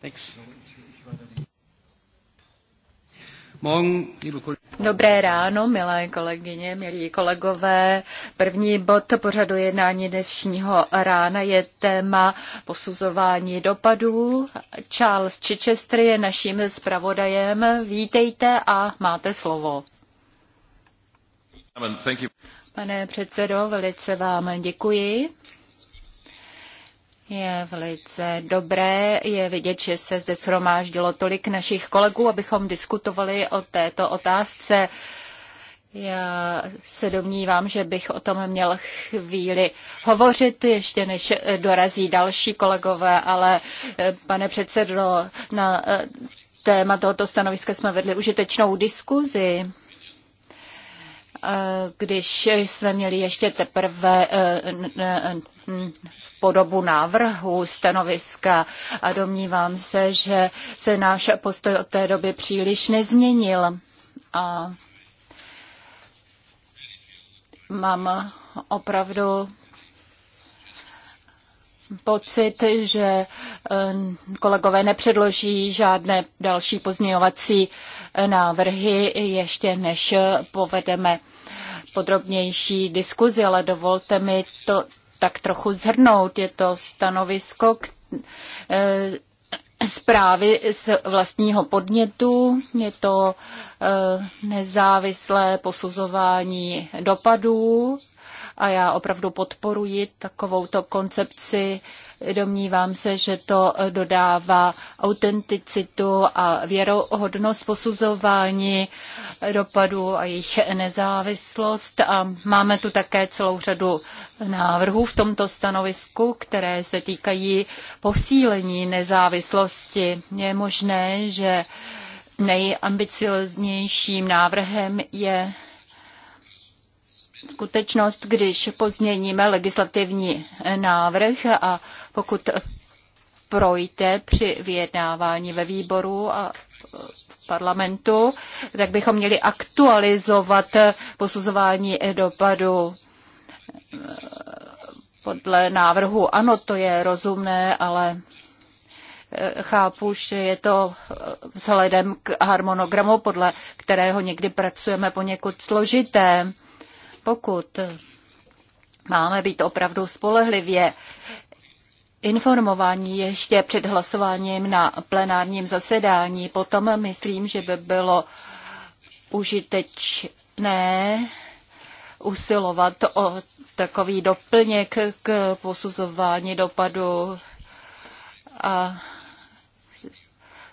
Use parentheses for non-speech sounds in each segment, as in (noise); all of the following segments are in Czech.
Thanks. Dobré ráno, milé kolegyně, milí kolegové. První bod pořadu jednání dnešního rána je téma posuzování dopadů. Charles Chichester je naším zpravodajem. Vítejte a máte slovo. Pane předsedo, velice vám děkuji. Je velice dobré, je vidět, že se zde shromáždilo tolik našich kolegů, abychom diskutovali o této otázce. Já se domnívám, že bych o tom měl chvíli hovořit, ještě než dorazí další kolegové, ale eh, pane předsedo, na eh, téma tohoto stanoviska jsme vedli užitečnou diskuzi když jsme měli ještě teprve eh, v podobu návrhu stanoviska a domnívám se, že se náš postoj od té doby příliš nezměnil. A mám opravdu pocit, že eh, kolegové nepředloží žádné další pozměňovací eh, návrhy, ještě než povedeme podrobnější diskuzi, ale dovolte mi to tak trochu zhrnout. Je to stanovisko k eh, zprávy z vlastního podnětu, je to nezávislé posuzování dopadů a já opravdu podporuji takovouto koncepci. Domnívám se, že to dodává autenticitu a věrohodnost posuzování dopadů a jejich nezávislost. A máme tu také celou řadu návrhů v tomto stanovisku, které se týkají posílení nezávislosti. Je možné, že nejambicioznějším návrhem je skutečnost, když pozměníme legislativní návrh a pokud projde při vyjednávání ve výboru a v parlamentu, tak bychom měli aktualizovat posuzování dopadu podle návrhu. Ano, to je rozumné, ale chápu, že je to vzhledem k harmonogramu, podle kterého někdy pracujeme poněkud složité. Pokud máme být opravdu spolehlivě informování ještě před hlasováním na plenárním zasedání, potom myslím, že by bylo užitečné usilovat o takový doplněk k posuzování dopadu a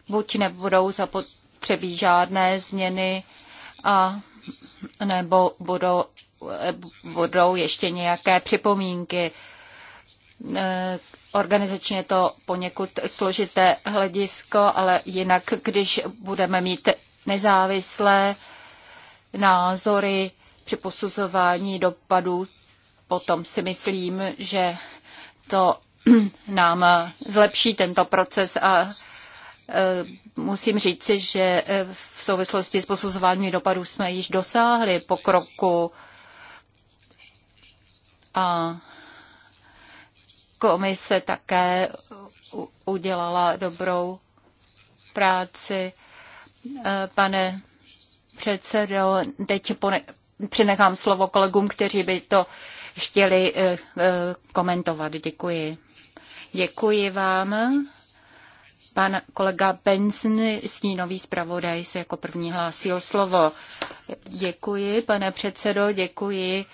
buď nebudou zapotřebí žádné změny a nebo budou budou ještě nějaké připomínky. Eh, organizačně to poněkud složité hledisko, ale jinak, když budeme mít nezávislé názory při posuzování dopadů, potom si myslím, že to (clears throat) nám zlepší tento proces a eh, musím říci, že eh, v souvislosti s posuzováním dopadů jsme již dosáhli pokroku a komise také udělala dobrou práci. E, pane předsedo, teď přinechám slovo kolegům, kteří by to chtěli e, e, komentovat. Děkuji. Děkuji vám. Pan kolega Benson, stínový zpravodaj, se jako první hlásí o slovo. Děkuji, pane předsedo, děkuji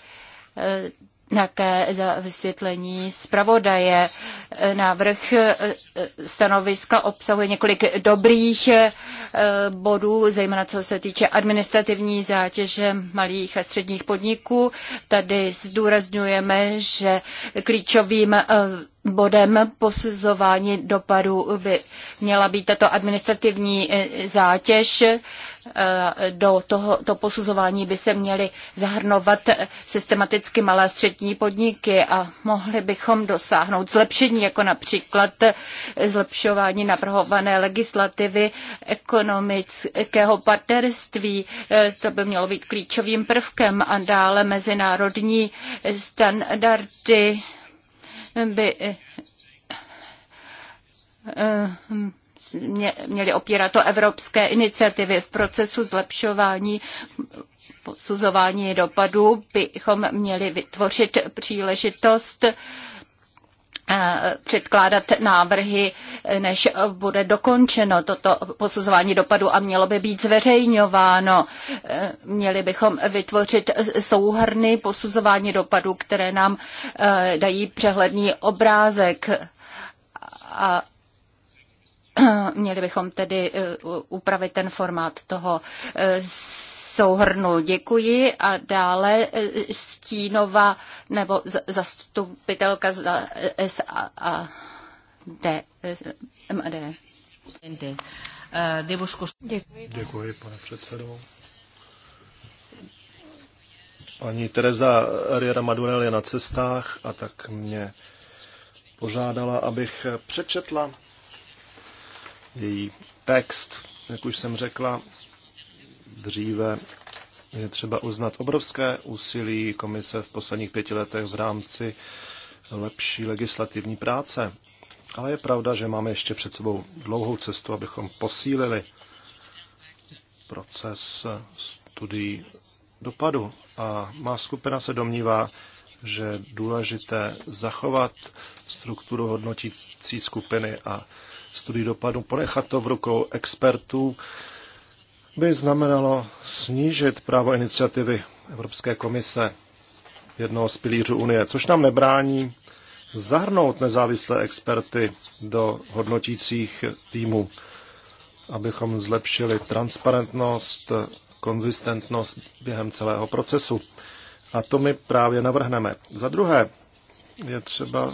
také za vysvětlení zpravodaje. Návrh eh, stanoviska obsahuje několik dobrých eh, bodů, zejména co se týče administrativní zátěže malých a středních podniků. Tady zdůrazňujeme, že klíčovým eh, bodem posuzování dopadu by měla být tato administrativní e, zátěž. E, do toho, to posuzování by se měly zahrnovat e, systematicky malé střední podniky a mohli bychom dosáhnout zlepšení, jako například zlepšování navrhované legislativy ekonomického partnerství. To by mělo být klíčovým prvkem a dále mezinárodní standardy by eh, eh, měli opírat o evropské iniciativy v procesu zlepšování posuzování dopadů, bychom měli vytvořit příležitost předkládat návrhy, než bude dokončeno toto posuzování dopadu a mělo by být zveřejňováno. Měli bychom vytvořit souhrny posuzování dopadu, které nám eh, dají přehledný obrázek a (clears throat) Měli bychom tedy eh, upravit ten formát toho eh, souhrnu. Děkuji a dále eh, Stínova nebo zastupitelka za SAD. Děkuji. Děkuji, pane předsedo. Paní Teresa Riera Madurel je na cestách a tak mě požádala, abych přečetla její text. Jak už jsem řekla dříve, je třeba uznat obrovské úsilí komise v posledních pěti letech v rámci lepší legislativní práce. Ale je pravda, že máme ještě před sebou dlouhou cestu, abychom posílili proces studií dopadu. A má skupina se domnívá, že je důležité zachovat strukturu hodnotící skupiny a studii dopadu, ponechat to v rukou expertů, by znamenalo snížit právo iniciativy Evropské komise jednoho z pilířů Unie, což nám nebrání zahrnout nezávislé experty do hodnotících týmů, abychom zlepšili transparentnost, konzistentnost během celého procesu. A to my právě navrhneme. Za druhé, je třeba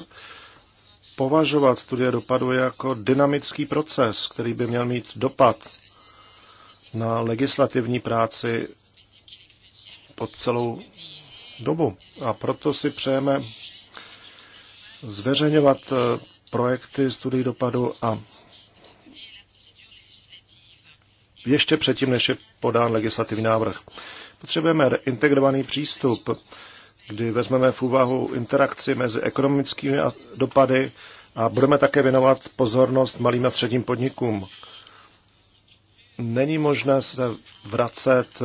považovat studie dopadu jako dynamický proces, který by měl mít dopad na legislativní práci po celou dobu. A proto si přejeme zveřejňovat eh, projekty studií dopadu a ještě předtím, než je podán legislativní návrh. Potřebujeme integrovaný přístup, kdy vezmeme v úvahu interakci mezi ekonomickými dopady a budeme také věnovat pozornost malým a středním podnikům. Není možné se vracet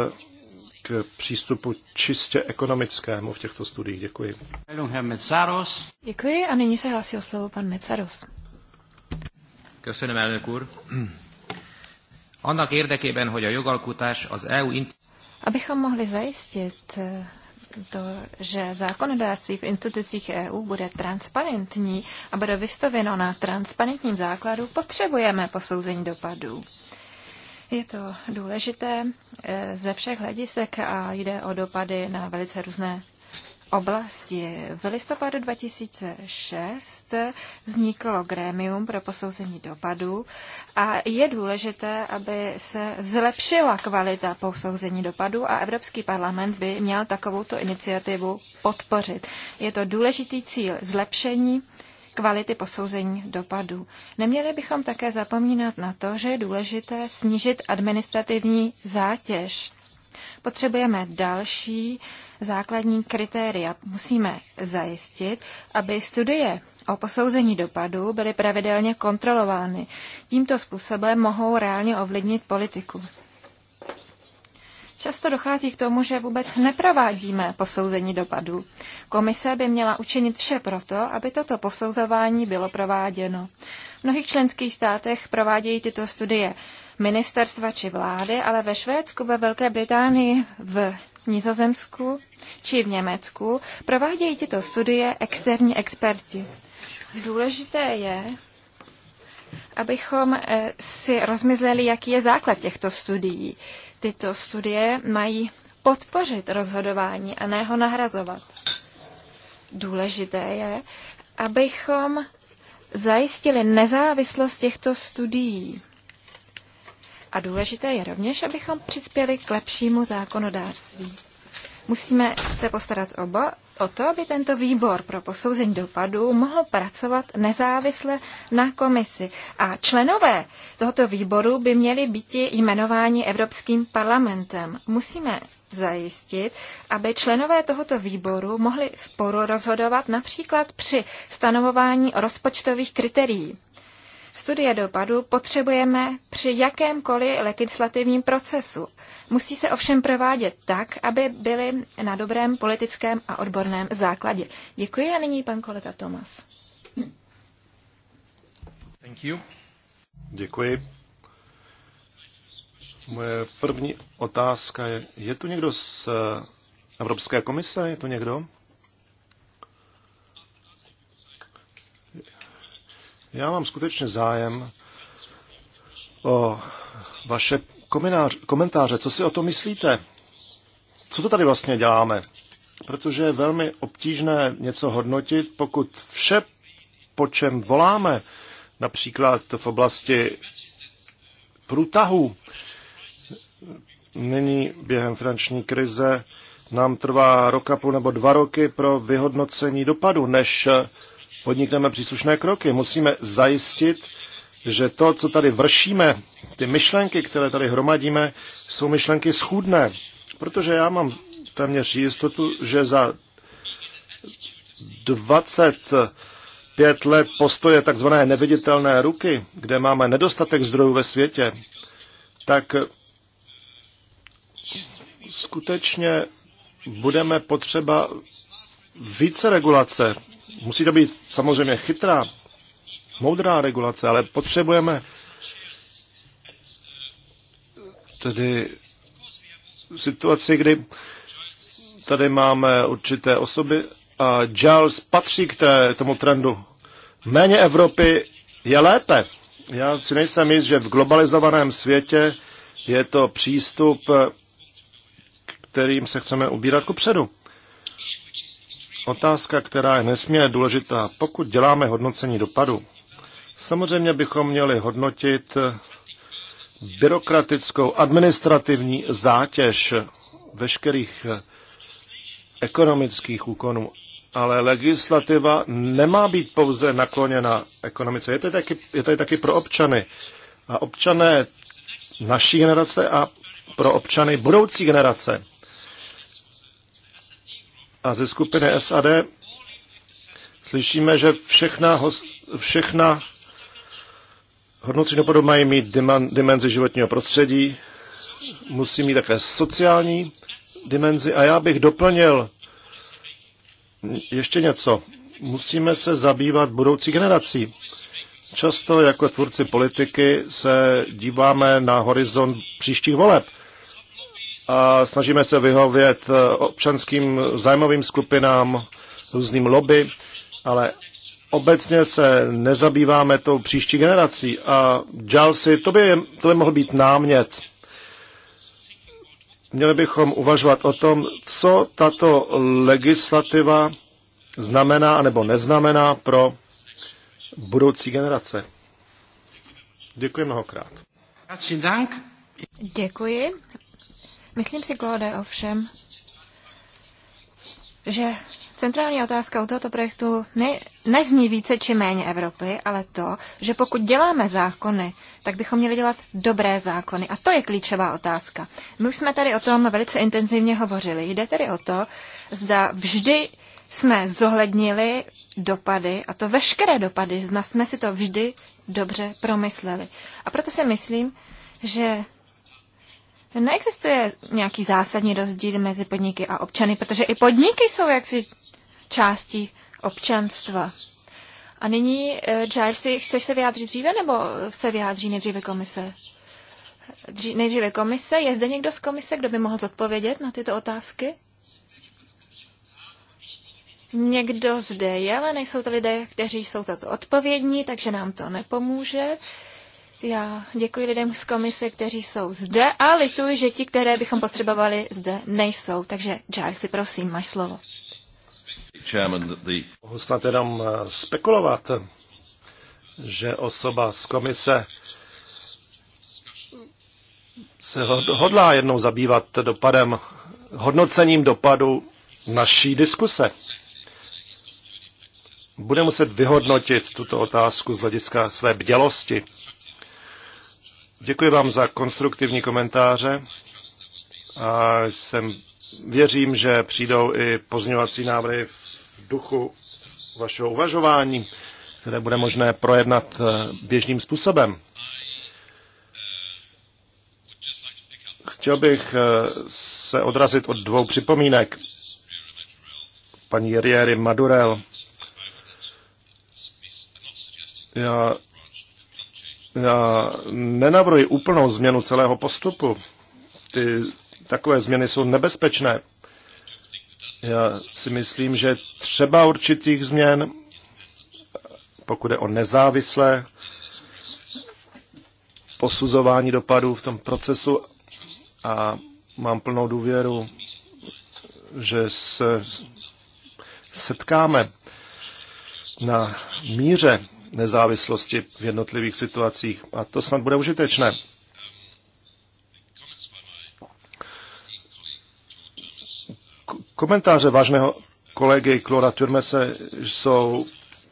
k přístupu čistě ekonomickému v těchto studiích. Děkuji. Děkuji a nyní se hlásil slovo pan Mecaros. Köszönöm, elnök úr. Annak érdekében, hogy a jogalkotás az EU Abychom mohli zajistit eh, to, že zákonodárství v institucích EU bude transparentní a bude vystavěno na transparentním základu, potřebujeme posouzení dopadů. Je to důležité eh, ze všech hledisek a jde o dopady na velice různé oblasti. V listopadu 2006 vzniklo grémium pro posouzení dopadů a je důležité, aby se zlepšila kvalita posouzení dopadů a Evropský parlament by měl takovouto iniciativu podpořit. Je to důležitý cíl zlepšení kvality posouzení dopadů. Neměli bychom také zapomínat na to, že je důležité snížit administrativní zátěž Potřebujeme další základní kritéria. Musíme zajistit, aby studie o posouzení dopadu byly pravidelně kontrolovány. Tímto způsobem mohou reálně ovlivnit politiku. Často dochází k tomu, že vůbec neprovádíme posouzení dopadu. Komise by měla učinit vše proto, aby toto posouzování bylo prováděno. V mnohých členských státech provádějí tyto studie ministerstva či vlády, ale ve Švédsku, ve Velké Británii, v Nizozemsku či v Německu provádějí tyto studie externí experti. Důležité je, abychom eh, si rozmysleli, jaký je základ těchto studií. Tyto studie mají podpořit rozhodování a ne ho nahrazovat. Důležité je, abychom zajistili nezávislost těchto studií. A důležité je rovněž, abychom přispěli k lepšímu zákonodárství. Musíme se postarat oba o to, aby tento výbor pro posouzení dopadů mohl pracovat nezávisle na komisi. A členové tohoto výboru by měli být jmenováni Evropským parlamentem. Musíme zajistit, aby členové tohoto výboru mohli sporu rozhodovat například při stanovování rozpočtových kritérií. Studie dopadu potřebujeme při jakémkoliv legislativním procesu. Musí se ovšem provádět tak, aby byly na dobrém politickém a odborném základě. Děkuji a nyní pan kolega Tomas. Thank you. Děkuji. Moje první otázka je, je tu někdo z eh, Evropské komise? Je tu někdo? Já mám skutečně zájem o vaše komentáře. Co si o to myslíte? Co to tady vlastně děláme? Protože je velmi obtížné něco hodnotit, pokud vše, po čem voláme, například v oblasti průtahu, nyní během finanční krize nám trvá roka půl nebo dva roky pro vyhodnocení dopadu, než podnikneme příslušné kroky. Musíme zajistit, že to, co tady vršíme, ty myšlenky, které tady hromadíme, jsou myšlenky schůdné. Protože já mám téměř jistotu, že za 25 let postoje takzvané neviditelné ruky, kde máme nedostatek zdrojů ve světě, tak skutečně budeme potřeba více regulace Musí to být samozřejmě chytrá, moudrá regulace, ale potřebujeme tedy situaci, kdy tady máme určité osoby a Giles patří k té, tomu trendu. Méně Evropy je lépe. Já si nejsem jist, že v globalizovaném světě je to přístup, kterým se chceme ubírat ku předu. Otázka, která je nesmírně důležitá, pokud děláme hodnocení dopadu, samozřejmě bychom měli hodnotit byrokratickou administrativní zátěž veškerých ekonomických úkonů. Ale legislativa nemá být pouze nakloněna ekonomice. Je to taky, je to taky pro občany. A občané naší generace a pro občany budoucí generace a ze skupiny SAD slyšíme, že všechna, host, všechna hodnocení dopadu mají mít dimenzi životního prostředí, musí mít také sociální dimenzi a já bych doplnil ještě něco. Musíme se zabývat budoucí generací. Často jako tvůrci politiky se díváme na horizont příštích voleb – a snažíme se vyhovět eh, občanským zájmovým skupinám, různým lobby, ale obecně se nezabýváme tou příští generací. A Jalsi, to by, to by mohl být námět. Měli bychom uvažovat o tom, co tato legislativa znamená nebo neznamená pro budoucí generace. Děkuji mnohokrát. Děkuji. Myslím si, Klode, ovšem, že centrální otázka u tohoto projektu ne, nezní více či méně Evropy, ale to, že pokud děláme zákony, tak bychom měli dělat dobré zákony. A to je klíčová otázka. My už jsme tady o tom velice intenzivně hovořili. Jde tedy o to, zda vždy jsme zohlednili dopady, a to veškeré dopady, zda jsme si to vždy dobře promysleli. A proto si myslím, že neexistuje nějaký zásadní rozdíl mezi podniky a občany, protože i podniky jsou jaksi částí občanstva. A nyní, eh, Giles, chceš se vyjádřit dříve, nebo se vyjádří nejdříve komise? Dří, nejdříve komise. Je zde někdo z komise, kdo by mohl zodpovědět na tyto otázky? Někdo zde je, ale nejsou to lidé, kteří jsou za to odpovědní, takže nám to nepomůže. Uh, já děkuji lidem z komise, kteří jsou zde a lituji, že ti, které bychom potřebovali, zde nejsou. Takže Jack, si prosím, máš slovo. Mohu snad jenom eh, spekulovat, že osoba z komise se hodlá jednou zabývat dopadem, hodnocením dopadu naší diskuse. Bude muset vyhodnotit tuto otázku z hlediska své bdělosti Děkuji vám za konstruktivní komentáře a jsem, věřím, že přijdou i pozměňovací návrhy v duchu vašeho uvažování, které bude možné projednat eh, běžným způsobem. Chtěl bych eh, se odrazit od dvou připomínek paní Riery Madurel. Já já nenavrhuji úplnou změnu celého postupu. Ty takové změny jsou nebezpečné. Já si myslím, že třeba určitých změn, pokud je o nezávislé posuzování dopadů v tom procesu a mám plnou důvěru, že se setkáme na míře nezávislosti v jednotlivých situacích. A to snad bude užitečné. Komentáře vážného kolegy Klora Turmese jsou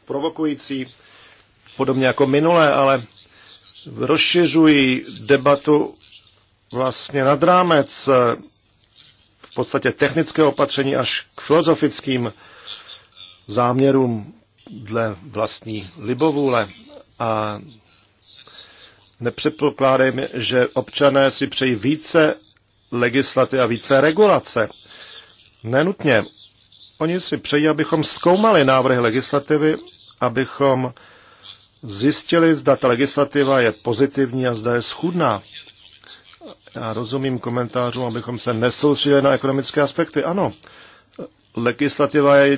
provokující, podobně jako minule, ale rozšiřují debatu vlastně nad rámec eh, v podstatě technické opatření až k filozofickým záměrům dle vlastní libovůle a nepředpokládejme, že občané si přejí více legislativy a více regulace. Nenutně. Oni si přejí, abychom zkoumali návrhy legislativy, abychom zjistili, zda ta legislativa je pozitivní a zda je schudná. Já rozumím komentářům, abychom se nesoustředili na ekonomické aspekty. Ano, legislativa je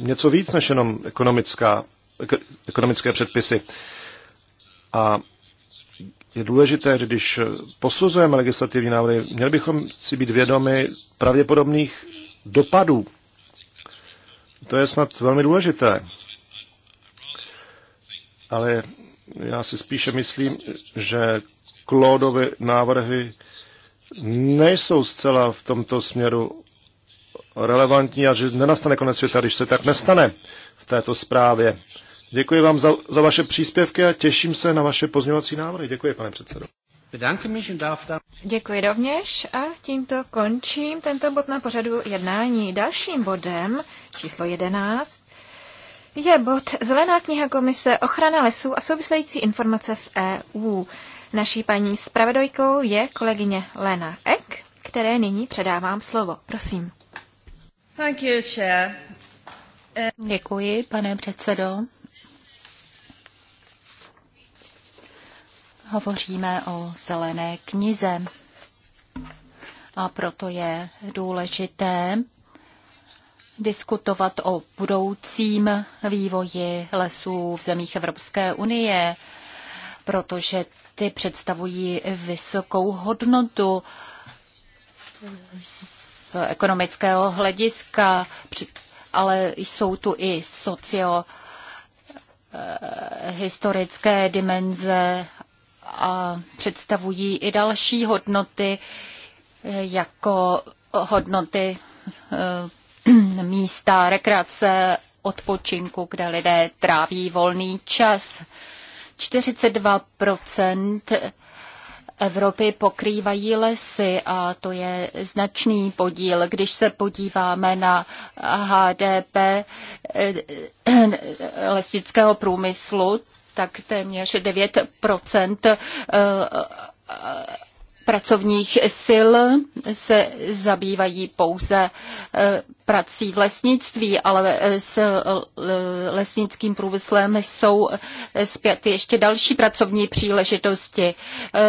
něco víc než jenom ekonomická, ekonomické předpisy. A je důležité, že když posuzujeme legislativní návrhy, měli bychom si být vědomi pravděpodobných dopadů. To je snad velmi důležité. Ale já si spíše myslím, že Klódovy návrhy nejsou zcela v tomto směru relevantní a že nenastane konec světa, když se tak nestane v této zprávě. Děkuji vám za, za vaše příspěvky a těším se na vaše pozměňovací návrhy. Děkuji, pane předsedo. Děkuji rovněž a tímto končím tento bod na pořadu jednání. Dalším bodem, číslo 11, je bod Zelená kniha komise Ochrana lesů a související informace v EU. Naší paní spravedojkou je kolegyně Lena Ek, které nyní předávám slovo. Prosím. Děkuji, pane předsedo. Hovoříme o zelené knize a proto je důležité diskutovat o budoucím vývoji lesů v zemích Evropské unie, protože ty představují vysokou hodnotu z ekonomického hlediska, ale jsou tu i sociohistorické eh, historické dimenze a představují i další hodnoty, eh, jako hodnoty eh, (clears throat) místa rekreace, odpočinku, kde lidé tráví volný čas. 42 Evropy pokrývají lesy a to je značný podíl. Když se podíváme na HDP eh, lesnického průmyslu, tak téměř 9 pracovních sil se zabývají pouze e, prací v lesnictví, ale e, s e, lesnickým průmyslem jsou zpět ještě další pracovní příležitosti.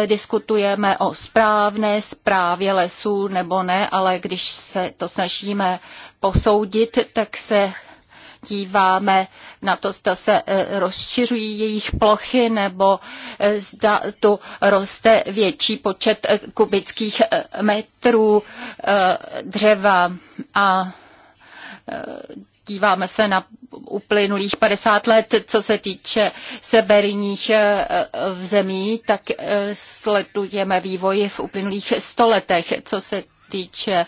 Diskutujeme o správné správě lesů nebo ne, ale když se to snažíme posoudit, tak se díváme na to, zda se e, rozšiřují jejich plochy nebo e, zda tu roste větší počet e, kubických metrů dřeva a díváme se na uplynulých 50 let, co se týče severních zemí, tak sledujeme vývoj v uplynulých 100 letech, co se týče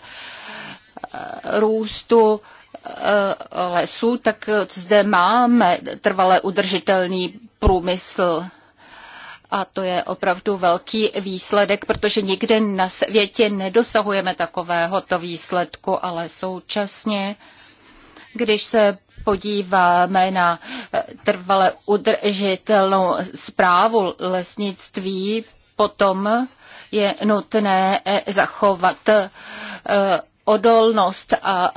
růstu Eh, lesů, tak zde máme trvale udržitelný průmysl. A to je opravdu velký výsledek, protože nikde na světě nedosahujeme takovéhoto výsledku, ale současně, když se podíváme na eh, trvale udržitelnou zprávu lesnictví, potom je nutné eh, zachovat odolnost a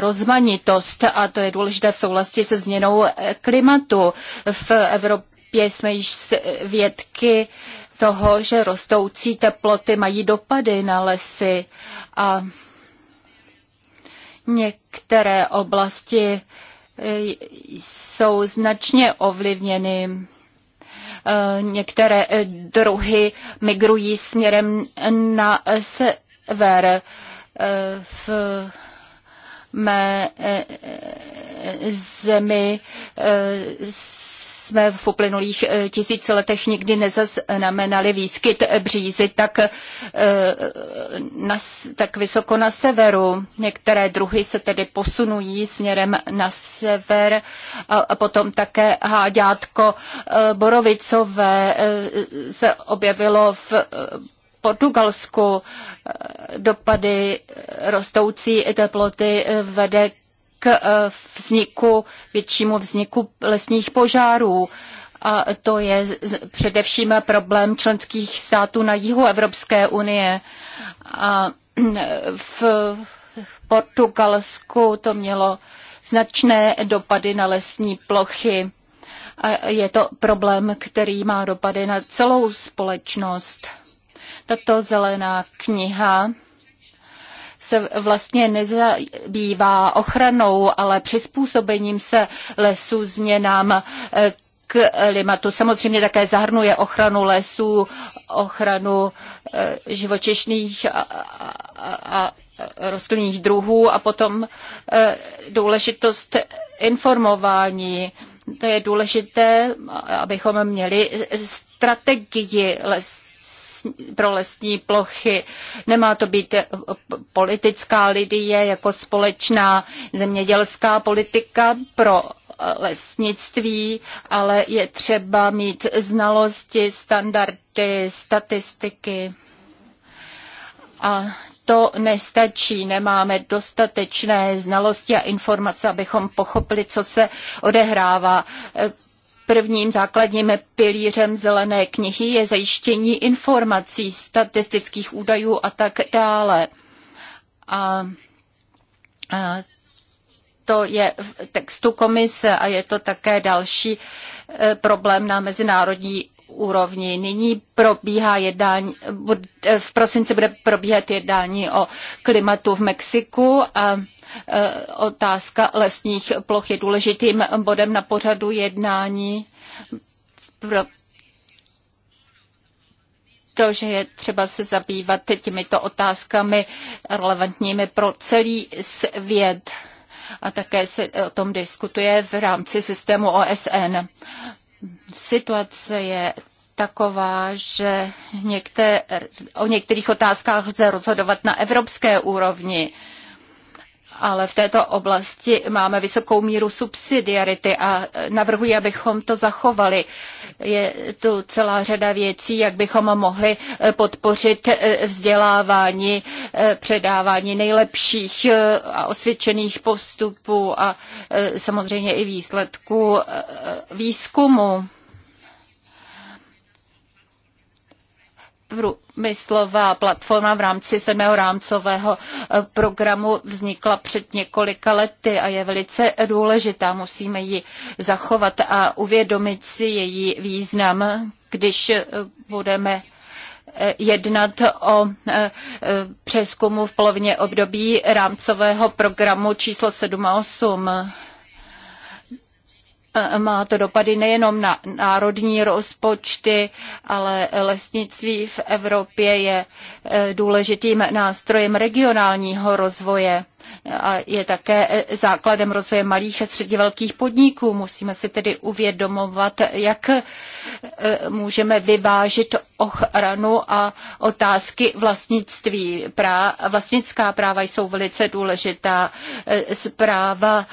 rozmanitost a to je důležité v souvislosti se změnou klimatu. V Evropě jsme již vědky toho, že rostoucí teploty mají dopady na lesy a některé oblasti e, jsou značně ovlivněny e, některé e, druhy migrují směrem na sever. Eh, v mé eh, zemi eh, jsme v uplynulých letech nikdy nezaznamenali výskyt břízy tak, tak vysoko na severu. Některé druhy se tedy posunují směrem na sever a, a potom také háďátko borovicové se objevilo v Portugalsku. Dopady rostoucí teploty vede k eh, vzniku, většímu vzniku lesních požárů. A to je především problém členských států na jihu Evropské unie. A v Portugalsku to mělo značné dopady na lesní plochy. A je to problém, který má dopady na celou společnost. Tato zelená kniha se vlastně nezabývá ochranou, ale přizpůsobením se lesů změnám eh, klimatu. Samozřejmě také zahrnuje ochranu lesů, ochranu eh, živočišných a, a, a rostlinných druhů a potom eh, důležitost informování. To je důležité, abychom měli strategii lesů lesní, pro lesní plochy. Nemá to být politická lidie jako společná zemědělská politika pro lesnictví, ale je třeba mít znalosti, standardy, statistiky. A to nestačí, nemáme dostatečné znalosti a informace, abychom pochopili, co se odehrává. Prvním základním pilířem zelené knihy je zajištění informací, statistických údajů a tak dále. A, a to je v textu komise a je to také další e, problém na mezinárodní úrovni. Nyní probíhá jednání, eh, v prosinci bude probíhat jednání o klimatu v Mexiku a eh, otázka lesních ploch je důležitým bodem na pořadu jednání, to, že je třeba se zabývat těmito otázkami relevantními pro celý svět. A také se o tom diskutuje v rámci systému OSN. Situace je taková, že některé, o některých otázkách lze rozhodovat na evropské úrovni ale v této oblasti máme vysokou míru subsidiarity a navrhuji, abychom to zachovali. Je tu celá řada věcí, jak bychom mohli podpořit eh, vzdělávání, eh, předávání nejlepších eh, a osvědčených postupů a samozřejmě i výsledků výzkumu. průmyslová platforma v rámci sedmého rámcového eh, programu vznikla před několika lety a je velice důležitá. Musíme ji zachovat a uvědomit si její význam, když eh, budeme eh, jednat o přeskumu v polovině období rámcového programu číslo 7 a 8 Eh, má to dopady nejenom na národní rozpočty, ale lesnictví v Evropě je eh, důležitým nástrojem regionálního rozvoje a je také e, základem rozvoje malých a středně velkých podniků. Musíme si tedy uvědomovat, jak e, můžeme vyvážit ochranu a otázky vlastnictví. Prá, vlastnická práva jsou velice důležitá. E, zpráva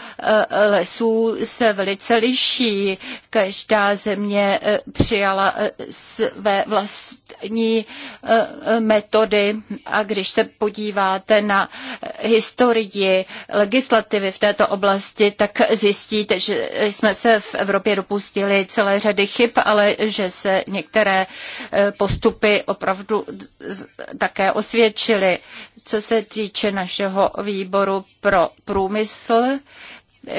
lesů se velice liší. Každá země přijala své vlastní metody a když se podíváte na historii, teorii legislativy v této oblasti, tak zjistíte, že jsme se v Evropě dopustili celé řady chyb, ale že se některé e, postupy opravdu také osvědčily. Co se týče našeho výboru pro průmysl,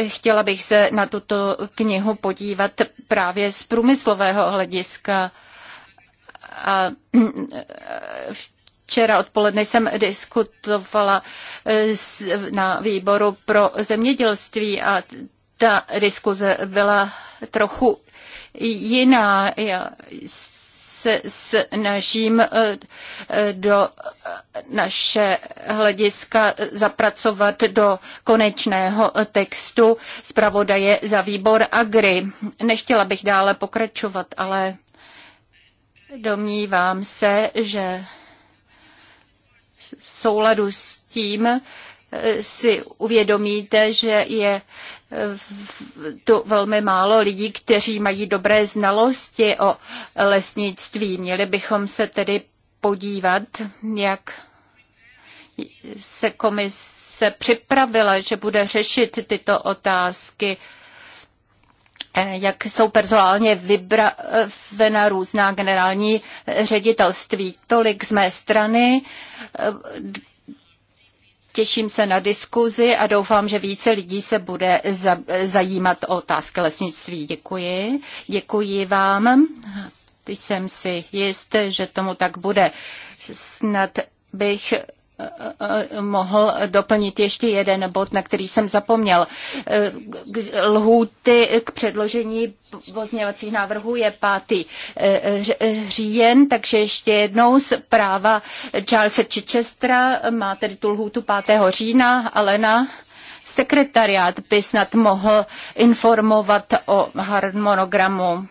chtěla bych se na tuto knihu podívat právě z průmyslového hlediska a e, Včera odpoledne jsem diskutovala eh, na výboru pro zemědělství a ta diskuze byla trochu jiná. Já se snažím eh, eh, do naše hlediska zapracovat do konečného textu zpravodaje za výbor Agri. Nechtěla bych dále pokračovat, ale domnívám se, že souladu s tím eh, si uvědomíte, že je eh, to velmi málo lidí, kteří mají dobré znalosti o lesnictví. Měli bychom se tedy podívat, jak se komise připravila, že bude řešit tyto otázky Eh, jak jsou personálně vybravena různá generální ředitelství. Tolik z mé strany. Eh, těším se na diskuzi a doufám, že více lidí se bude zajímat o otázky lesnictví. Děkuji. Děkuji vám. Teď jsem si jist, že tomu tak bude. Snad bych mohl doplnit ještě jeden bod, na který jsem zapomněl. Lhůty k předložení pozměňovacích návrhů je 5. říjen, takže ještě jednou z práva Charlesa Chichestra má tedy tu lhůtu 5. října. Alena? Sekretariát by snad mohl informovat o harmonogramu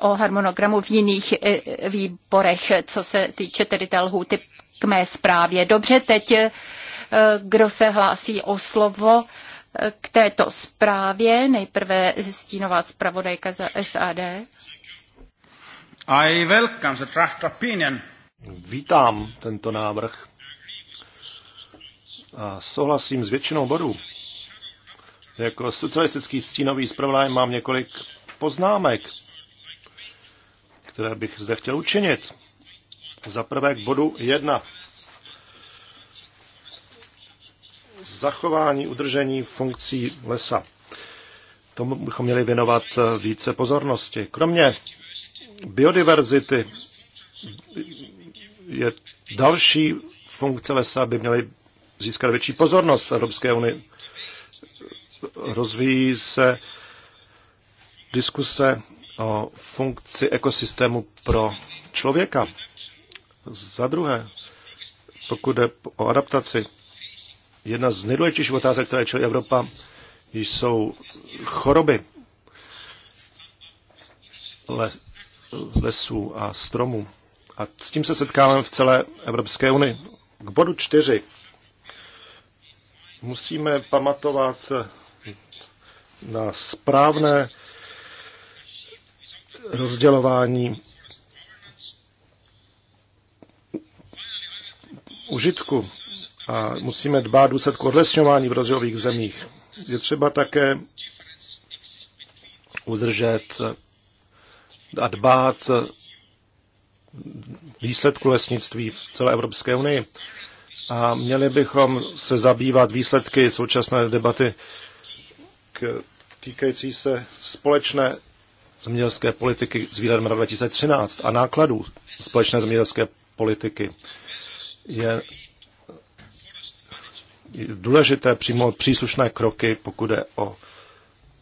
o harmonogramu v jiných e, výborech, co se týče tedy té lhůty k mé zprávě. Dobře, teď e, kdo se hlásí o slovo e, k této zprávě. Nejprve stínová zpravodajka za SAD. I welcome the draft opinion. Vítám tento návrh a souhlasím s většinou bodů. Jako socialistický stínový zpravodaj mám několik poznámek které bych zde chtěl učinit. Za prvé k bodu 1. Zachování, udržení funkcí lesa. Tomu bychom měli věnovat eh, více pozornosti. Kromě biodiverzity je další funkce lesa by měly získat větší pozornost v Evropské unii. Rozvíjí se diskuse o funkci ekosystému pro člověka. Za druhé, pokud jde o adaptaci, jedna z nejdůležitějších otázek, které čelí Evropa, jsou choroby lesů a stromů. A s tím se setkáváme v celé Evropské unii. K bodu čtyři musíme pamatovat na správné rozdělování užitku a musíme dbát důsledku odlesňování v rozvojových zemích. Je třeba také udržet a dbát výsledku lesnictví v celé Evropské unii. A měli bychom se zabývat výsledky současné debaty k týkající se společné zemědělské politiky s výhledem na 2013 a nákladů společné zemědělské politiky je důležité přijmout příslušné kroky, pokud jde o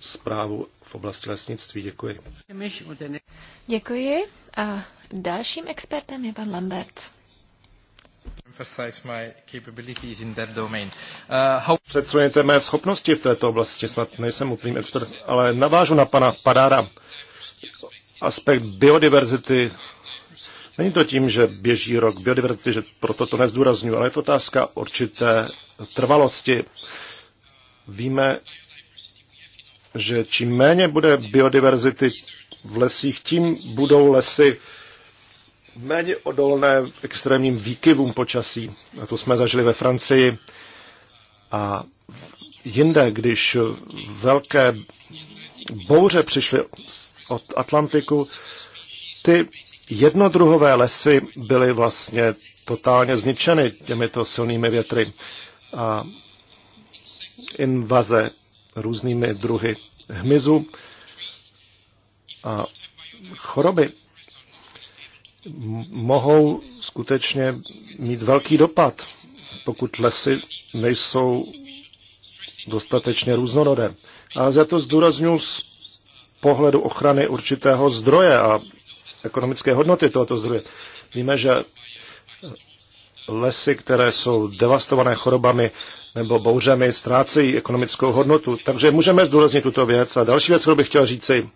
zprávu v oblasti lesnictví. Děkuji. Děkuji a dalším expertem je pan Lambert. Uh, Předsuněte mé schopnosti v této oblasti, snad nejsem úplný expert, ale navážu na pana Padára aspekt biodiverzity. Není to tím, že běží rok biodiverzity, že proto to nezdůraznuju, ale je to otázka určité trvalosti. Víme, že čím méně bude biodiverzity v lesích, tím budou lesy méně odolné extrémním výkyvům počasí. A to jsme zažili ve Francii. A jinde, když velké bouře přišly od Atlantiku. Ty jednodruhové lesy byly vlastně totálně zničeny těmito silnými větry a invaze různými druhy hmyzu a choroby mohou skutečně mít velký dopad, pokud lesy nejsou dostatečně různorodé. A já to zdůraznuju z pohledu ochrany určitého zdroje a ekonomické hodnoty tohoto zdroje. Víme, že lesy, které jsou devastované chorobami nebo bouřemi, ztrácejí ekonomickou hodnotu. Takže můžeme zdůraznit tuto věc. A další věc, kterou bych chtěl říci,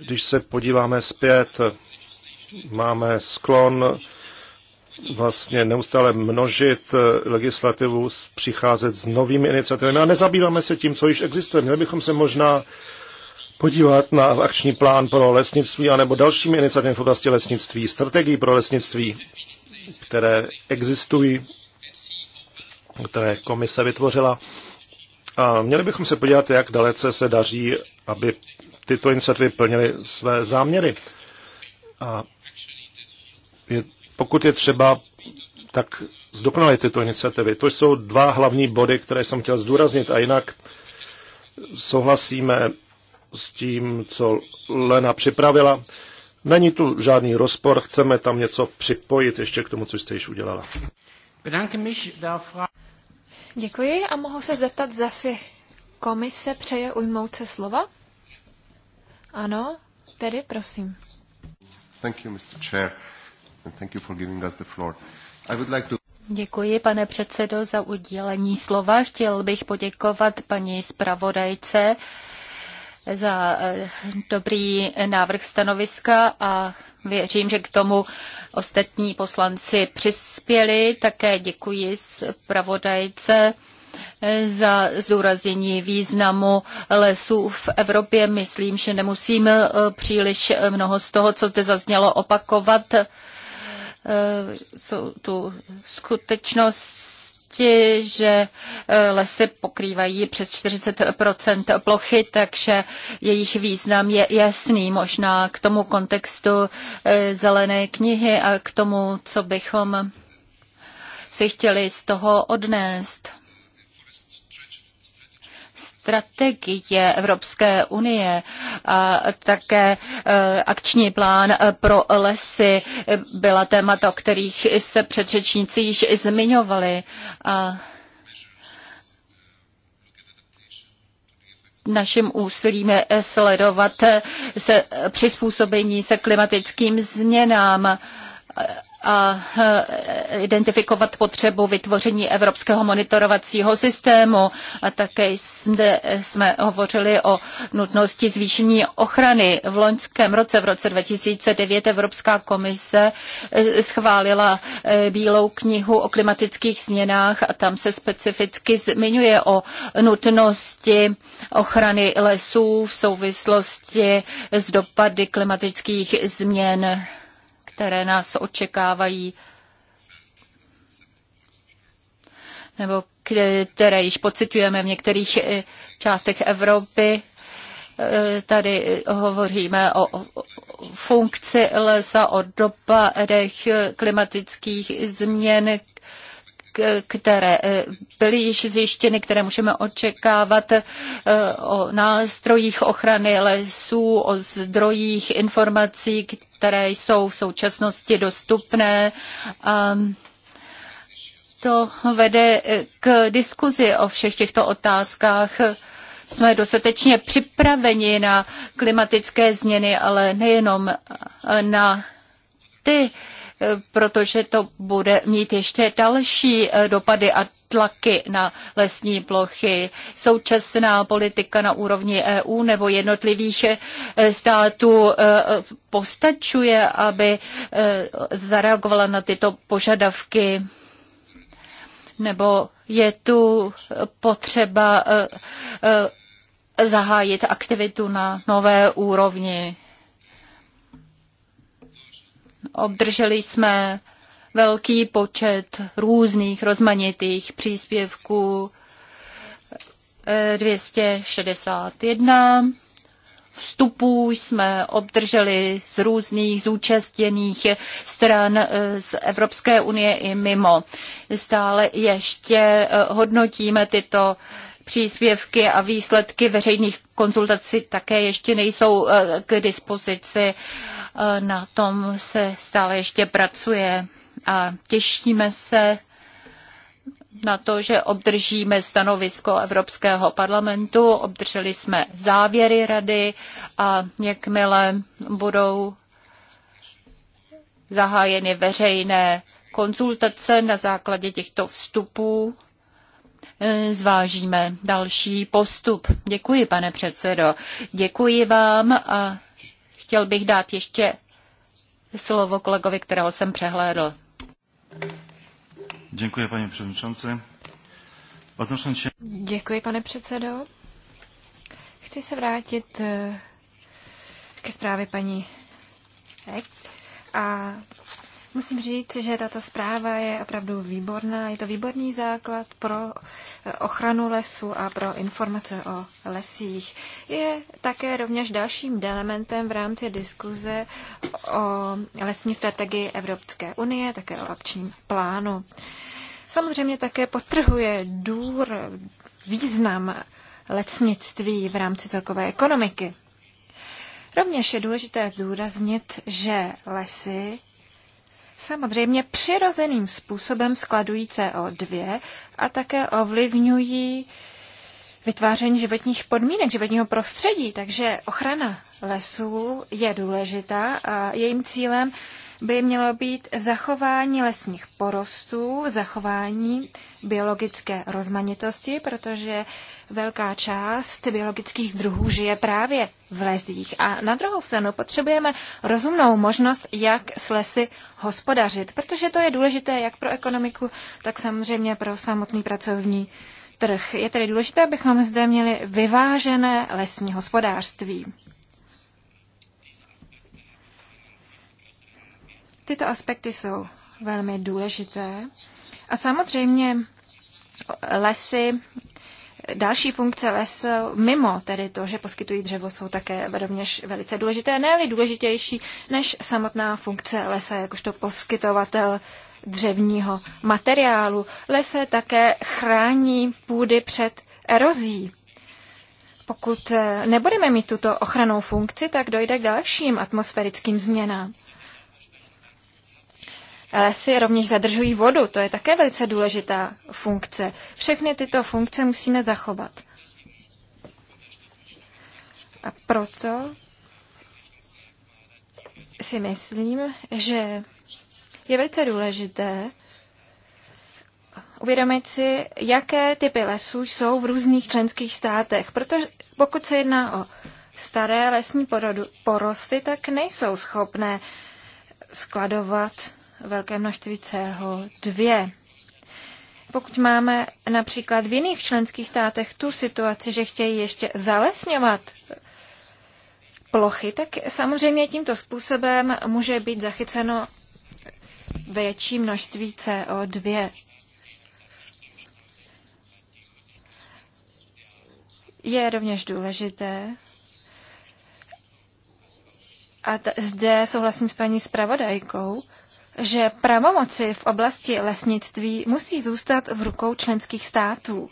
když se podíváme zpět, máme sklon vlastně neustále množit eh, legislativu, přicházet s novými iniciativami a nezabýváme se tím, co již existuje. Měli bychom se možná podívat na akční plán pro lesnictví anebo dalšími iniciativy v oblasti lesnictví, strategii pro lesnictví, které existují, které komise vytvořila. A měli bychom se podívat, jak dalece se daří, aby tyto iniciativy plnily své záměry. A je pokud je třeba, tak zdokonalit tyto iniciativy. To jsou dva hlavní body, které jsem chtěl zdůraznit a jinak souhlasíme s tím, co Lena připravila. Není tu žádný rozpor, chceme tam něco připojit ještě k tomu, co jste již udělala. Děkuji a mohu se zeptat, zda si komise přeje ujmout se slova? Ano, tedy prosím. Thank you, Mr. Chair. Děkuji, pane předsedo, za udělení slova. Chtěl bych poděkovat paní zpravodajce za eh, dobrý návrh stanoviska a věřím, že k tomu ostatní poslanci přispěli. Také děkuji zpravodajce eh, za zdůraznění významu lesů v Evropě. Myslím, že nemusím eh, příliš mnoho z toho, co zde zaznělo, opakovat. Eh, jsou tu skutečnost že eh, lesy pokrývají přes 40 plochy, takže jejich význam je jasný. Možná k tomu kontextu eh, zelené knihy a k tomu, co bychom si chtěli z toho odnést strategie Evropské unie a také e, akční plán pro lesy byla témata, o kterých se předřečníci již zmiňovali. A naším úsilím je sledovat se přizpůsobení se klimatickým změnám E, identifikovat potřebu vytvoření evropského monitorovacího systému. A také jsme hovořili o nutnosti zvýšení ochrany. V loňském roce, v roce 2009, Evropská komise e, schválila e, Bílou knihu o klimatických změnách a tam se specificky zmiňuje o nutnosti ochrany lesů v souvislosti s dopady klimatických změn které nás očekávají nebo které již pocitujeme v některých eh, částech Evropy. Eh, tady hovoříme o funkci lesa, o dopadech klimatických změn, které eh, byly již zjištěny, které můžeme očekávat eh, o nástrojích ochrany lesů, o zdrojích informací, které jsou v současnosti dostupné. To vede eh, k diskuzi o všech těchto otázkách jsme dostatečně připraveni na klimatické změny, ale nejenom na ty protože to bude mít ještě další eh, dopady a tlaky na lesní plochy. Současná politika na úrovni EU nebo jednotlivých eh, států eh, postačuje, aby zareagovala na tyto požadavky nebo je tu potřeba zahájit aktivitu na nové úrovni. Obdrželi jsme velký počet různých rozmanitých příspěvků 261. Eh, vstupů jsme obdrželi z různých zúčastněných stran eh, z Evropské unie i mimo. Stále ještě eh, hodnotíme tyto příspěvky a výsledky veřejných konzultací také ještě nejsou k dispozici na tom se stále ještě pracuje a těšíme se na to, že obdržíme stanovisko Evropského parlamentu, obdrželi jsme závěry rady a jakmile budou zahájeny veřejné konzultace na základě těchto vstupů, eh, zvážíme další postup. Děkuji, pane předsedo. Děkuji vám a Chtěl bych dát ještě slovo kolegovi, kterého jsem přehlédl. Děkuji, paní předsedající. Děkuji, pane předsedo. Chci se vrátit eh, ke zprávě paní Ek a Musím říct, že tato zpráva je opravdu výborná. Je to výborný základ pro eh, ochranu lesu a pro informace o lesích. Je také rovněž dalším elementem v rámci diskuze o lesní strategii Evropské unie, také o akčním plánu. Samozřejmě také potrhuje důr význam lesnictví v rámci celkové ekonomiky. Rovněž je důležité zdůraznit, že lesy samozřejmě přirozeným způsobem skladují CO2 a také ovlivňují vytváření životních podmínek, životního prostředí. Takže ochrana lesů je důležitá a jejím cílem by mělo být zachování lesních porostů, zachování biologické rozmanitosti, protože velká část biologických druhů žije právě v lesích. A na druhou stranu potřebujeme rozumnou možnost, jak s lesy hospodařit, protože to je důležité jak pro ekonomiku, tak samozřejmě pro samotný pracovní trh. Je tedy důležité, abychom zde měli vyvážené lesní hospodářství. Tyto aspekty jsou velmi důležité a samozřejmě lesy, další funkce lesů, mimo tedy to, že poskytují dřevo, jsou také rovněž velice důležité, ne důležitější než samotná funkce lesa, jakožto poskytovatel dřevního materiálu. Lese také chrání půdy před erozí. Pokud eh, nebudeme mít tuto ochranou funkci, tak dojde k dalším atmosférickým změnám. Lesy rovněž zadržují vodu, to je také velice důležitá funkce. Všechny tyto funkce musíme zachovat. A proto si myslím, že je velice důležité uvědomit si, jaké typy lesů jsou v různých členských státech. Protože pokud se jedná o staré lesní porosty, tak nejsou schopné skladovat velké množství CO2. Pokud máme například v jiných členských státech tu situaci, že chtějí ještě zalesňovat plochy, tak samozřejmě tímto způsobem může být zachyceno větší množství CO2. Je rovněž důležité, a t- zde souhlasím s paní zpravodajkou, že pravomoci v oblasti lesnictví musí zůstat v rukou členských států.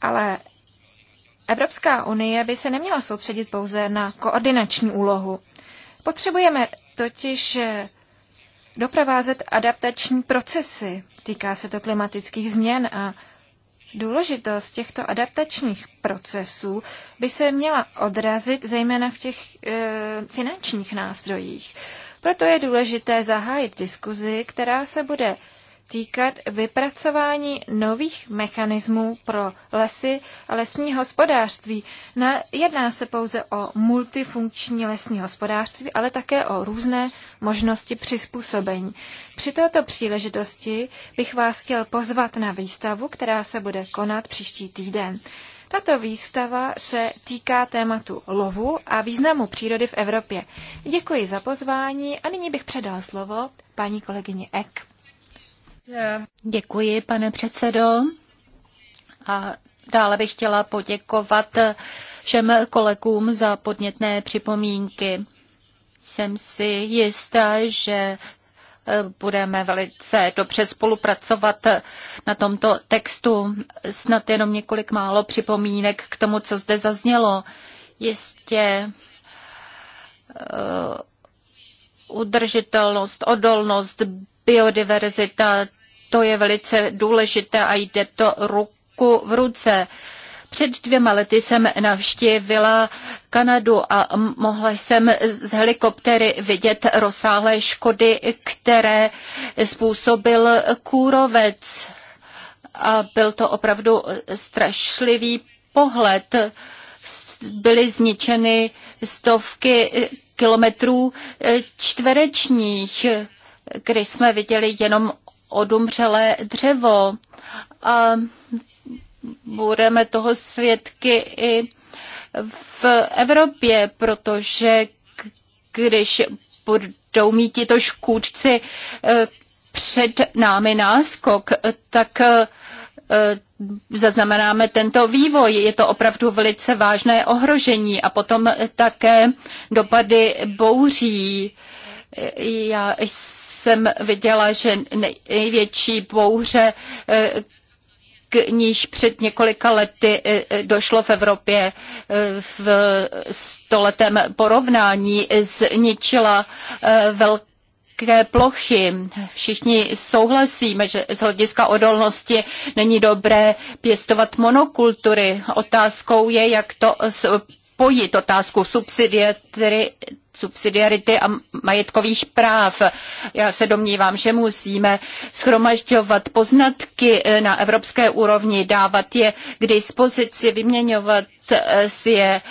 Ale Evropská unie by se neměla soustředit pouze na koordinační úlohu. Potřebujeme totiž eh, doprovázet adaptační procesy. Týká se to klimatických změn a důležitost těchto adaptačních procesů by se měla odrazit zejména v těch e, finančních nástrojích. Proto je důležité zahájit diskuzi, která se bude týkat vypracování nových mechanismů pro lesy a lesní hospodářství. Na, jedná se pouze o multifunkční lesní hospodářství, ale také o různé možnosti přizpůsobení. Při této příležitosti bych vás chtěl pozvat na výstavu, která se bude konat příští týden. Tato výstava se týká tématu lovu a významu přírody v Evropě. Děkuji za pozvání a nyní bych předal slovo paní kolegyni Ek. Děkuji, pane předsedo. A dále bych chtěla poděkovat všem kolegům za podnětné připomínky. Jsem si jistá, že budeme velice dobře spolupracovat na tomto textu. Snad jenom několik málo připomínek k tomu, co zde zaznělo. Jistě eh, udržitelnost, odolnost, biodiverzita, to je velice důležité a jde to ruku v ruce. Před dvěma lety jsem navštívila Kanadu a mohla jsem z helikoptery vidět rozsáhlé škody, které způsobil kůrovec. A byl to opravdu strašlivý pohled. Byly zničeny stovky kilometrů e, čtverečních, kdy jsme viděli jenom odumřelé dřevo. A budeme toho svědky i v Evropě, protože když budou mít tito škůdci eh, před námi náskok, tak eh, zaznamenáme tento vývoj. Je to opravdu velice vážné ohrožení a potom také dopady bouří. Já jsem viděla, že největší bouře, eh, k níž před několika lety e, e, došlo v Evropě e, v stoletém porovnání, zničila velké plochy. Všichni souhlasíme, že z hlediska odolnosti není dobré pěstovat monokultury. Otázkou je, jak to spojit otázku subsidiarity a majetkových práv. Já se domnívám, že musíme schromažďovat poznatky eh, na evropské úrovni, dávat je k dispozici, vyměňovat eh, si je eh,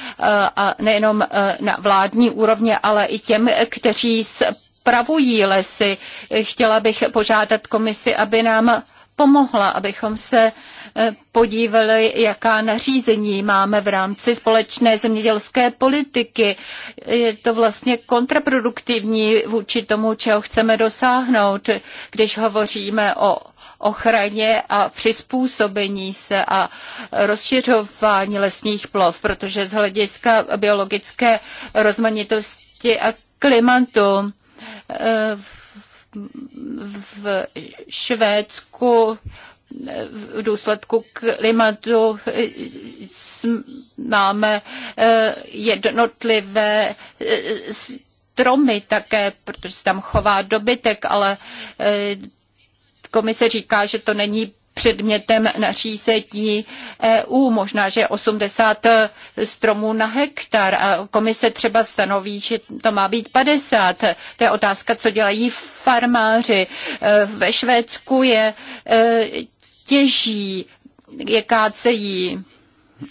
a nejenom na vládní úrovně, ale i těm, kteří spravují lesy. Chtěla bych požádat komisi, aby nám pomohla, abychom se e, podívali, jaká nařízení máme v rámci společné zemědělské politiky. Je to vlastně kontraproduktivní vůči tomu, čeho chceme dosáhnout, když hovoříme o ochraně a přizpůsobení se a rozšiřování lesních plov, protože z hlediska biologické rozmanitosti a klimatu e, v Švédsku v důsledku klimatu máme eh, jednotlivé eh, stromy také, protože se tam chová dobytek, ale eh, komise říká, že to není předmětem nařízení EU, možná, že 80 stromů na hektar a komise třeba stanoví, že to má být 50. To je otázka, co dělají farmáři. Ve Švédsku je e, těží, je kácejí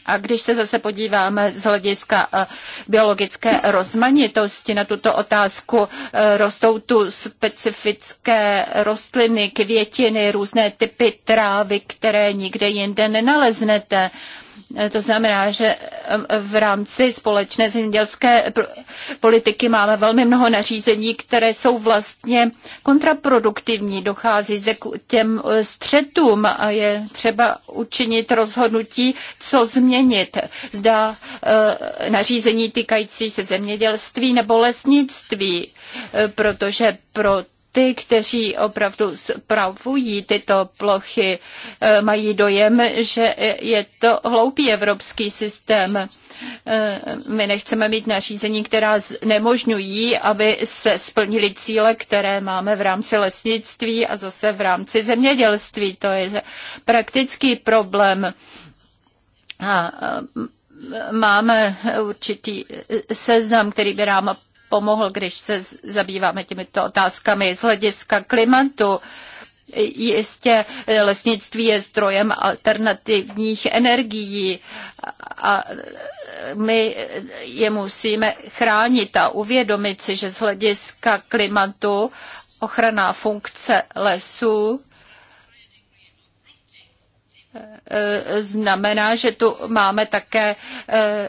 a když se zase podíváme z hlediska eh, biologické rozmanitosti na tuto otázku, eh, rostou tu specifické rostliny, květiny, různé typy trávy, které nikde jinde nenaleznete. Eh, to znamená, že v rámci společné zemědělské politiky máme velmi mnoho nařízení, které jsou vlastně kontraproduktivní. Dochází zde k těm eh, střetům a je třeba učinit rozhodnutí, co změnit. Zda eh, nařízení týkající se zemědělství nebo lesnictví, protože pro ty, kteří opravdu spravují tyto plochy, eh, mají dojem, že je to hloupý evropský systém. Eh, my nechceme mít nařízení, která znemožňují, aby se splnili cíle, které máme v rámci lesnictví a zase v rámci zemědělství. To je praktický problém. A máme určitý eh, seznam, který by nám pomohl, když se zabýváme těmito otázkami z hlediska klimatu. Jistě lesnictví je zdrojem alternativních energií a my je musíme chránit a uvědomit si, že z hlediska klimatu ochranná funkce lesů e, e, znamená, že tu máme také e,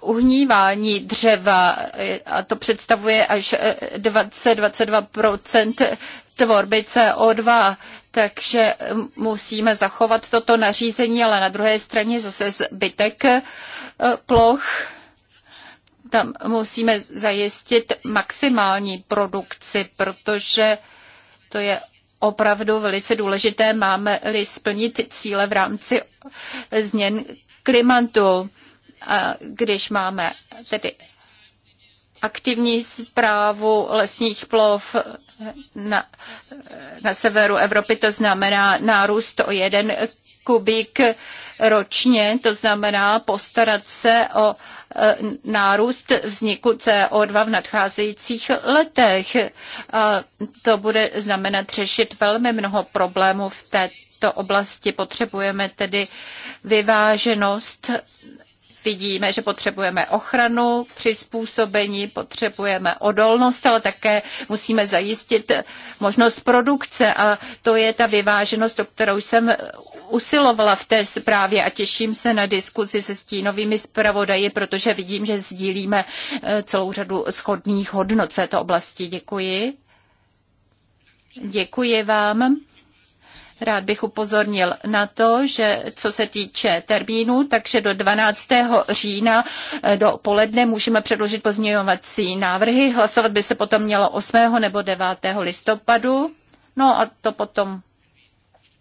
uhnívání dřeva a to představuje až 20-22 eh, tvorby CO2, takže eh, musíme zachovat toto nařízení, ale na druhé straně zase zbytek eh, ploch. Tam musíme zajistit maximální produkci, protože to je opravdu velice důležité, máme-li splnit cíle v rámci změn klimatu když máme tedy aktivní zprávu lesních plov na, na severu Evropy, to znamená nárůst o jeden kubík ročně, to znamená postarat se o e, nárůst vzniku CO2 v nadcházejících letech. A to bude znamenat řešit velmi mnoho problémů v této oblasti. Potřebujeme tedy vyváženost vidíme, že potřebujeme ochranu, přizpůsobení, potřebujeme odolnost, ale také musíme zajistit možnost produkce a to je ta vyváženost, o kterou jsem usilovala v té zprávě a těším se na diskuzi se stínovými zpravodaji, protože vidím, že sdílíme eh, celou řadu schodných hodnot v této oblasti. Děkuji. Děkuji vám. Rád bych upozornil na to, že co se týče termínu, takže do 12. října eh, do poledne můžeme předložit pozměňovací návrhy. Hlasovat by se potom mělo 8. nebo 9. listopadu. No a to potom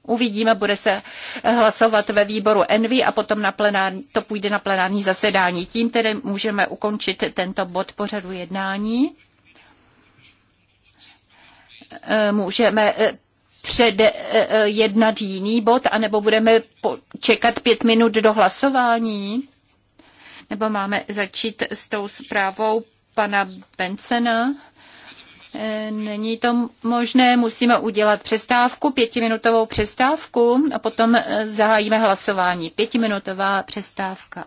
uvidíme, bude se eh, hlasovat ve výboru Envy a potom na plenární, to půjde na plenární zasedání. Tím tedy můžeme ukončit tento bod pořadu jednání. Eh, můžeme před eh, eh, jednat jiný bod, anebo budeme čekat pět minut do hlasování? Nebo máme začít s tou zprávou pana Bencena? Eh, není to možné, musíme udělat přestávku, pětiminutovou přestávku a potom zahájíme hlasování. Pětiminutová přestávka.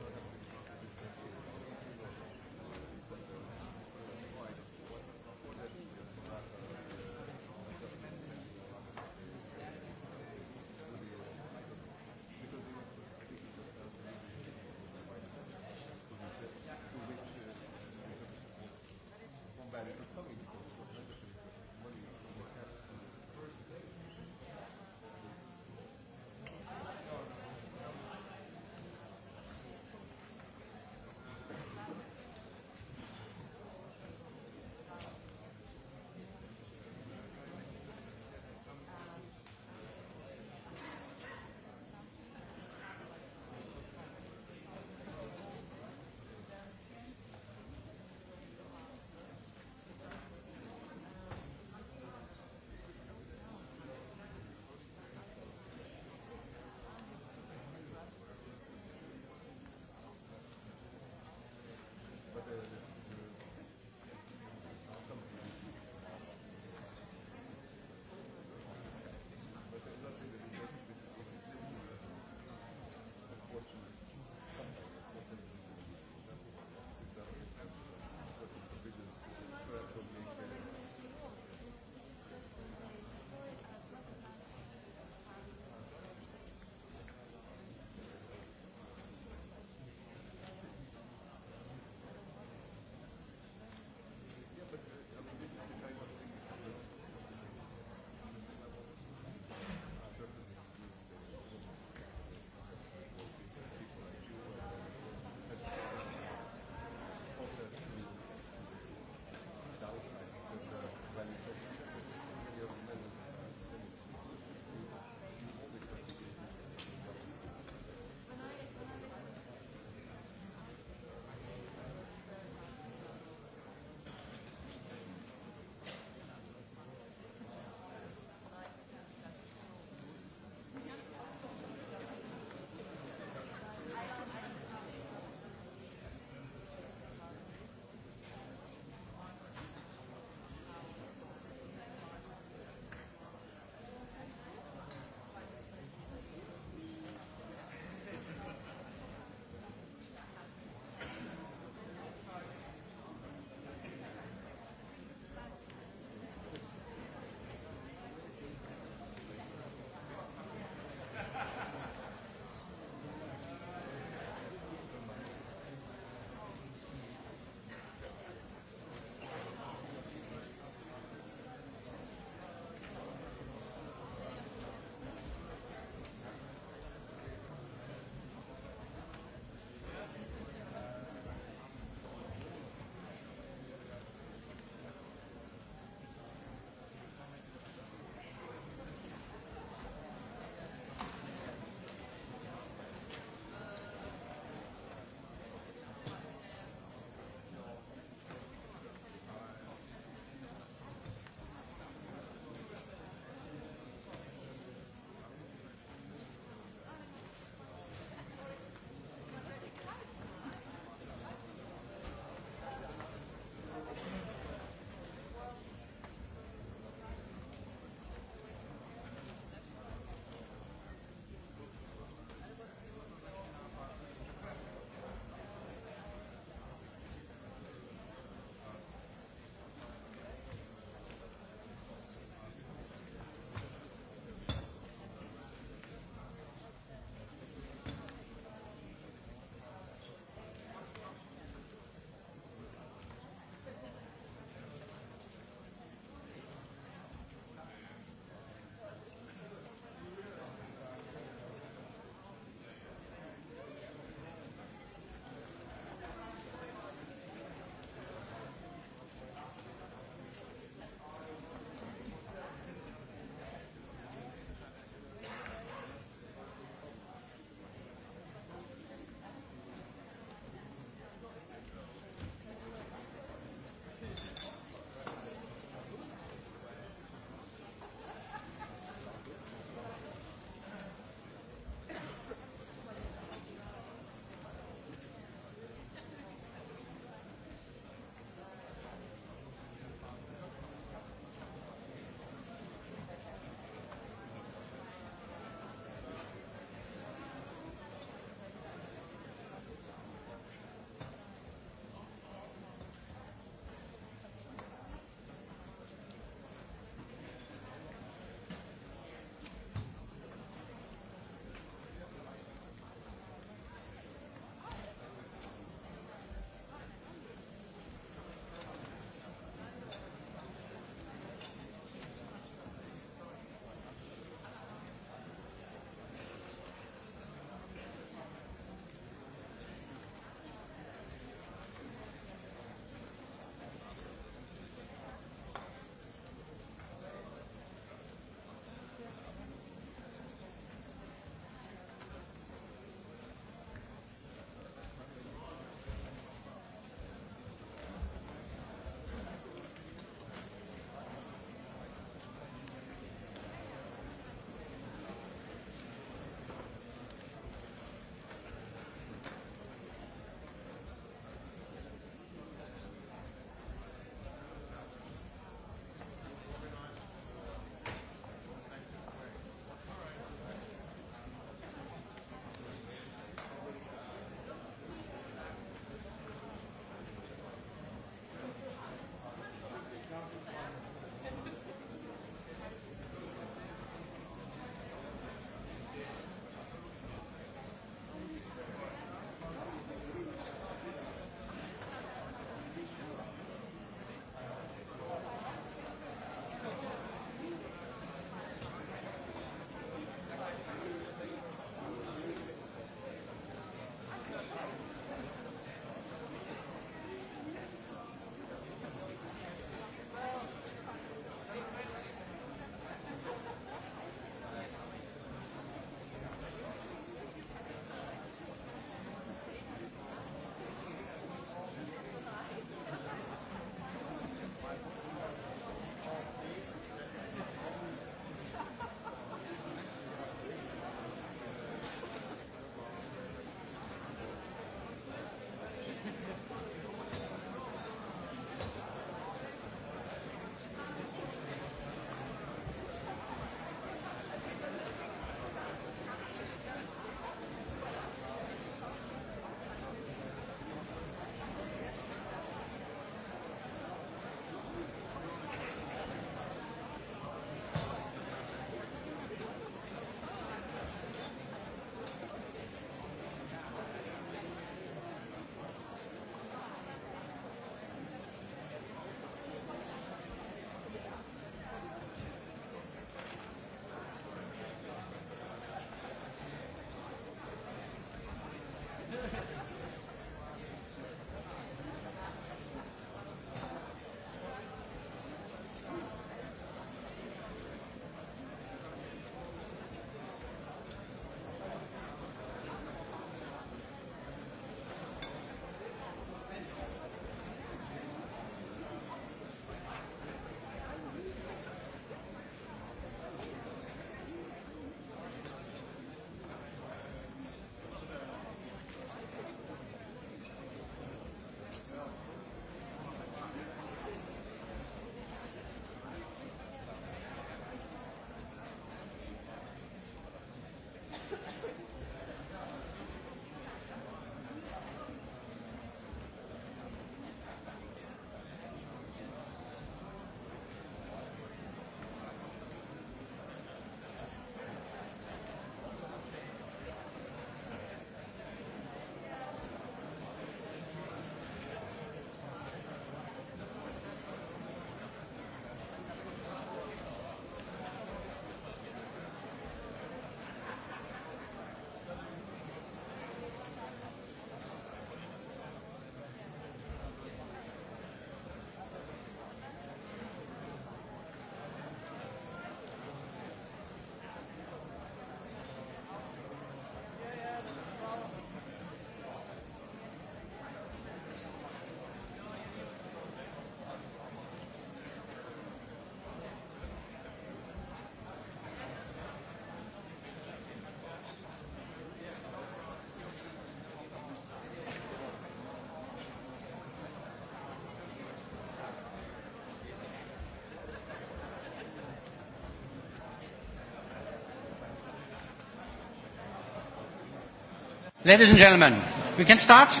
Ladies and gentlemen, we can start.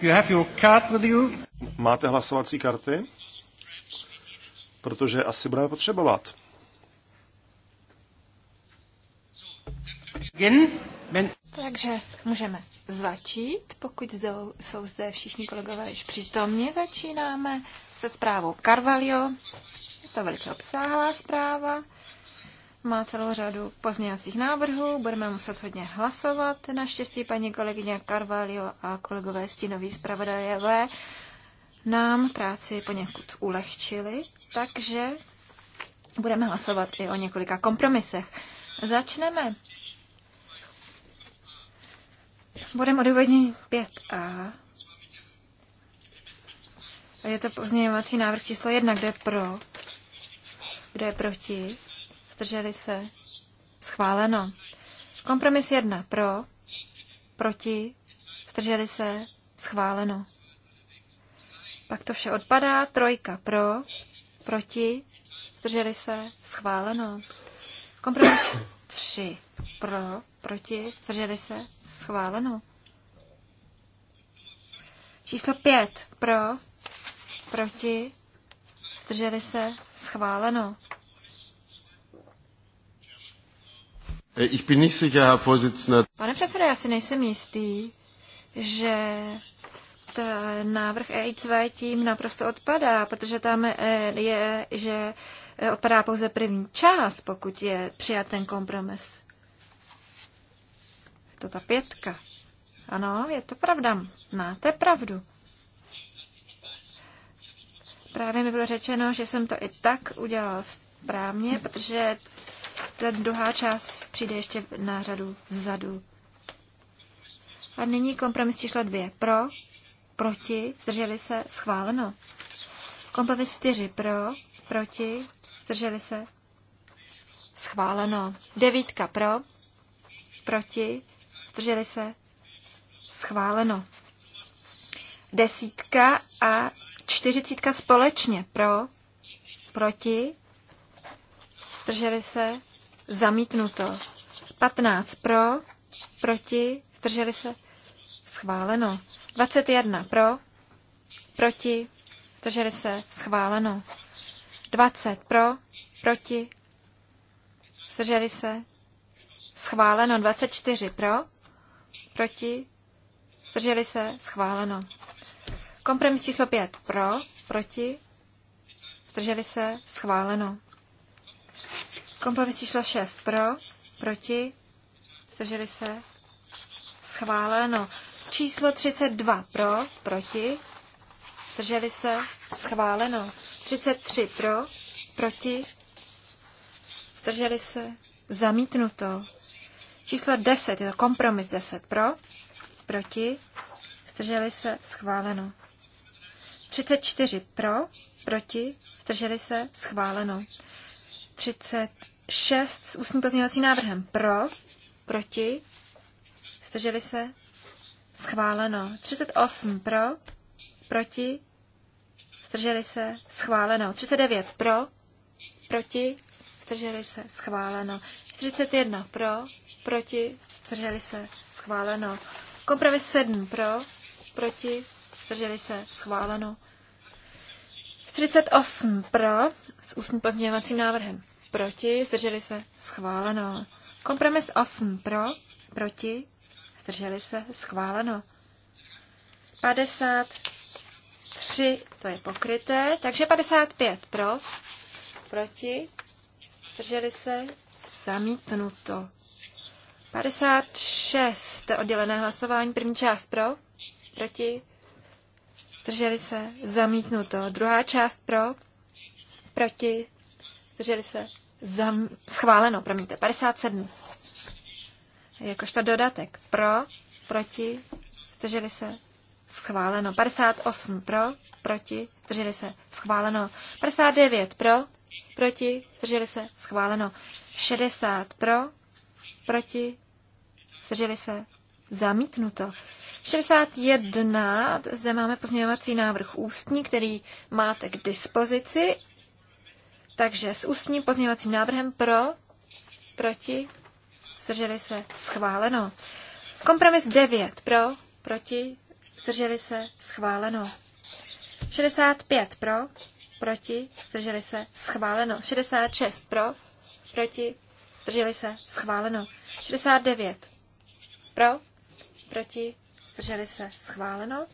You have your card with you. Máte hlasovací karty? Protože asi budeme potřebovat. Takže můžeme začít, pokud zde, jsou zde všichni kolegové již přítomně. Začínáme se zprávou Carvalho to velice obsáhlá zpráva. Má celou řadu pozměňovacích návrhů, budeme muset hodně hlasovat. Naštěstí paní kolegyně Carvalho a kolegové stínoví zpravodajové nám práci poněkud ulehčili, takže budeme hlasovat i o několika kompromisech. Začneme. Budeme odůvodnit 5a. Je to pozměňovací návrh číslo 1, kde pro, kdo je proti? Zdrželi se? Schváleno. Kompromis jedna, Pro. Proti. Zdrželi se? Schváleno. Pak to vše odpadá. Trojka. Pro. Proti. Zdrželi se? Schváleno. Kompromis tři, Pro. Proti. Zdrželi se? Schváleno. Číslo pět, Pro. Proti. Zdrželi se? Schváleno. Eh, ich bin nicht sicher, Herr Vorsitzender. Pane předsedo, já si nejsem jistý, že návrh EIC tím naprosto odpadá, protože tam eh, je, že eh, odpadá pouze první čas, pokud je přijat ten kompromis. Je to ta pětka. Ano, je to pravda. Máte pravdu. Právě mi bylo řečeno, že jsem to i tak udělal správně, protože ta druhá část přijde ještě na řadu vzadu. A nyní kompromis číslo dvě. Pro, proti, zdrželi se, schváleno. Kompromis čtyři. Pro, proti, zdrželi se, schváleno. Devítka pro, proti, zdrželi se, schváleno. Desítka a čtyřicítka společně pro, proti, zdrželi se, Zamítnuto. 15 pro, proti, zdrželi se, schváleno. 21 pro, proti, zdrželi se, schváleno. 20 pro, proti, zdrželi se, schváleno. 24 pro, proti, zdrželi se, schváleno. Kompromis číslo 5 pro, proti, zdrželi se, schváleno. Kompromis číslo 6 pro, proti, zdrželi se, schváleno. Číslo 32 pro, proti, zdrželi se, schváleno. 33 pro, proti, zdrželi se, zamítnuto. Číslo 10, je to kompromis 10 pro, proti, zdrželi se, schváleno. 34 pro, proti, zdrželi se, schváleno. 36 s ústním pozměňovacím návrhem. Pro, proti, zdrželi se, schváleno. 38 pro, proti, zdrželi se, schváleno. 39 pro, proti, zdrželi se, schváleno. 41 pro, proti, zdrželi se, schváleno. Kompromis 7 pro, proti, zdrželi se, schváleno. 48 pro s ústním pozměňovacím návrhem proti, zdrželi se, schváleno. Kompromis 8 pro, proti, zdrželi se, schváleno. 53, to je pokryté, takže 55 pro, proti, zdrželi se, zamítnuto. 56, to je oddělené hlasování, první část pro, proti, zdrželi se, zamítnuto. Druhá část pro, proti, zdrželi se, zam, schváleno, promiňte, 57. Jakožto dodatek, pro, proti, zdrželi se, schváleno, 58 pro, proti, zdrželi se, schváleno, 59 pro, proti, zdrželi se, schváleno, 60 pro, proti, zdrželi se, zamítnuto. 61, zde máme pozměňovací návrh ústní, který máte k dispozici takže s ústním pozměňovacím návrhem pro, proti, zdrželi se, schváleno. Kompromis 9 pro, proti, zdrželi se, schváleno. 65 pro, proti, zdrželi se, schváleno. 66 pro, proti, zdrželi se, schváleno. 69 pro, proti, zdrželi se, schváleno.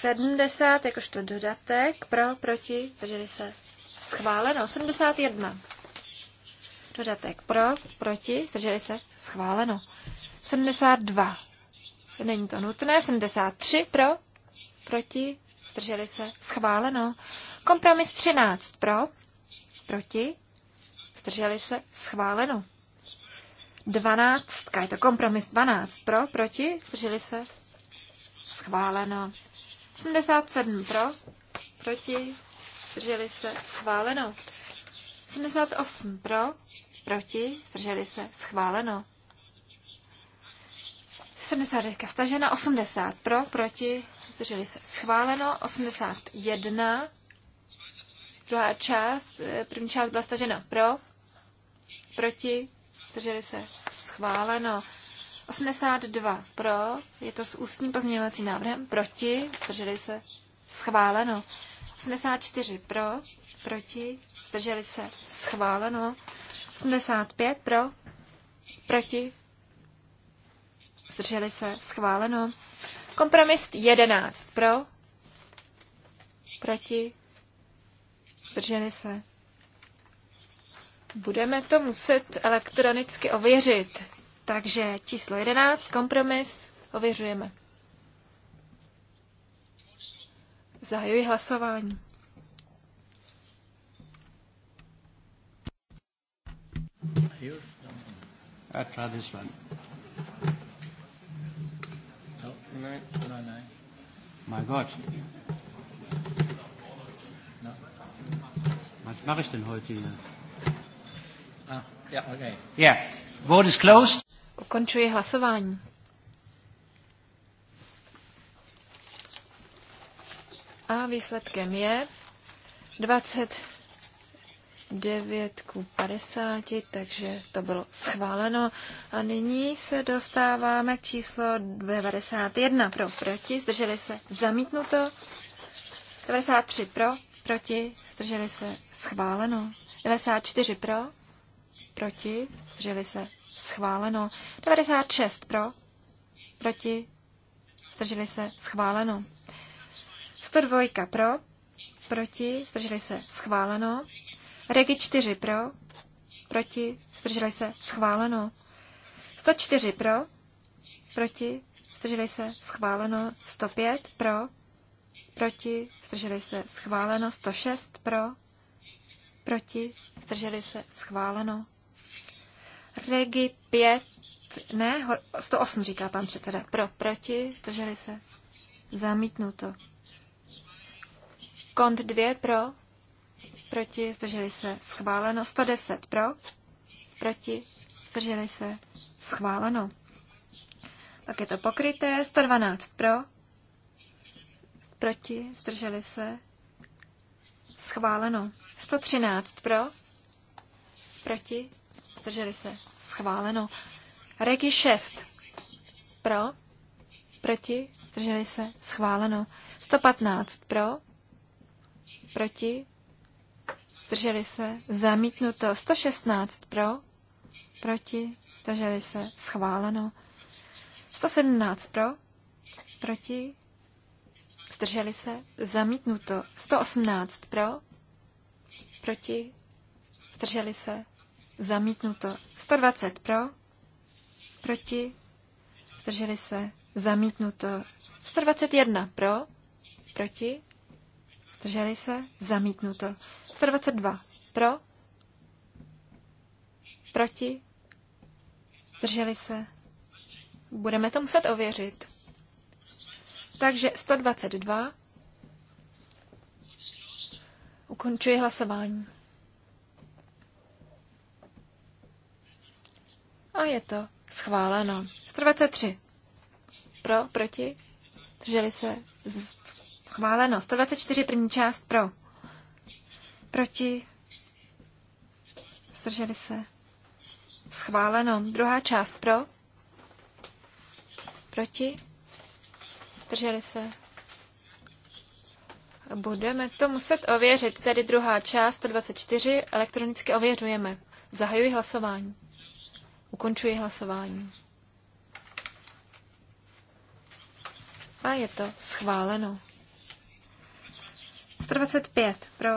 70 jakožto dodatek pro, proti, zdrželi se schváleno. 71 dodatek pro, proti, zdrželi se schváleno. 72 není to nutné. 73 pro, proti, zdrželi se schváleno. Kompromis 13 pro, proti, zdrželi se schváleno. 12, je to kompromis 12 pro, proti, zdrželi se schváleno. 77 pro, proti, zdrželi se, schváleno. 78 pro, proti, zdrželi se, schváleno. 79 stažena, 80 pro, proti, zdrželi se, schváleno. 81, druhá část, eh, první část byla stažena pro, proti, zdrželi se, schváleno. 82 pro, je to s ústním pozměňovacím návrhem, proti, zdrželi se, schváleno. 84 pro, proti, zdrželi se, schváleno. 85 pro, proti, zdrželi se, schváleno. Kompromis 11 pro, proti, zdrželi se. Budeme to muset elektronicky ověřit. Takže číslo 11, kompromis, ověřujeme. Zahajuji hlasování. I try this one. No, no, no, no. My God. No. Was mache ich denn heute hier? Ah, ja, yeah, okay. Yeah. Vote is closed. Ukončuji hlasování. A výsledkem je 29 ku 50, takže to bylo schváleno. A nyní se dostáváme k číslo 91 pro proti, zdrželi se zamítnuto. 93 pro, proti, zdrželi se schváleno. 94 pro, proti, zdrželi se Schváleno. 96 pro. Proti. Zdrželi se. Schváleno. 102 pro. Proti. Zdrželi se. Schváleno. Regi 4 pro. Proti. Zdrželi se. Schváleno. 104 pro. Proti. Zdrželi se. Schváleno. 105 pro. Proti. Zdrželi se. Schváleno. 106 pro. Proti. Zdrželi se. Schváleno. Regi 5, ne, 108 říká pan předseda. Pro, proti, zdrželi se. Zamítnuto. Kont 2 pro, proti, zdrželi se. Schváleno. 110 pro, proti, zdrželi se. Schváleno. Pak je to pokryté. 112 pro, proti, zdrželi se. Schváleno. 113 pro, proti, Zdrželi se. Schváleno. Regi 6. Pro. Proti. Zdrželi se. Schváleno. 115. Pro. Proti. Zdrželi se. Zamítnuto. 116. Pro. Proti. Zdrželi se. Schváleno. 117. Pro. Proti. Zdrželi se. Zamítnuto. 118. Pro. Proti. Zdrželi se. Zamítnuto. 120 pro. Proti. Zdrželi se. Zamítnuto. 121 pro. Proti. Zdrželi se. Zamítnuto. 122 pro. Proti. Zdrželi se. Budeme to muset ověřit. Takže 122. Ukončuji hlasování. A je to schváleno. 123. Pro, proti, drželi se schváleno. 124 první část pro. Proti, zdrželi se. Schváleno. Druhá část pro. Proti, zdrželi se. Budeme to muset ověřit. Tedy druhá část, 124, elektronicky ověřujeme. Zahajuji hlasování. Ukončuji hlasování. A je to schváleno. 125 pro,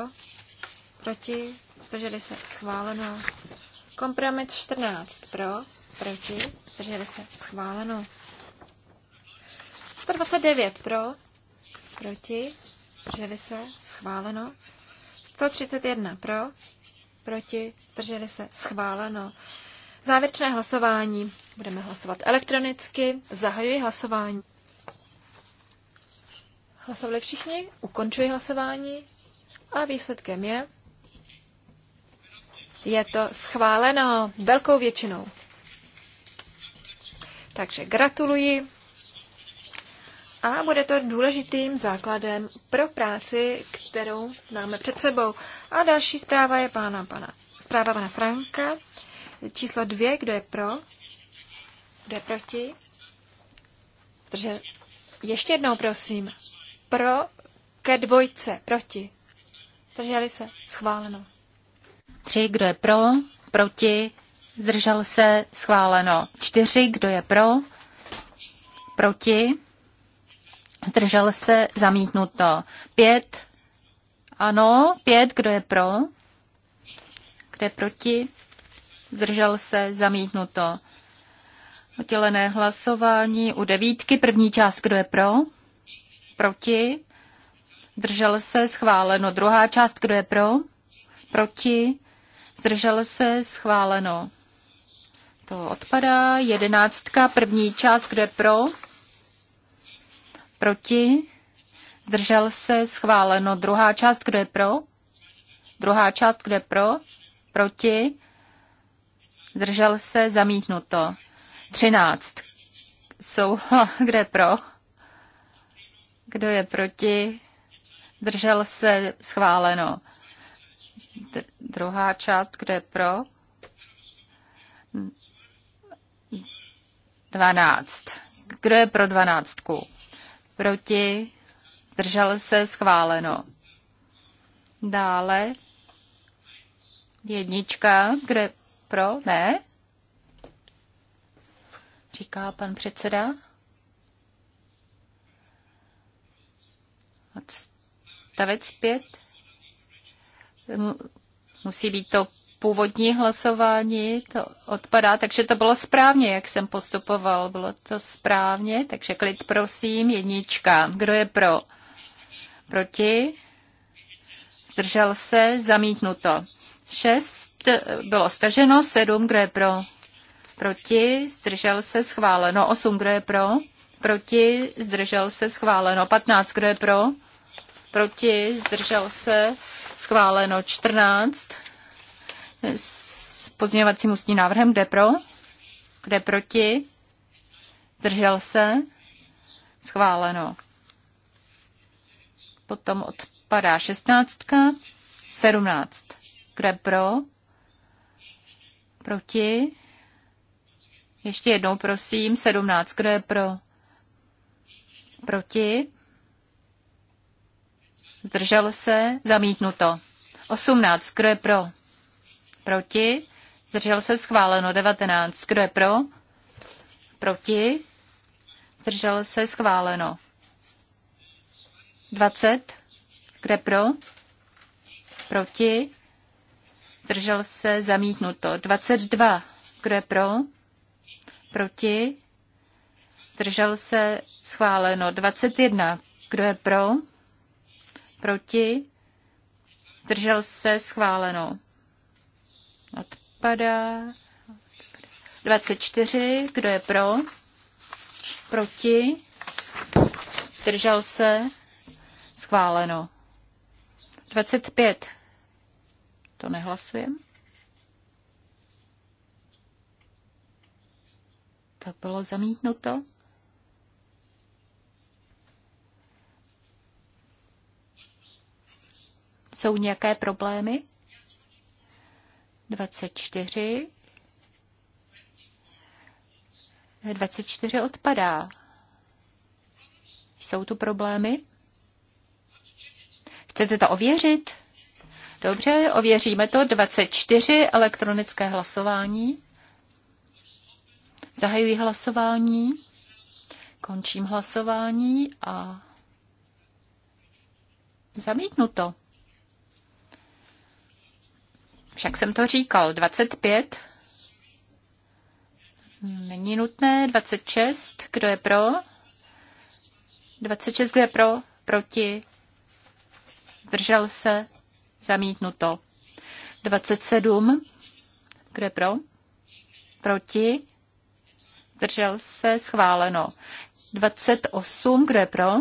proti, drželi se, schváleno. Kompromis 14 pro, proti, drželi se, schváleno. 129 pro, proti, drželi se, schváleno. 131 pro, proti, drželi se, schváleno. Závěrečné hlasování. Budeme hlasovat elektronicky. Zahajuji hlasování. Hlasovali všichni? Ukončuji hlasování. A výsledkem je... Je to schváleno velkou většinou. Takže gratuluji a bude to důležitým základem pro práci, kterou máme před sebou. A další zpráva je pána, pana, zpráva pana Franka. Číslo dvě, kdo je pro? Kdo je proti? Protože ještě jednou prosím. Pro ke dvojce, proti. Drželi se, schváleno. Tři, kdo je pro, proti, zdržel se, schváleno. Čtyři, kdo je pro, proti, zdržel se, zamítnuto. Pět, ano, pět, kdo je pro, kdo je proti, zdržel se, zamítnuto. Otělené hlasování u devítky, první část, kdo je pro, proti, zdržel se, schváleno. Druhá část, kdo je pro, proti, zdržel se, schváleno. To odpadá. Jedenáctka, první část, kde pro, proti, zdržel se, schváleno. Druhá část, kde pro, druhá část, kde pro, proti, Zdržel se zamítnuto. 13. Jsou, kde pro? Kdo je proti? Zdržel se schváleno. D- druhá část, kde je pro? 12. Kdo je pro dvanáctku? Proti? Držel se schváleno. Dále jednička, kde pro? Ne? Říká pan předseda. Stavec pět. Musí být to původní hlasování, to odpadá, takže to bylo správně, jak jsem postupoval. Bylo to správně, takže klid prosím, jednička. Kdo je pro? Proti? Zdržel se? Zamítnuto. Šest bylo staženo, 7, kdo je pro, proti, zdržel se, schváleno, 8, kdo je pro, proti, zdržel se, schváleno, 15, kdo je pro, proti, zdržel se, schváleno, 14, s pozměňovacím ústním návrhem, kde pro, kde proti, zdržel se, schváleno. Potom odpadá šestnáctka, sedmnáct. Kde pro? Proti? Ještě jednou prosím, 17, kdo je pro? Proti? Zdržel se? Zamítnuto. 18, kdo je pro? Proti? Zdržel se? Schváleno. 19, kdo je pro? Proti? Zdržel se? Schváleno. 20, je pro? Proti? Zdržel se zamítnuto. 22. Kdo je pro? Proti? Zdržel se schváleno. 21. Kdo je pro? Proti? Zdržel se schváleno. Odpadá. 24. Kdo je pro? Proti? Zdržel se schváleno. 25. To nehlasujeme. To bylo zamítnuto. Jsou nějaké problémy? 24. 24 odpadá. Jsou tu problémy? Chcete to ověřit? Dobře, ověříme to. 24 elektronické hlasování. Zahajuji hlasování. Končím hlasování a zamítnu to. Však jsem to říkal. 25. Není nutné. 26. Kdo je pro? 26. Kdo je pro? Proti? Držel se? Zamítnuto. 27. Kde pro? Proti? Držel se? Schváleno. 28. Kde pro?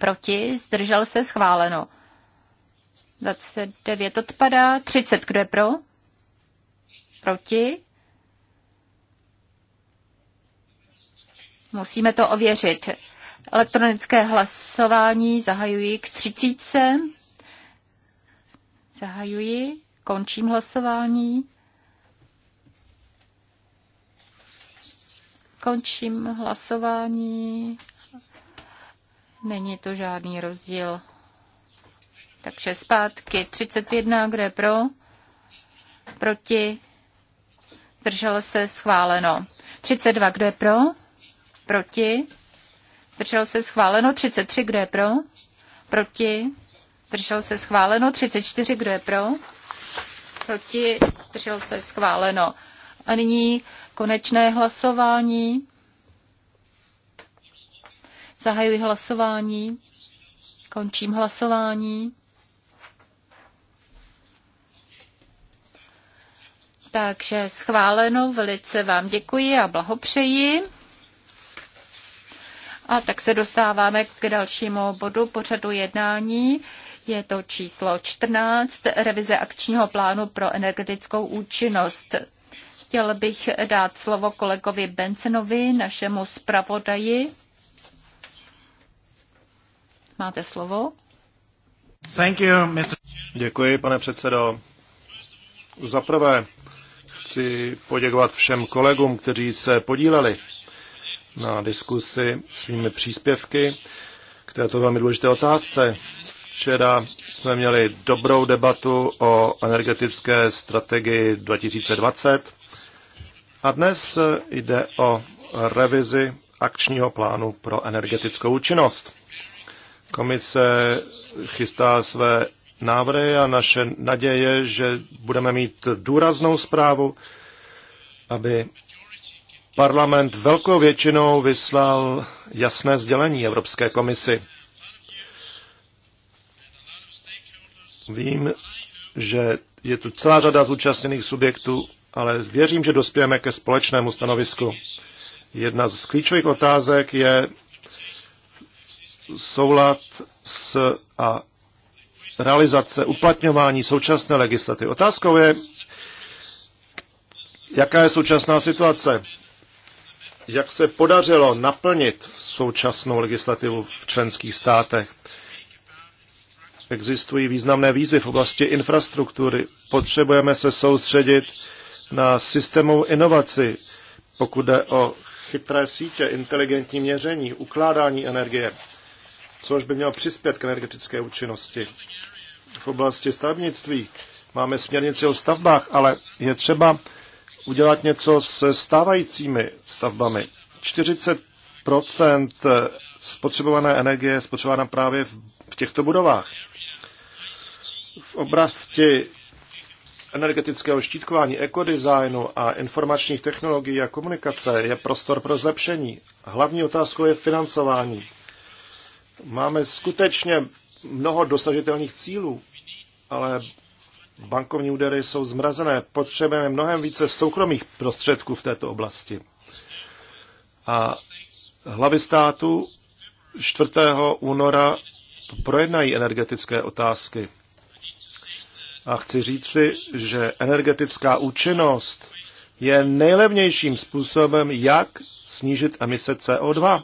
Proti? Zdržel se? Schváleno. 29 odpadá. 30. Kdo je pro? Proti? Musíme to ověřit. Elektronické hlasování zahajují k 30. Zahajuji, končím hlasování. Končím hlasování. Není to žádný rozdíl. Takže zpátky 31, kde pro, proti, držel se schváleno. 32, kde pro, proti, držel se schváleno. 33, kde pro, proti, Držel se schváleno. 34. Kdo je pro? Proti? Držel se schváleno. A nyní konečné hlasování. Zahajuji hlasování. Končím hlasování. Takže schváleno, velice vám děkuji a blahopřeji. A tak se dostáváme k dalšímu bodu pořadu jednání. Je to číslo 14, revize akčního plánu pro energetickou účinnost. Chtěl bych dát slovo kolegovi Bencenovi, našemu zpravodaji. Máte slovo. Thank you, Mr. Děkuji, pane předsedo. Za prvé chci poděkovat všem kolegům, kteří se podíleli na diskusi svými příspěvky k této velmi důležité otázce. Včera jsme měli dobrou debatu o energetické strategii 2020 a dnes jde o revizi akčního plánu pro energetickou účinnost. Komise chystá své návrhy a naše naděje, je, že budeme mít důraznou zprávu, aby parlament velkou většinou vyslal jasné sdělení Evropské komisi. Vím, že je tu celá řada zúčastněných subjektů, ale věřím, že dospějeme ke společnému stanovisku. Jedna z klíčových otázek je soulad s a realizace, uplatňování současné legislativy. Otázkou je, jaká je současná situace, jak se podařilo naplnit současnou legislativu v členských státech existují významné výzvy v oblasti infrastruktury. Potřebujeme se soustředit na systémovou inovaci, pokud jde o chytré sítě, inteligentní měření, ukládání energie, což by mělo přispět k energetické účinnosti. V oblasti stavebnictví máme směrnici o stavbách, ale je třeba udělat něco se stávajícími stavbami. 40 spotřebované energie je spotřebována právě v těchto budovách v oblasti energetického štítkování, ekodesignu a informačních technologií a komunikace je prostor pro zlepšení. Hlavní otázkou je financování. Máme skutečně mnoho dosažitelných cílů, ale bankovní údery jsou zmrazené. Potřebujeme mnohem více soukromých prostředků v této oblasti. A hlavy státu 4. února projednají energetické otázky a chci říci, že energetická účinnost je nejlevnějším způsobem, jak snížit emise CO2.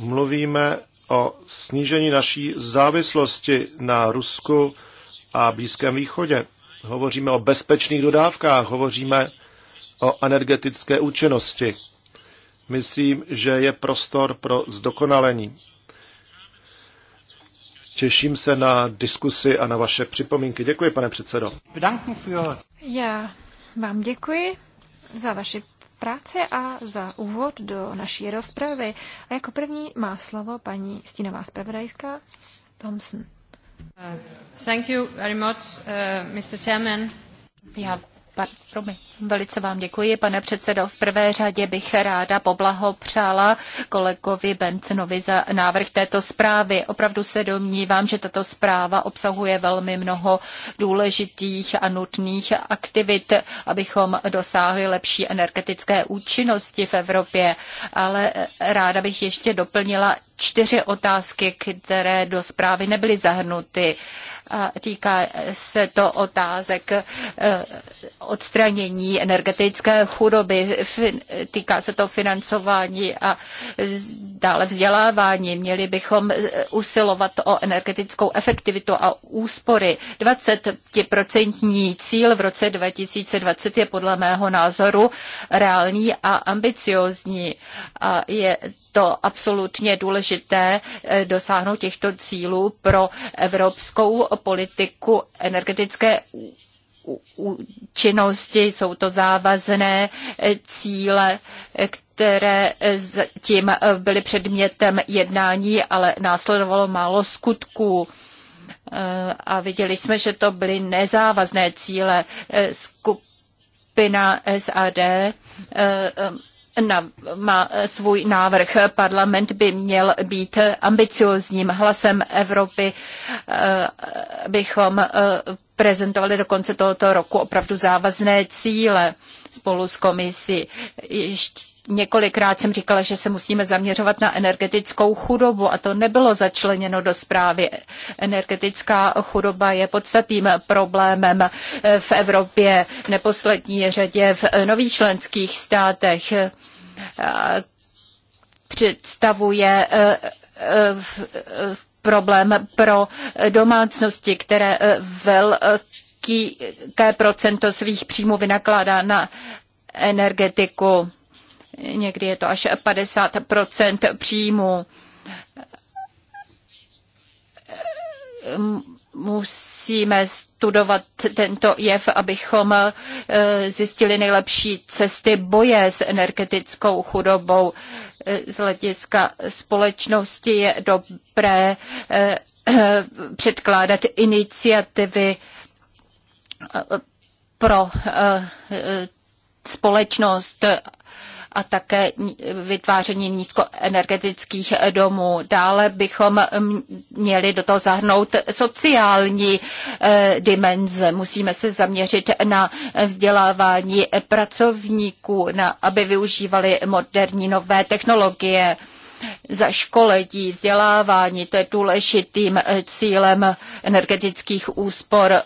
Mluvíme o snížení naší závislosti na Rusku a Blízkém východě. Hovoříme o bezpečných dodávkách, hovoříme o energetické účinnosti. Myslím, že je prostor pro zdokonalení Těším se na diskusi a na vaše připomínky. Děkuji, pane předsedo. Já vám děkuji za vaši práce a za úvod do naší rozpravy. A jako první má slovo paní stínová zpravodajka Thompson. Uh, thank you very much, uh, Mr. Chairman. have. Pardon, velice vám děkuji, pane předsedo. V prvé řadě bych ráda poblahopřála kolegovi Bencenovi za návrh této zprávy. Opravdu se domnívám, že tato zpráva obsahuje velmi mnoho důležitých a nutných aktivit, abychom dosáhli lepší energetické účinnosti v Evropě. Ale ráda bych ještě doplnila čtyři otázky, které do zprávy nebyly zahrnuty a týká se to otázek eh, odstranění energetické chudoby, týká se to financování a dále vzdělávání. Měli bychom eh, usilovat o energetickou efektivitu a úspory. 20% cíl v roce 2020 je podle mého názoru reálný a ambiciozní. A je to absolutně důležité eh, dosáhnout těchto cílů pro evropskou o politiku energetické účinnosti. Jsou to závazné eh, cíle, eh, které eh, tím byly předmětem jednání, ale následovalo málo skutků a viděli jsme, že to byly nezávazné cíle skupina SAD na, má eh, svůj návrh. Parlament by měl být ambiciozním hlasem Evropy, eh, bychom eh, prezentovali do konce tohoto roku opravdu závazné cíle spolu s komisí. Ještě Několikrát jsem říkala, že se musíme zaměřovat na energetickou chudobu a to nebylo začleněno do zprávy. Energetická chudoba je podstatným problémem v Evropě, v neposlední řadě v nových členských státech. Představuje e, e, e, problém pro domácnosti, které velké procento svých příjmů vynakládá na energetiku. Někdy je to až 50 příjmu. Musíme studovat tento jev, abychom eh, zjistili nejlepší cesty boje s energetickou chudobou. Eh, z hlediska společnosti je dobré eh, (clears throat) předkládat iniciativy pro společnost a také vytváření nízkoenergetických domů. Dále bychom měli do toho zahrnout sociální eh, dimenze. Musíme se zaměřit na vzdělávání pracovníků, na, aby využívali moderní nové technologie za školetí, vzdělávání, to je důležitým eh, cílem energetických úspor. Eh,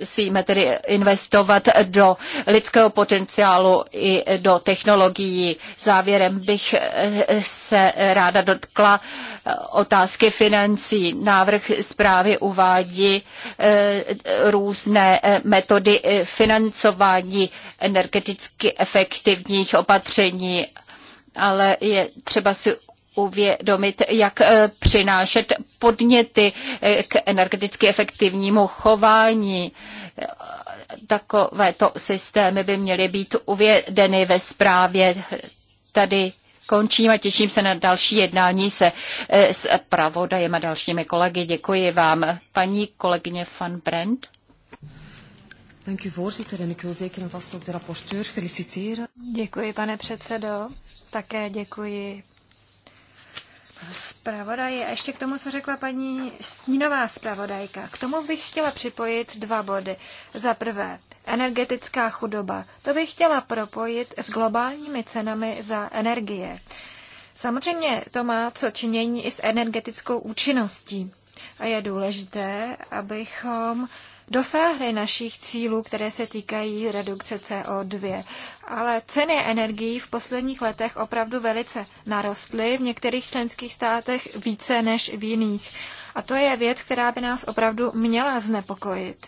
musíme tedy investovat do lidského potenciálu i do technologií. Závěrem bych eh, se ráda dotkla eh, otázky financí. Návrh zprávy uvádí eh, různé metody financování energeticky efektivních opatření ale je třeba si uvědomit, jak eh, přinášet podněty eh, k energeticky efektivnímu chování. Takovéto systémy by měly být uvedeny ve zprávě. Tady končím a těším se na další jednání se eh, s pravodajem a dalšími kolegy. Děkuji vám. Paní kolegyně van Brent. Děkuji pane předsedo. Také děkuji zpravodaji a ještě k tomu, co řekla paní Stínová zpravodajka. K tomu bych chtěla připojit dva body. Za prvé, energetická chudoba. To bych chtěla propojit s globálními cenami za energie. Samozřejmě to má co činění i s energetickou účinností. A je důležité, abychom uh, dosáhli našich cílů, které se týkají redukce CO2. Ale ceny energií v posledních letech opravdu velice narostly, v některých členských státech více než v jiných. A to je věc, která by nás opravdu měla znepokojit.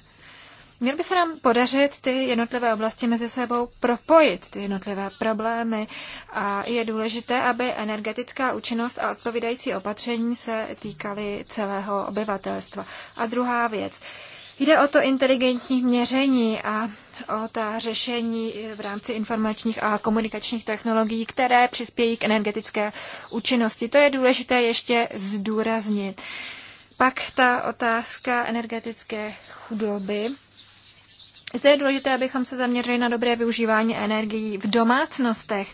Měl by se nám podařit ty jednotlivé oblasti mezi sebou propojit, ty jednotlivé problémy a je důležité, aby energetická účinnost a odpovídající opatření se týkaly celého obyvatelstva. A druhá věc, Jde o to inteligentní měření a o ta řešení v rámci informačních a komunikačních technologií, které přispějí k energetické účinnosti. To je důležité ještě zdůraznit. Pak ta otázka energetické chudoby. Zde je důležité, abychom se zaměřili na dobré využívání energií v domácnostech.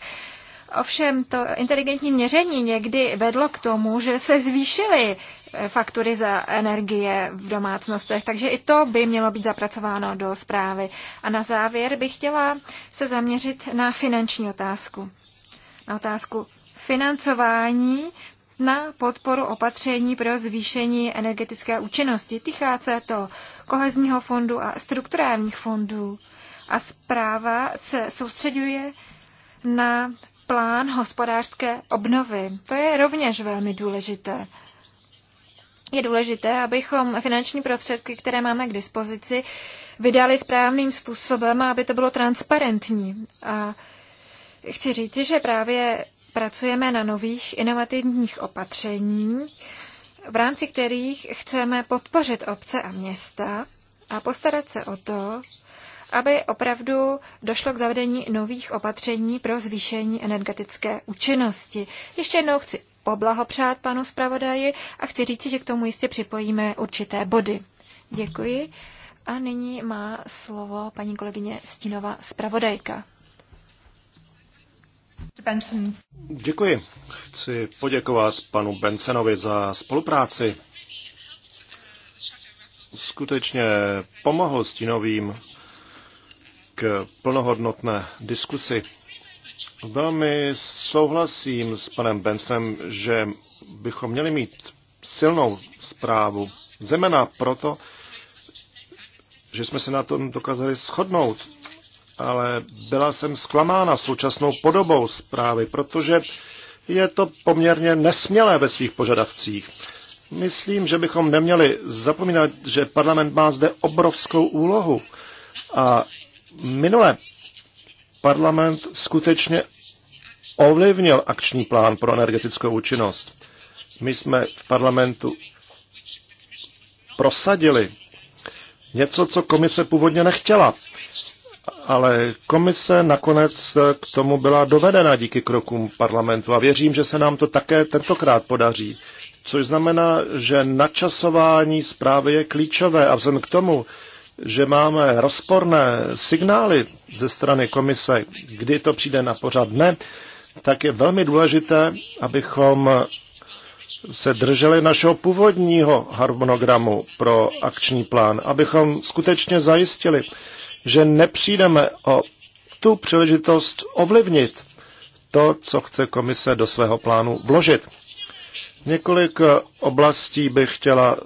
Ovšem to inteligentní měření někdy vedlo k tomu, že se zvýšily eh, faktury za energie v domácnostech, takže i to by mělo být zapracováno do zprávy. A na závěr bych chtěla se zaměřit na finanční otázku. Na otázku financování na podporu opatření pro zvýšení energetické účinnosti. Týká se to kohezního fondu a strukturálních fondů. A zpráva se soustředuje na plán hospodářské obnovy. To je rovněž velmi důležité. Je důležité, abychom finanční prostředky, které máme k dispozici, vydali správným způsobem a aby to bylo transparentní. A chci říct, že právě pracujeme na nových inovativních opatření, v rámci kterých chceme podpořit obce a města a postarat se o to, aby opravdu došlo k zavedení nových opatření pro zvýšení energetické účinnosti. Ještě jednou chci poblahopřát panu zpravodaji a chci říct, že k tomu jistě připojíme určité body. Děkuji. A nyní má slovo paní kolegyně Stínová zpravodajka. Děkuji. Chci poděkovat panu Bensonovi za spolupráci. Skutečně pomohl stínovým k plnohodnotné diskusi. Velmi souhlasím s panem Bensem, že bychom měli mít silnou zprávu, zemena proto, že jsme se na tom dokázali shodnout, ale byla jsem zklamána současnou podobou zprávy, protože je to poměrně nesmělé ve svých požadavcích. Myslím, že bychom neměli zapomínat, že parlament má zde obrovskou úlohu a minule parlament skutečně ovlivnil akční plán pro energetickou účinnost. My jsme v parlamentu prosadili něco, co komise původně nechtěla, ale komise nakonec k tomu byla dovedena díky krokům parlamentu a věřím, že se nám to také tentokrát podaří. Což znamená, že načasování zprávy je klíčové a vzhledem k tomu, že máme rozporné signály ze strany komise, kdy to přijde na pořad dne, tak je velmi důležité, abychom se drželi našeho původního harmonogramu pro akční plán, abychom skutečně zajistili, že nepřijdeme o tu příležitost ovlivnit to, co chce komise do svého plánu vložit. Několik oblastí bych chtěla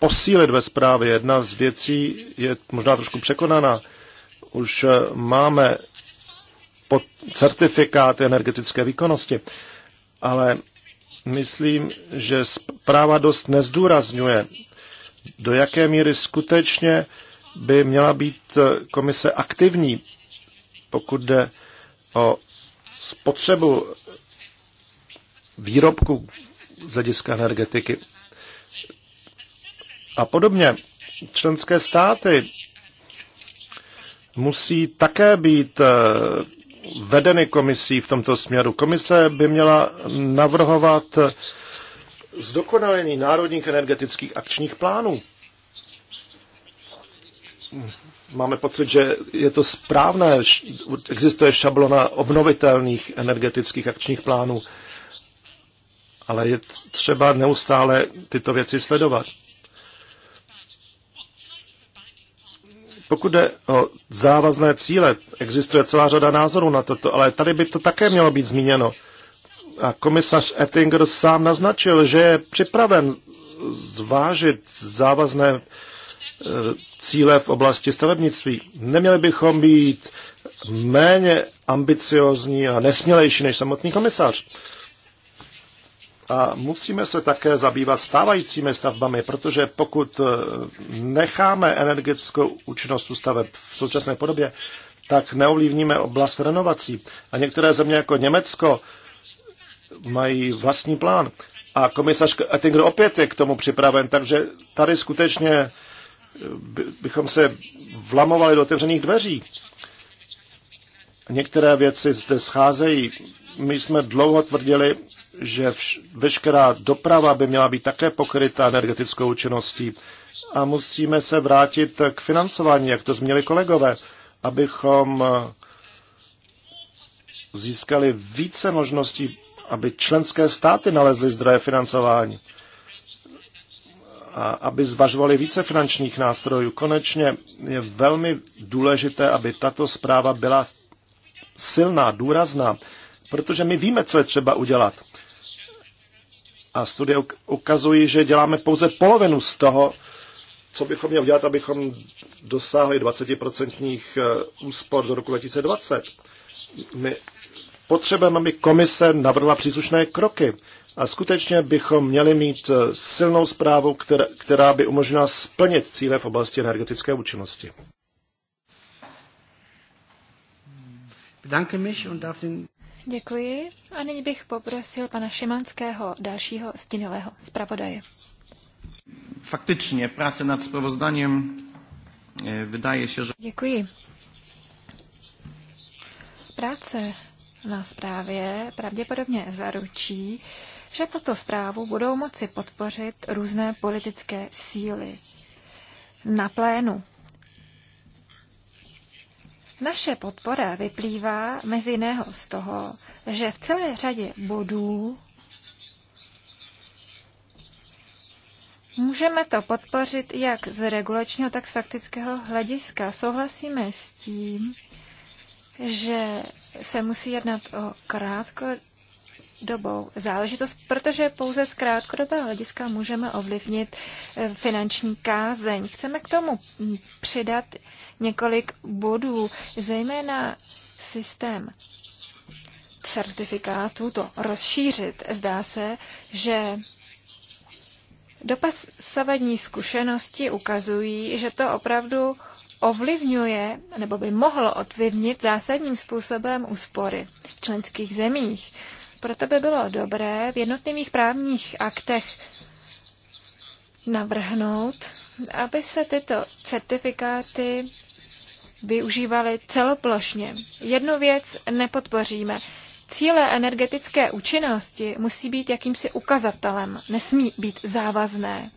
posílit ve zprávě. Jedna z věcí je možná trošku překonaná. Už eh, máme pod certifikáty energetické výkonnosti, ale myslím, že zpráva dost nezdůrazňuje, do jaké míry skutečně by měla být eh, komise aktivní, pokud jde o spotřebu výrobku z hlediska energetiky a podobně. Členské státy musí také být eh, vedeny komisí v tomto směru. Komise by měla navrhovat eh, zdokonalení národních energetických akčních plánů. Máme pocit, že je to správné, existuje šablona obnovitelných energetických akčních plánů, ale je třeba neustále tyto věci sledovat. Pokud jde o závazné cíle, existuje celá řada názorů na toto, ale tady by to také mělo být zmíněno. A komisař Ettinger sám naznačil, že je připraven zvážit závazné e, cíle v oblasti stavebnictví. Neměli bychom být méně ambiciozní a nesmělejší než samotný komisař. A musíme se také zabývat stávajícími stavbami, protože pokud eh, necháme energetickou účinnost staveb v současné podobě, tak neovlivníme oblast renovací. A některé země jako Německo mají vlastní plán. A komisař Ettinger opět je k tomu připraven, takže tady skutečně eh, bychom se vlamovali do otevřených dveří. Některé věci zde scházejí. My jsme dlouho tvrdili, že vš- veškerá doprava by měla být také pokryta energetickou účinností. A musíme se vrátit k financování, jak to změnili kolegové, abychom eh, získali více možností, aby členské státy nalezly zdroje financování a aby zvažovali více finančních nástrojů. Konečně je velmi důležité, aby tato zpráva byla silná, důrazná, protože my víme, co je třeba udělat a studie ukazují, že děláme pouze polovinu z toho, co bychom měli udělat, abychom dosáhli 20% eh, úspor do roku 2020. My potřebujeme, aby komise navrhla příslušné kroky. A skutečně bychom měli mít eh, silnou zprávu, která, která by umožnila splnit cíle v oblasti energetické účinnosti. Děkuji. A nyní bych poprosil pana Šimanského, dalšího stínového zpravodaje. Faktičně práce nad sprawozdaniem eh, vydaje se, že Děkuji. Práce na zprávě pravděpodobně zaručí, že tato zprávu budou moci podpořit různé politické síly na plénu. Naše podpora vyplývá mezi jiného z toho, že v celé řadě bodů Můžeme to podpořit jak z regulačního, tak z faktického hlediska. Souhlasíme s tím, že se musí jednat o krátko, dobou záležitost, protože pouze z krátkodobého hlediska můžeme ovlivnit eh, finanční kázeň. Chceme k tomu mm, přidat několik bodů, zejména systém certifikátů, to rozšířit. Zdá se, že dopasavadní zkušenosti ukazují, že to opravdu ovlivňuje nebo by mohlo ovlivnit zásadním způsobem úspory v členských zemích. Proto by bylo dobré v jednotlivých právních aktech navrhnout, aby se tyto certifikáty využívaly celoplošně. Jednu věc nepodpoříme. Cíle energetické účinnosti musí být jakýmsi ukazatelem, nesmí být závazné.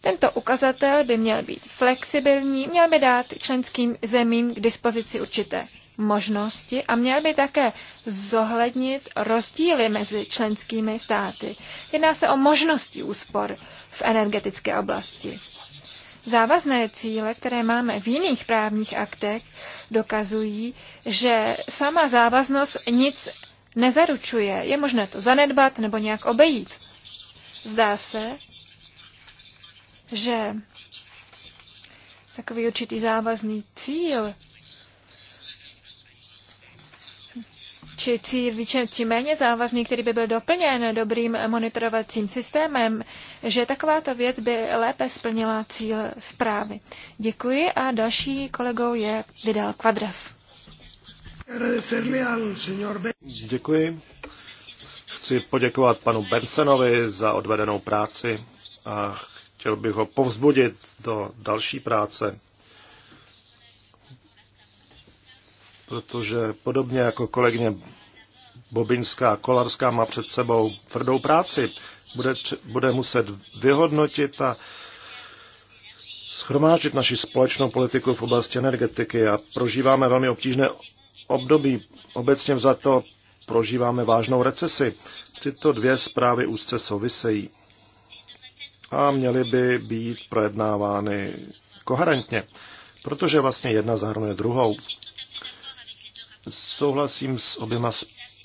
Tento ukazatel by měl být flexibilní, měl by dát členským zemím k dispozici určité možnosti a měl by také zohlednit rozdíly mezi členskými státy. Jedná se o možnosti úspor v energetické oblasti. Závazné cíle, které máme v jiných právních aktech, dokazují, že sama závaznost nic nezaručuje. Je možné to zanedbat nebo nějak obejít. Zdá se, že takový určitý závazný cíl či cíl či méně závazný, který by byl doplněn dobrým monitorovacím systémem, že takováto věc by lépe splnila cíl zprávy. Děkuji a další kolegou je Vidal Quadras. Děkuji. Chci poděkovat panu Bensenovi za odvedenou práci a chtěl bych ho povzbudit do další práce protože podobně jako kolegyně Bobinská Kolarská má před sebou tvrdou práci, bude, bude muset vyhodnotit a schromáždit naši společnou politiku v oblasti energetiky a prožíváme velmi obtížné období. Obecně to prožíváme vážnou recesi. Tyto dvě zprávy úzce souvisejí a měly by být projednávány koherentně, protože vlastně jedna zahrnuje druhou. Souhlasím s oběma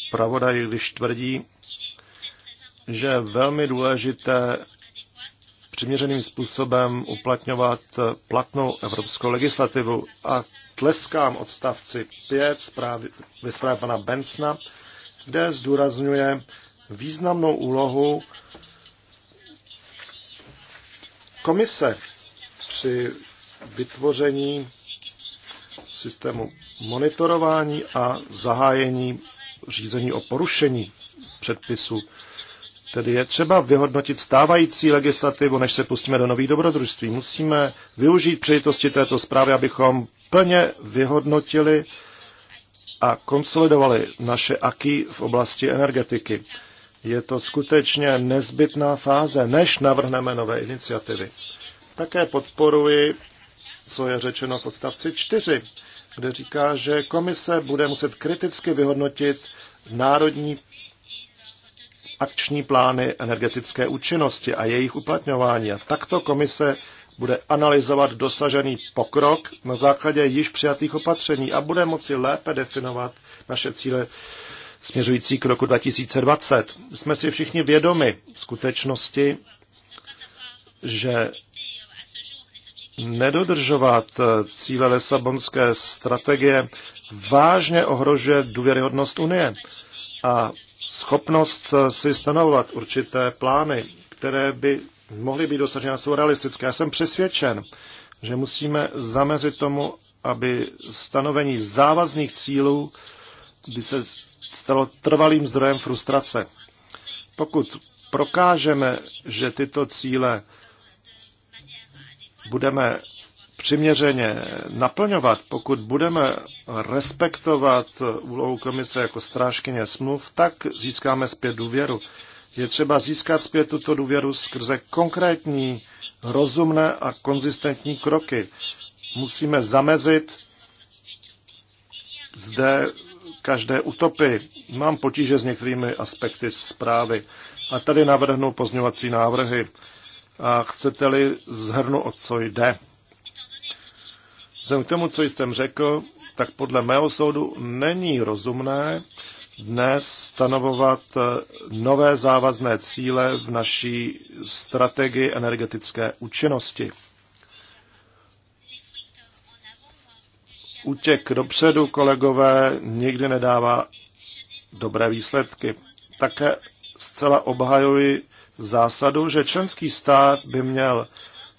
zpravodaji, když tvrdí, že je velmi důležité přiměřeným způsobem uplatňovat platnou evropskou legislativu. A tleskám odstavci 5 zprávy, ve zprávě pana Bensna, kde zdůrazňuje významnou úlohu komise při vytvoření systému monitorování a zahájení řízení o porušení předpisu. Tedy je třeba vyhodnotit stávající legislativu, než se pustíme do nových dobrodružství. Musíme využít přejitosti této zprávy, abychom plně vyhodnotili a konsolidovali naše aky v oblasti energetiky. Je to skutečně nezbytná fáze, než navrhneme nové iniciativy. Také podporuji, co je řečeno v odstavci 4, kde říká, že komise bude muset kriticky vyhodnotit národní akční plány energetické účinnosti a jejich uplatňování. A takto komise bude analyzovat dosažený pokrok na základě již přijatých opatření a bude moci lépe definovat naše cíle směřující k roku 2020. Jsme si všichni vědomi skutečnosti, že nedodržovat eh, cíle Lisabonské strategie vážně ohrožuje důvěryhodnost Unie a schopnost eh, si stanovovat určité plány, které by mohly být dosaženy a jsou realistické. Já jsem přesvědčen, že musíme zamezit tomu, aby stanovení závazných cílů by se stalo trvalým zdrojem frustrace. Pokud prokážeme, že tyto cíle budeme přiměřeně naplňovat, pokud budeme respektovat úlohu komise jako strážkyně smluv, tak získáme zpět důvěru. Je třeba získat zpět tuto důvěru skrze konkrétní, rozumné a konzistentní kroky. Musíme zamezit zde každé utopy. Mám potíže s některými aspekty zprávy. A tady navrhnu pozňovací návrhy a chcete-li zhrnu, o co jde. Vzhledem k tomu, co jsem řekl, tak podle mého soudu není rozumné dnes stanovovat eh, nové závazné cíle v naší strategii energetické účinnosti. Útěk dopředu, kolegové, nikdy nedává dobré výsledky. Také zcela obhajuji zásadu, že členský stát by měl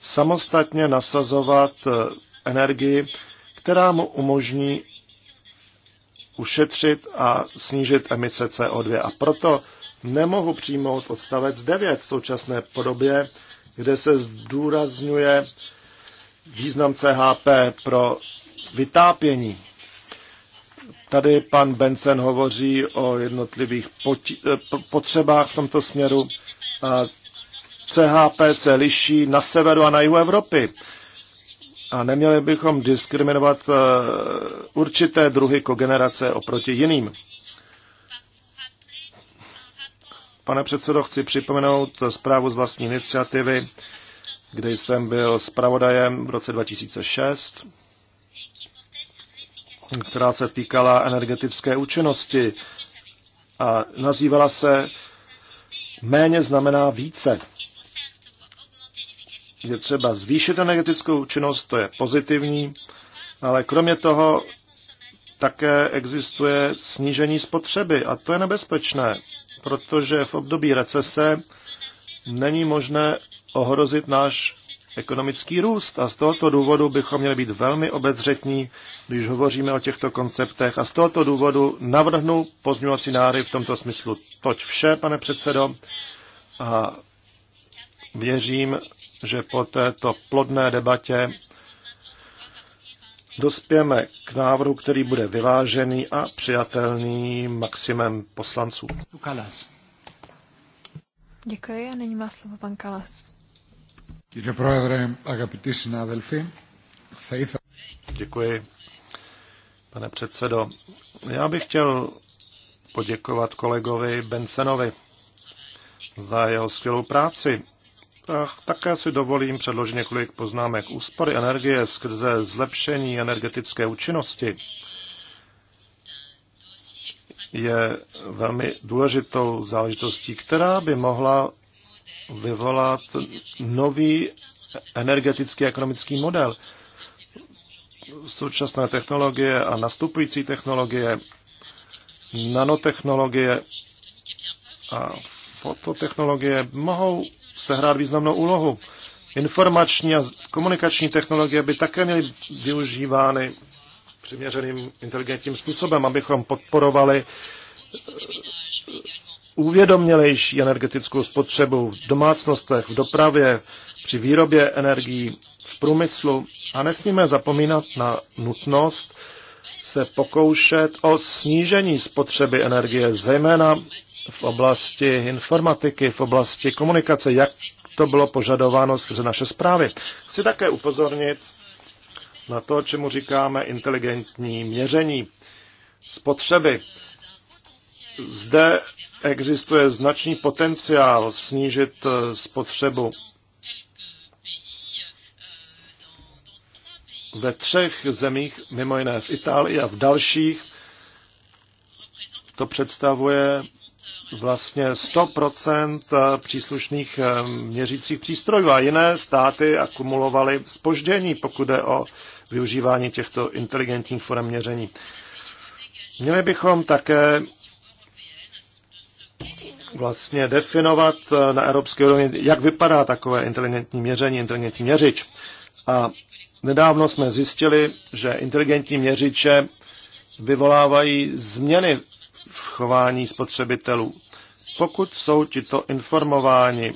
samostatně nasazovat eh, energii, která mu umožní ušetřit a snížit emise CO2. A proto nemohu přijmout odstavec 9 v současné podobě, kde se zdůrazňuje význam CHP pro vytápění. Tady pan Benson hovoří o jednotlivých eh, potřebách v tomto směru CHP se liší na severu a na jihu Evropy. A neměli bychom diskriminovat eh, určité druhy kogenerace oproti jiným. Pane předsedo, chci připomenout zprávu z vlastní iniciativy, kde jsem byl zpravodajem v roce 2006, která se týkala energetické účinnosti a nazývala se Méně znamená více. Je třeba zvýšit energetickou účinnost, to je pozitivní, ale kromě toho také existuje snížení spotřeby a to je nebezpečné, protože v období recese není možné ohrozit náš ekonomický růst. A z tohoto důvodu bychom měli být velmi obezřetní, když hovoříme o těchto konceptech. A z tohoto důvodu navrhnu pozměňovací náry v tomto smyslu. Toť vše, pane předsedo. A věřím, že po této plodné debatě dospěme k návrhu, který bude vyvážený a přijatelný maximem poslanců. Děkuji a nyní má slovo pan Kalas. Děkuji, pane předsedo. Já bych chtěl poděkovat kolegovi Bensenovi za jeho skvělou práci. A také si dovolím předložit několik poznámek úspory energie skrze zlepšení energetické účinnosti. Je velmi důležitou záležitostí, která by mohla vyvolat nový energetický ekonomický model. Současné technologie a nastupující technologie, nanotechnologie a fototechnologie mohou sehrát významnou úlohu. Informační a komunikační technologie by také měly využívány přiměřeným inteligentním způsobem, abychom podporovali uvědomělejší energetickou spotřebu v domácnostech, v dopravě, při výrobě energií, v průmyslu a nesmíme zapomínat na nutnost se pokoušet o snížení spotřeby energie, zejména v oblasti informatiky, v oblasti komunikace, jak to bylo požadováno skrze naše zprávy. Chci také upozornit na to, čemu říkáme inteligentní měření spotřeby. Zde existuje značný potenciál snížit eh, spotřebu. Ve třech zemích, mimo jiné v Itálii a v dalších, to představuje vlastně 100% eh, příslušných eh, měřících přístrojů a jiné státy akumulovaly spoždění, pokud jde o využívání těchto inteligentních forem měření. Měli bychom také vlastně definovat eh, na evropské úrovni, jak vypadá takové inteligentní měření, inteligentní měřič. A nedávno jsme zjistili, že inteligentní měřiče vyvolávají změny v chování spotřebitelů. Pokud jsou tito informováni,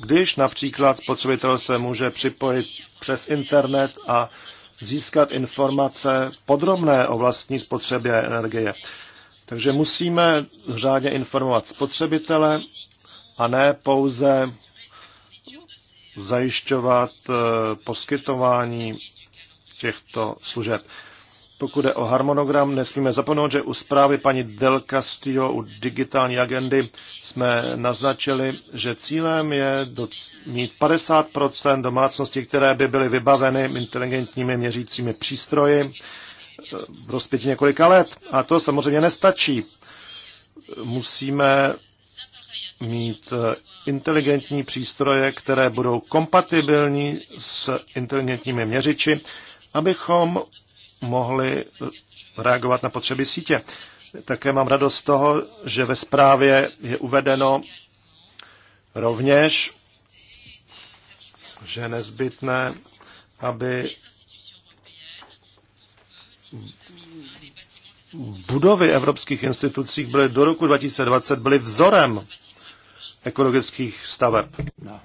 když například spotřebitel se může připojit přes internet a získat informace podrobné o vlastní spotřebě energie. Takže musíme řádně informovat spotřebitele a ne pouze zajišťovat eh, poskytování těchto služeb. Pokud je o harmonogram, nesmíme zapomenout, že u zprávy paní Del Castillo u digitální agendy jsme naznačili, že cílem je mít 50 domácností, které by byly vybaveny inteligentními měřícími přístroji v rozpětí několika let. A to samozřejmě nestačí. Musíme mít eh, inteligentní přístroje, které budou kompatibilní s inteligentními měřiči, abychom mohli eh, reagovat na potřeby sítě. Také mám radost z toho, že ve zprávě je uvedeno rovněž, že je nezbytné, aby budovy evropských institucích byly do roku 2020 byly vzorem ekologických staveb. No.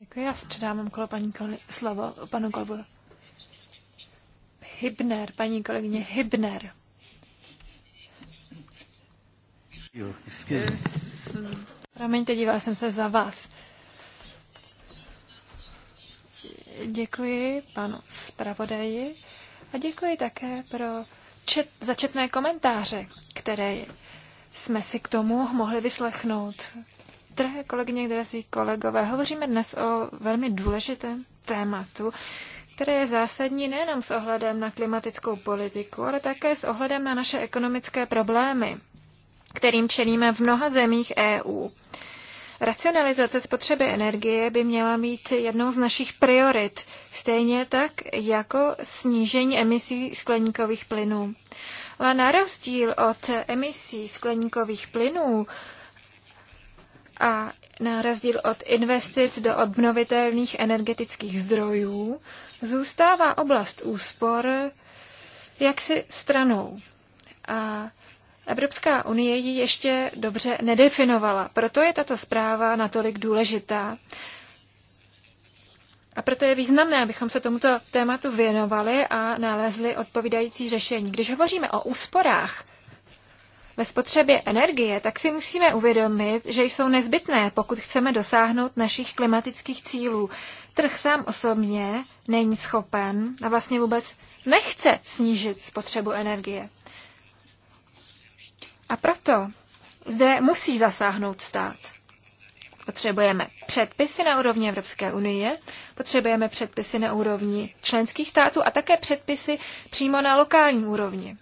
Děkuji, já předám kolo paní kol- slovo panu Kolbu. Hybner, paní kolegyně Hybner. Promiňte, díval jsem se za vás. Děkuji panu zpravodaji a děkuji také pro čet, začetné komentáře, které jsme si k tomu mohli vyslechnout. Drahé kolegyně, drazí kolegové, hovoříme dnes o velmi důležitém tématu, které je zásadní nejenom s ohledem na klimatickou politiku, ale také s ohledem na naše ekonomické problémy, kterým čelíme v mnoha zemích EU. Racionalizace spotřeby energie by měla být jednou z našich priorit, stejně tak jako snížení emisí skleníkových plynů. Ale na rozdíl od emisí skleníkových plynů a na rozdíl od investic do obnovitelných energetických zdrojů zůstává oblast úspor jaksi stranou. A Evropská unie ji ještě dobře nedefinovala. Proto je tato zpráva natolik důležitá. A proto je významné, abychom se tomuto tématu věnovali a nalezli odpovídající řešení. Když hovoříme o úsporách ve spotřebě energie, tak si musíme uvědomit, že jsou nezbytné, pokud chceme dosáhnout našich klimatických cílů. Trh sám osobně není schopen a vlastně vůbec nechce snížit spotřebu energie. A proto zde musí zasáhnout stát. Potřebujeme předpisy na úrovni Evropské unie, potřebujeme předpisy na úrovni členských států a také předpisy přímo na lokální úrovni.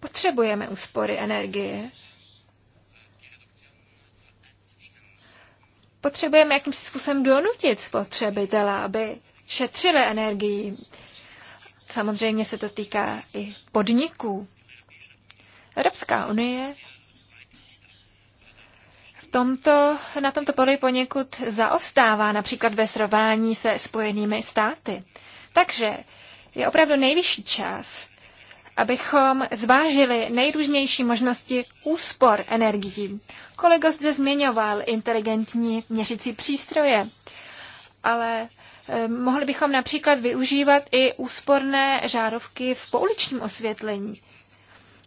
Potřebujeme úspory energie. Potřebujeme jakýmsi způsobem donutit spotřebitele, aby šetřili energii. Samozřejmě se to týká i podniků. Evropská unie v tomto, na tomto poli poněkud zaostává, například ve srovnání se spojenými státy. Takže je opravdu nejvyšší čas, abychom zvážili nejrůznější možnosti úspor energií. Kolego zde zmiňoval inteligentní měřicí přístroje, ale Ehm, mohli bychom například využívat i úsporné žárovky v pouličním osvětlení.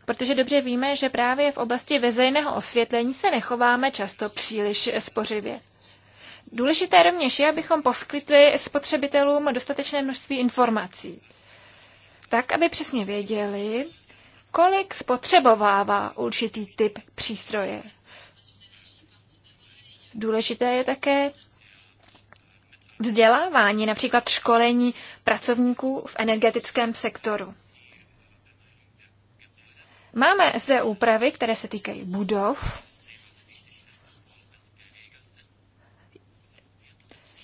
Protože dobře víme, že právě v oblasti veřejného osvětlení se nechováme často příliš spořivě. Důležité rovněž je, abychom poskytli spotřebitelům dostatečné množství informací. Tak, aby přesně věděli, kolik spotřebovává určitý typ přístroje. Důležité je také vzdělávání, například školení pracovníků v energetickém sektoru. Máme zde úpravy, které se týkají budov,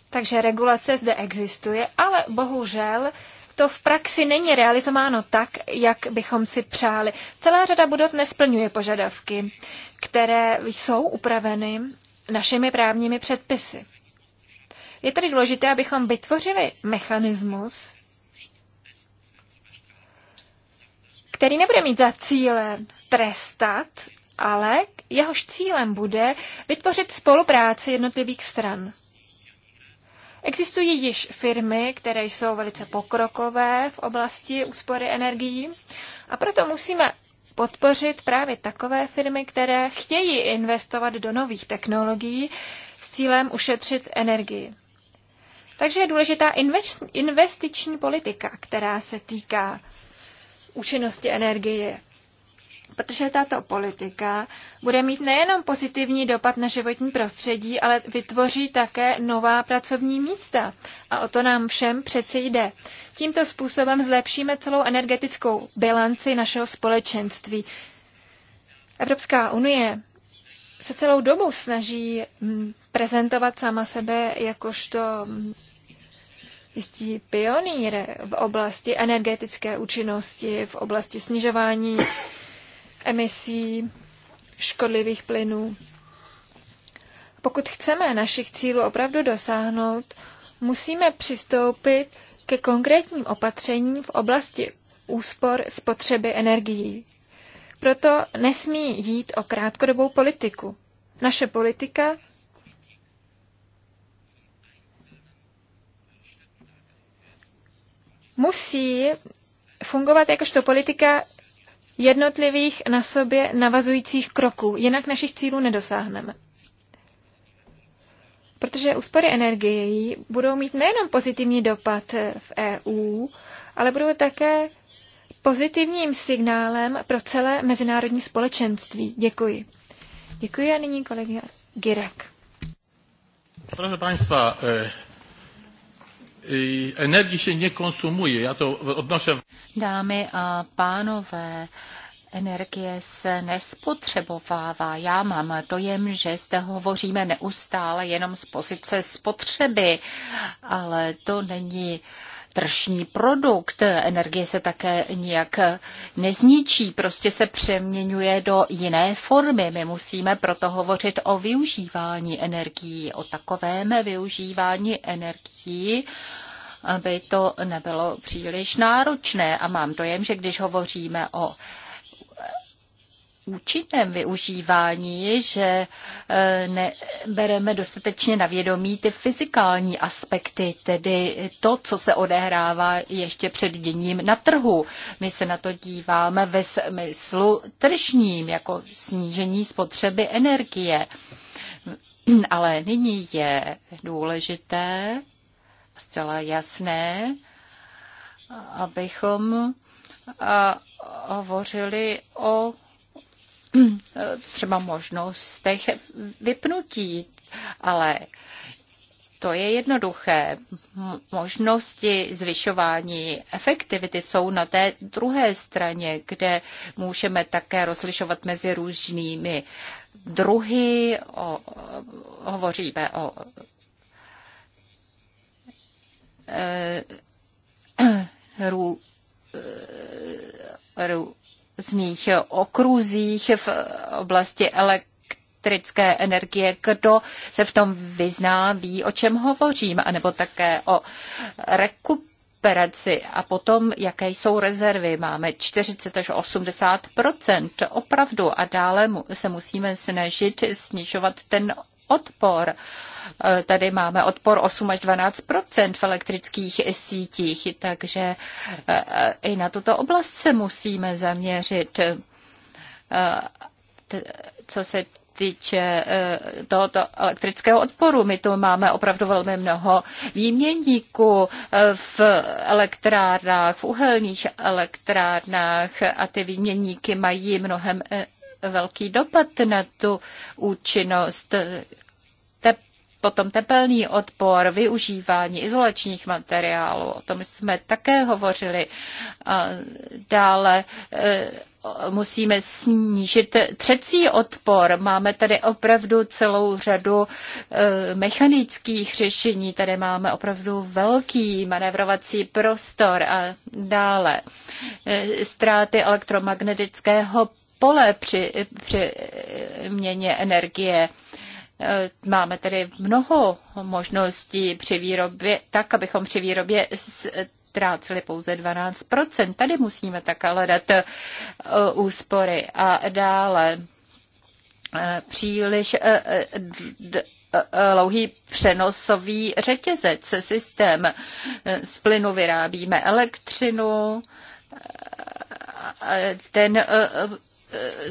takže regulace zde existuje, ale bohužel to v praxi není realizováno tak, jak bychom si přáli. Celá řada budov nesplňuje požadavky, které jsou upraveny našimi právními předpisy. Je tedy důležité, abychom vytvořili mechanismus, který nebude mít za cílem trestat, ale jehož cílem bude vytvořit spolupráci jednotlivých stran. Existují již firmy, které jsou velice pokrokové v oblasti úspory energií a proto musíme podpořit právě takové firmy, které chtějí investovat do nových technologií s cílem ušetřit energii. Takže je důležitá investiční politika, která se týká účinnosti energie. Protože tato politika bude mít nejenom pozitivní dopad na životní prostředí, ale vytvoří také nová pracovní místa. A o to nám všem přeci jde. Tímto způsobem zlepšíme celou energetickou bilanci našeho společenství. Evropská unie se celou dobu snaží hm, prezentovat sama sebe jakožto jistý pionýr v oblasti energetické účinnosti, v oblasti snižování emisí škodlivých plynů. Pokud chceme našich cílů opravdu dosáhnout, musíme přistoupit ke konkrétním opatřením v oblasti úspor spotřeby energií. Proto nesmí jít o krátkodobou politiku. Naše politika musí fungovat jakožto politika jednotlivých na sobě navazujících kroků, jinak našich cílů nedosáhneme. Protože úspory energií budou mít nejenom pozitivní dopad v EU, ale budou také pozitivním signálem pro celé mezinárodní společenství. Děkuji. Děkuji a nyní kolega Girek. Proszę Państwa, e, energii Já to Dámy a pánové, energie se nespotřebovává. Já mám dojem, že zde hovoříme neustále jenom z pozice spotřeby, ale to není uh, tržní produkt. Energie se také nijak nezničí, prostě se přeměňuje do jiné formy. My musíme proto hovořit o využívání energií, o takovém využívání energií, aby to nebylo příliš náročné. A mám dojem, že když hovoříme o účinném využívání, že eh, nebereme dostatečně na vědomí ty fyzikální aspekty, tedy to, co se odehrává ještě před děním na trhu. My se na to díváme ve smyslu tržním, jako snížení spotřeby energie. Ale nyní je důležité, zcela jasné, abychom eh, hovořili o (clears throat) třeba možnostech vypnutí, ale to je jednoduché. Možnosti zvyšování efektivity jsou na té druhé straně, kde můžeme také rozlišovat mezi různými druhy. O, hovoříme o e, (clears throat) rů, eh, rů, různých okruzích v oblasti elektrické energie, kdo se v tom vyzná, ví, o čem hovořím, anebo také o rekuperaci a potom, jaké jsou rezervy. Máme 40 až 80 opravdu a dále se musíme snažit snižovat ten odpor. E, tady máme odpor 8 až 12 v elektrických sítích, takže e, e, i na tuto oblast se musíme zaměřit. Co se týče tohoto elektrického odporu. My tu máme opravdu velmi mnoho výměníků v elektrárnách, v uhelných elektrárnách a ty výměníky mají mnohem velký dopad na tu účinnost. Te, potom tepelný odpor, využívání izolačních materiálů, o tom jsme také hovořili. A dále eh, musíme snížit třecí odpor. Máme tady opravdu celou řadu eh, mechanických řešení, tady máme opravdu velký manevrovací prostor a dále eh, ztráty elektromagnetického pole při, při měně energie. Máme tedy mnoho možností při výrobě, tak abychom při výrobě ztráceli pouze 12 Tady musíme také hledat uh, úspory. A dále uh, příliš uh, dlouhý přenosový řetězec, systém. Z plynu vyrábíme elektřinu, ten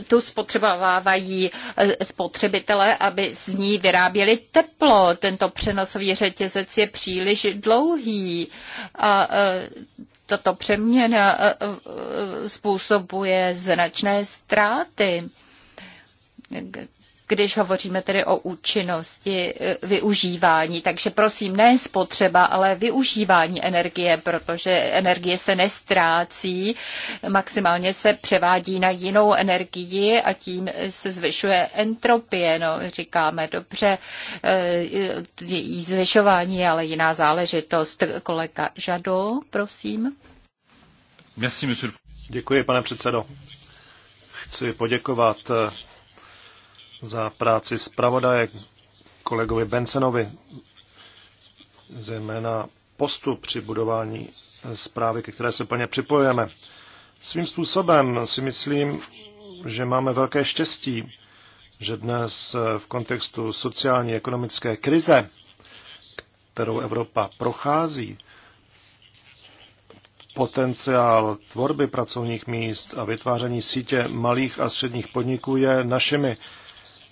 tu spotřebovávají eh, spotřebitele, aby z ní vyráběli teplo. Tento přenosový řetězec je příliš dlouhý a eh, tato přeměna eh, způsobuje značné ztráty když hovoříme tedy o účinnosti e, využívání. Takže prosím, ne spotřeba, ale využívání energie, protože energie se nestrácí, maximálně se převádí na jinou energii a tím se zvyšuje entropie. No, říkáme dobře, e, její zvyšování, ale jiná záležitost. Kolega Žado, prosím. Děkuji, pane předsedo. Chci poděkovat za práci zpravodaje kolegovi Bensenovi, zejména postup při budování zprávy, ke které se plně připojujeme. Svým způsobem si myslím, že máme velké štěstí, že dnes v kontextu sociální ekonomické krize, kterou Evropa prochází, potenciál tvorby pracovních míst a vytváření sítě malých a středních podniků je našimi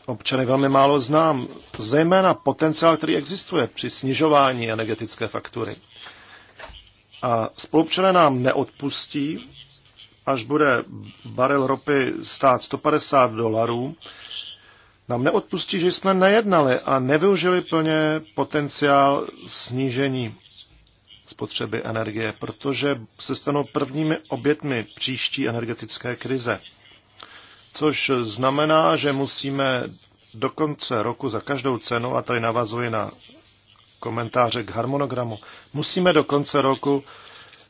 občany velmi málo znám, zejména potenciál, který existuje při snižování energetické faktury. A spolupčané nám neodpustí, až bude barel ropy stát 150 dolarů, nám neodpustí, že jsme nejednali a nevyužili plně potenciál snížení spotřeby energie, protože se stanou prvními obětmi příští energetické krize což znamená, že musíme do konce roku za každou cenu, a tady navazuji na komentáře k harmonogramu, musíme do konce roku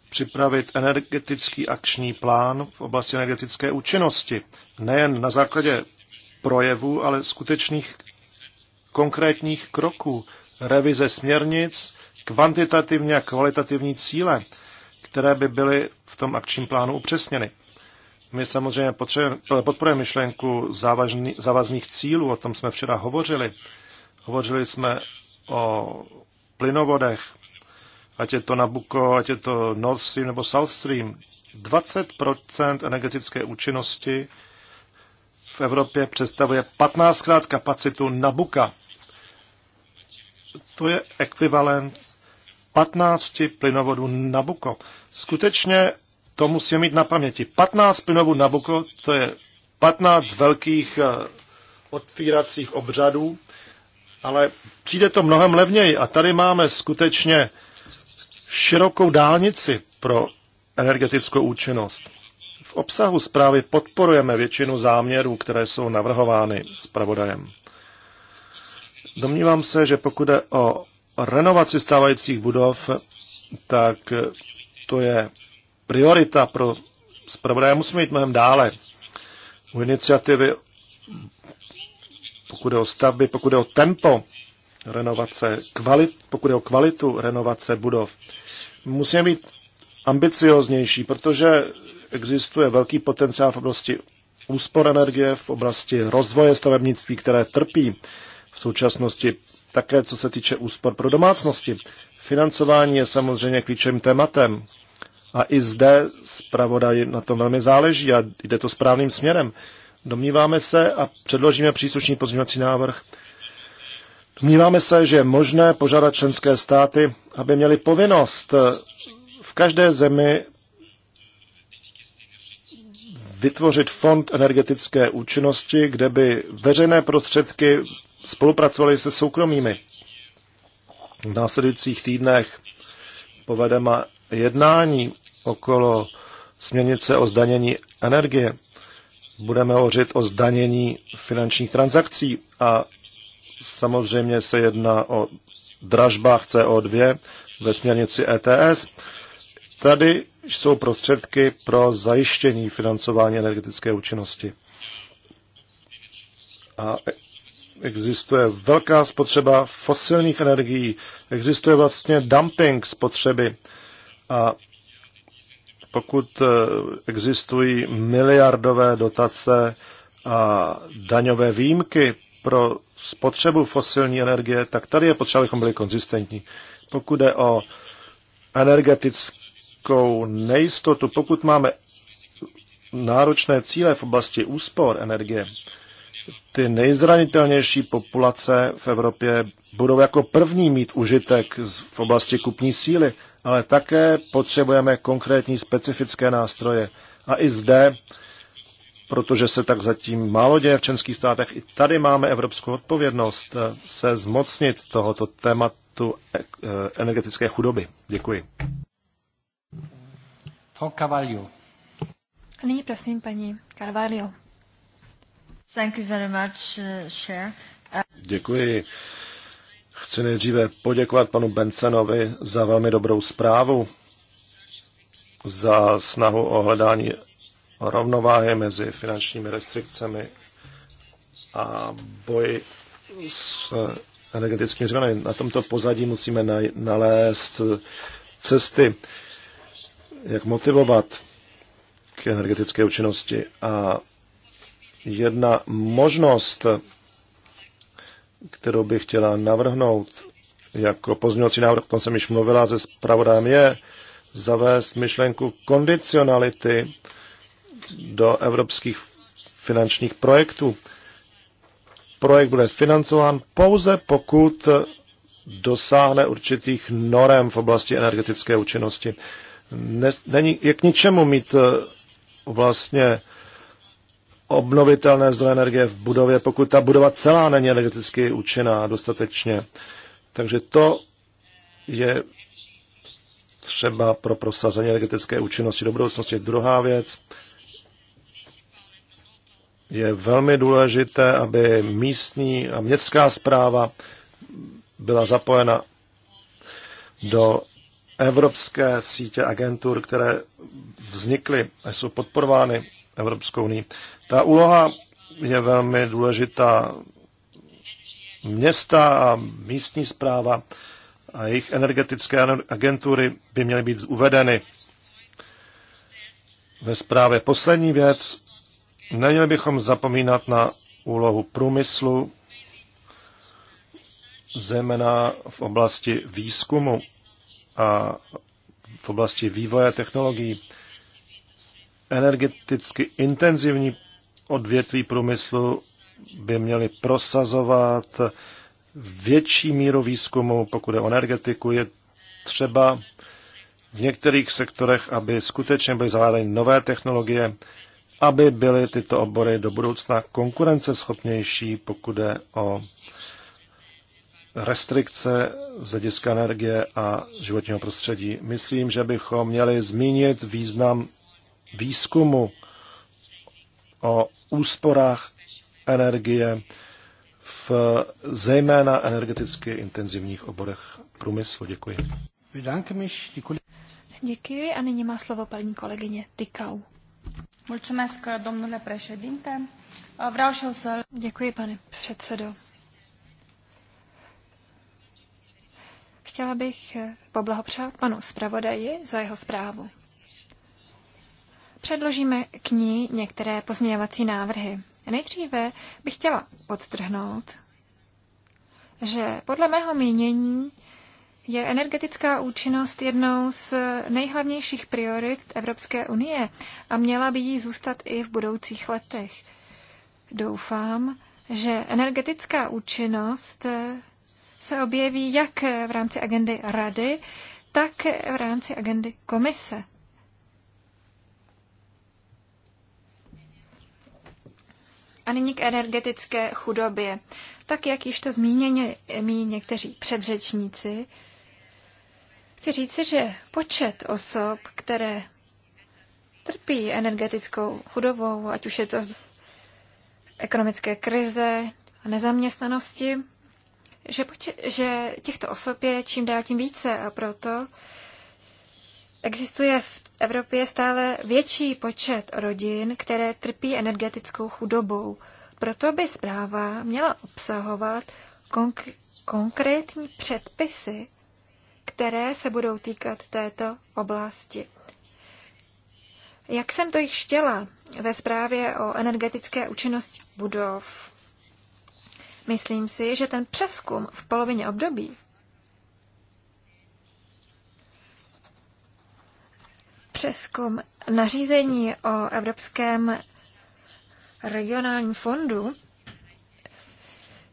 připravit energetický akční plán v oblasti energetické účinnosti. Nejen na základě projevů, ale skutečných konkrétních kroků, revize směrnic, kvantitativní a kvalitativní cíle, které by byly v tom akčním plánu upřesněny. My samozřejmě podporujeme myšlenku závažný, závazných cílů, o tom jsme včera hovořili. Hovořili jsme o plynovodech, ať je to Nabucco, ať je to Nord Stream nebo South Stream. 20 energetické účinnosti v Evropě představuje 15krát kapacitu Nabuka. To je ekvivalent 15 plynovodů Nabuko. Skutečně to musíme mít na paměti. 15 plynovů Nabuko, to je 15 velkých eh, otvíracích obřadů, ale přijde to mnohem levněji a tady máme skutečně širokou dálnici pro energetickou účinnost. V obsahu zprávy podporujeme většinu záměrů, které jsou navrhovány zpravodajem. Domnívám se, že pokud je o renovaci stávajících budov, tak to je priorita pro zpravodaje. Musíme jít mnohem dále. U iniciativy, pokud je o stavby, pokud je o tempo renovace, kvalit, pokud je o kvalitu renovace budov, musíme být ambicioznější, protože existuje velký potenciál v oblasti úspor energie, v oblasti rozvoje stavebnictví, které trpí v současnosti, také co se týče úspor pro domácnosti. Financování je samozřejmě klíčovým tématem a i zde zpravodaj na tom velmi záleží a jde to správným směrem. Domníváme se a předložíme příslušný pozměňovací návrh. Domníváme se, že je možné požádat členské státy, aby měly povinnost v každé zemi vytvořit fond energetické účinnosti, kde by veřejné prostředky spolupracovaly se soukromými. V následujících týdnech povedeme jednání okolo směrnice o zdanění energie. Budeme hovořit o zdanění finančních transakcí a samozřejmě se jedná o dražbách CO2 ve směrnici ETS. Tady jsou prostředky pro zajištění financování energetické účinnosti. A existuje velká spotřeba fosilních energií, existuje vlastně dumping spotřeby a pokud eh, existují miliardové dotace a daňové výjimky pro spotřebu fosilní energie, tak tady je potřeba, abychom byli konzistentní. Pokud je o energetickou nejistotu, pokud máme náročné cíle v oblasti úspor energie, ty nejzranitelnější populace v Evropě budou jako první mít užitek v oblasti kupní síly, ale také potřebujeme konkrétní specifické nástroje. A i zde, protože se tak zatím málo děje v českých státech, i tady máme evropskou odpovědnost eh, se zmocnit tohoto tématu eh, eh, energetické chudoby. Děkuji. Nyní prosím paní Carvalho. Uh, Děkuji. Chci nejdříve poděkovat panu Bencenovi za velmi dobrou zprávu, za snahu o hledání rovnováhy mezi finančními restrikcemi a boji s energetickými změnami. Na tomto pozadí musíme nalézt cesty, jak motivovat k energetické účinnosti a jedna možnost, kterou bych chtěla navrhnout jako pozměňovací návrh, o tom jsem již mluvila se zpravodajem, je zavést myšlenku kondicionality do evropských finančních projektů. Projekt bude financován pouze pokud dosáhne určitých norem v oblasti energetické účinnosti. Není, je k ničemu mít eh, vlastně obnovitelné zdroje energie v budově, pokud ta budova celá není energeticky účinná dostatečně. Takže to je třeba pro prosazení energetické účinnosti do budoucnosti. Druhá věc je velmi důležité, aby místní a městská zpráva byla zapojena do evropské sítě agentur, které vznikly a jsou podporovány Evropskou unii. Ta úloha je velmi důležitá. Města a místní zpráva a jejich energetické agentury by měly být uvedeny ve zprávě. Poslední věc, neměli bychom zapomínat na úlohu průmyslu, zejména v oblasti výzkumu a v oblasti vývoje technologií energeticky intenzivní odvětví průmyslu by měly prosazovat větší míru výzkumu, pokud je o energetiku, je třeba v některých sektorech, aby skutečně byly zaváděny nové technologie, aby byly tyto obory do budoucna konkurenceschopnější, pokud je o restrikce z hlediska energie a životního prostředí. Myslím, že bychom měli zmínit význam výzkumu, o úsporách energie v zejména energeticky intenzivních oborech průmyslu. Děkuji. Děkuji a nyní má slovo paní kolegyně Tykau. Děkuji, pane předsedo. Chtěla bych poblahopřát panu zpravodaji za jeho zprávu. Předložíme k ní některé pozměňovací návrhy. Nejdříve bych chtěla podstrhnout, že podle mého mínění je energetická účinnost jednou z nejhlavnějších priorit Evropské unie a měla by jí zůstat i v budoucích letech. Doufám, že energetická účinnost se objeví jak v rámci agendy Rady, tak v rámci agendy Komise. A nyní k energetické chudobě. Tak, jak již to zmíněni mí někteří předřečníci, chci říci, že počet osob, které trpí energetickou chudobou, ať už je to ekonomické krize a nezaměstnanosti, že, počet, že těchto osob je čím dál tím více a proto existuje v Evropě je stále větší počet rodin, které trpí energetickou chudobou. Proto by zpráva měla obsahovat konk- konkrétní předpisy, které se budou týkat této oblasti. Jak jsem to již chtěla ve zprávě o energetické účinnosti budov, myslím si, že ten přeskum v polovině období přeskum nařízení o Evropském regionálním fondu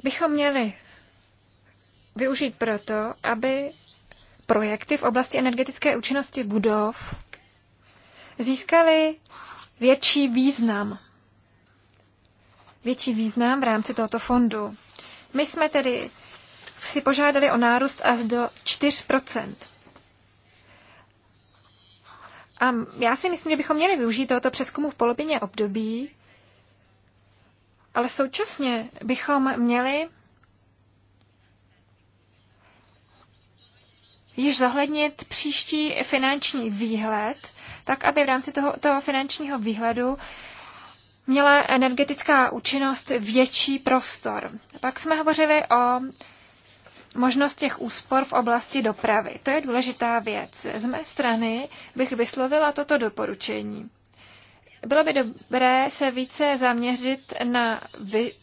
bychom měli využít proto, aby projekty v oblasti energetické účinnosti budov získaly větší význam. Větší význam v rámci tohoto fondu. My jsme tedy si požádali o nárůst až do 4 a já si myslím, že bychom měli využít tohoto přeskumu v polovině období, ale současně bychom měli již zohlednit příští finanční výhled, tak aby v rámci toho, toho finančního výhledu měla energetická účinnost větší prostor. Pak jsme hovořili o možnost těch úspor v oblasti dopravy. To je důležitá věc. Z mé strany bych vyslovila toto doporučení. Bylo by dobré se více zaměřit na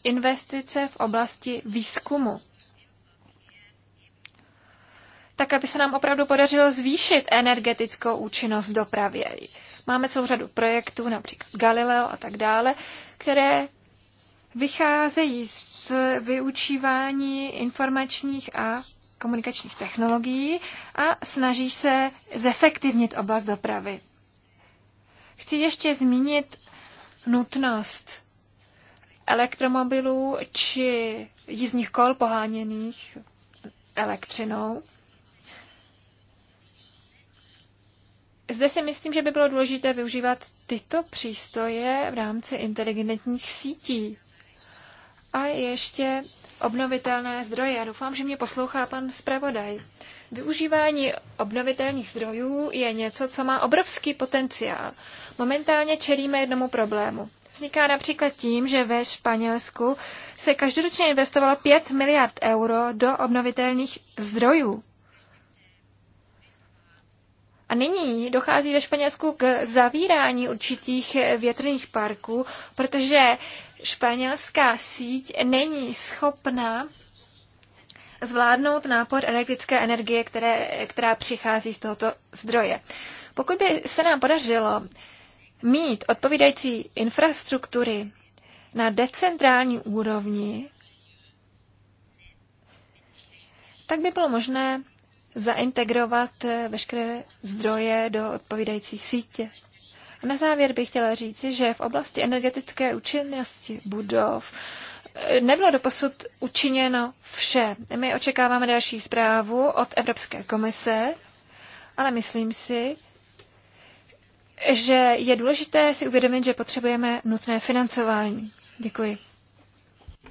investice v oblasti výzkumu. Tak, aby se nám opravdu podařilo zvýšit energetickou účinnost dopravy. Máme celou řadu projektů, například Galileo a tak dále, které vycházejí z z vyučívání informačních a komunikačních technologií a snaží se zefektivnit oblast dopravy. Chci ještě zmínit nutnost elektromobilů či jízdních kol poháněných elektřinou. Zde si myslím, že by bylo důležité využívat tyto přístroje v rámci inteligentních sítí a ještě obnovitelné zdroje. Já doufám, že mě poslouchá pan zpravodaj. Využívání obnovitelných zdrojů je něco, co má obrovský potenciál. Momentálně čelíme jednomu problému. Vzniká například tím, že ve Španělsku se každoročně investovalo 5 miliard euro do obnovitelných zdrojů. A nyní dochází ve Španělsku k zavírání určitých větrných parků, protože španělská síť není schopná zvládnout nápor elektrické energie, které, která přichází z tohoto zdroje. Pokud by se nám podařilo mít odpovídající infrastruktury na decentrální úrovni, tak by bylo možné zaintegrovat veškeré zdroje do odpovídající sítě. A na závěr bych chtěla říci, že v oblasti energetické účinnosti budov eh, nebylo doposud učiněno vše. My očekáváme další zprávu od Evropské komise, ale myslím si, že je důležité si uvědomit, že potřebujeme nutné financování. Děkuji.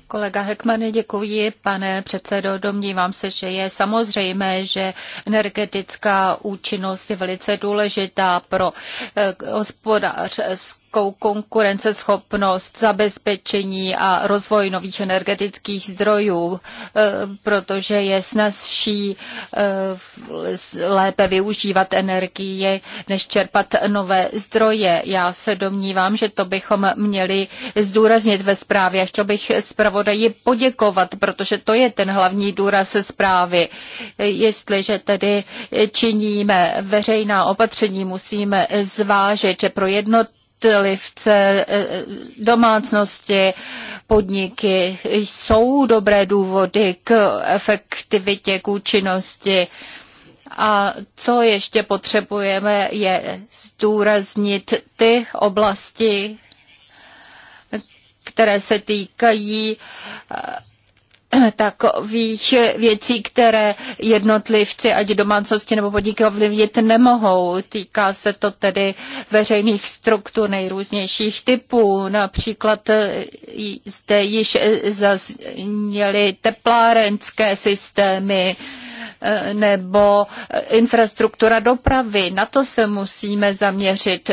Kolega Hekmane, děkuji, pane předsedo. Domnívám se, že je samozřejmé, že energetická účinnost je velice důležitá pro eh, hospodářskou energetickou konkurenceschopnost, zabezpečení a rozvoj nových energetických zdrojů, eh, protože je snazší eh, lépe využívat energie, než čerpat nové zdroje. Já se domnívám, že to bychom měli zdůraznit ve zprávě. Chtěl bych zpravodaji poděkovat, protože to je ten hlavní důraz zprávy. Jestliže tedy činíme veřejná opatření, musíme zvážit, že pro jednotlivé jednotlivce, eh, domácnosti, podniky. Jsou dobré důvody k efektivitě, k účinnosti. A co ještě potřebujeme, je zdůraznit ty oblasti, které se týkají eh, (clears throat) takových věcí, které jednotlivci, ať domácnosti nebo podniky ovlivnit nemohou. Týká se to tedy veřejných struktur nejrůznějších typů. Například eh, zde již eh, zazněly teplárenské systémy, eh, nebo infrastruktura dopravy. Na to se musíme zaměřit.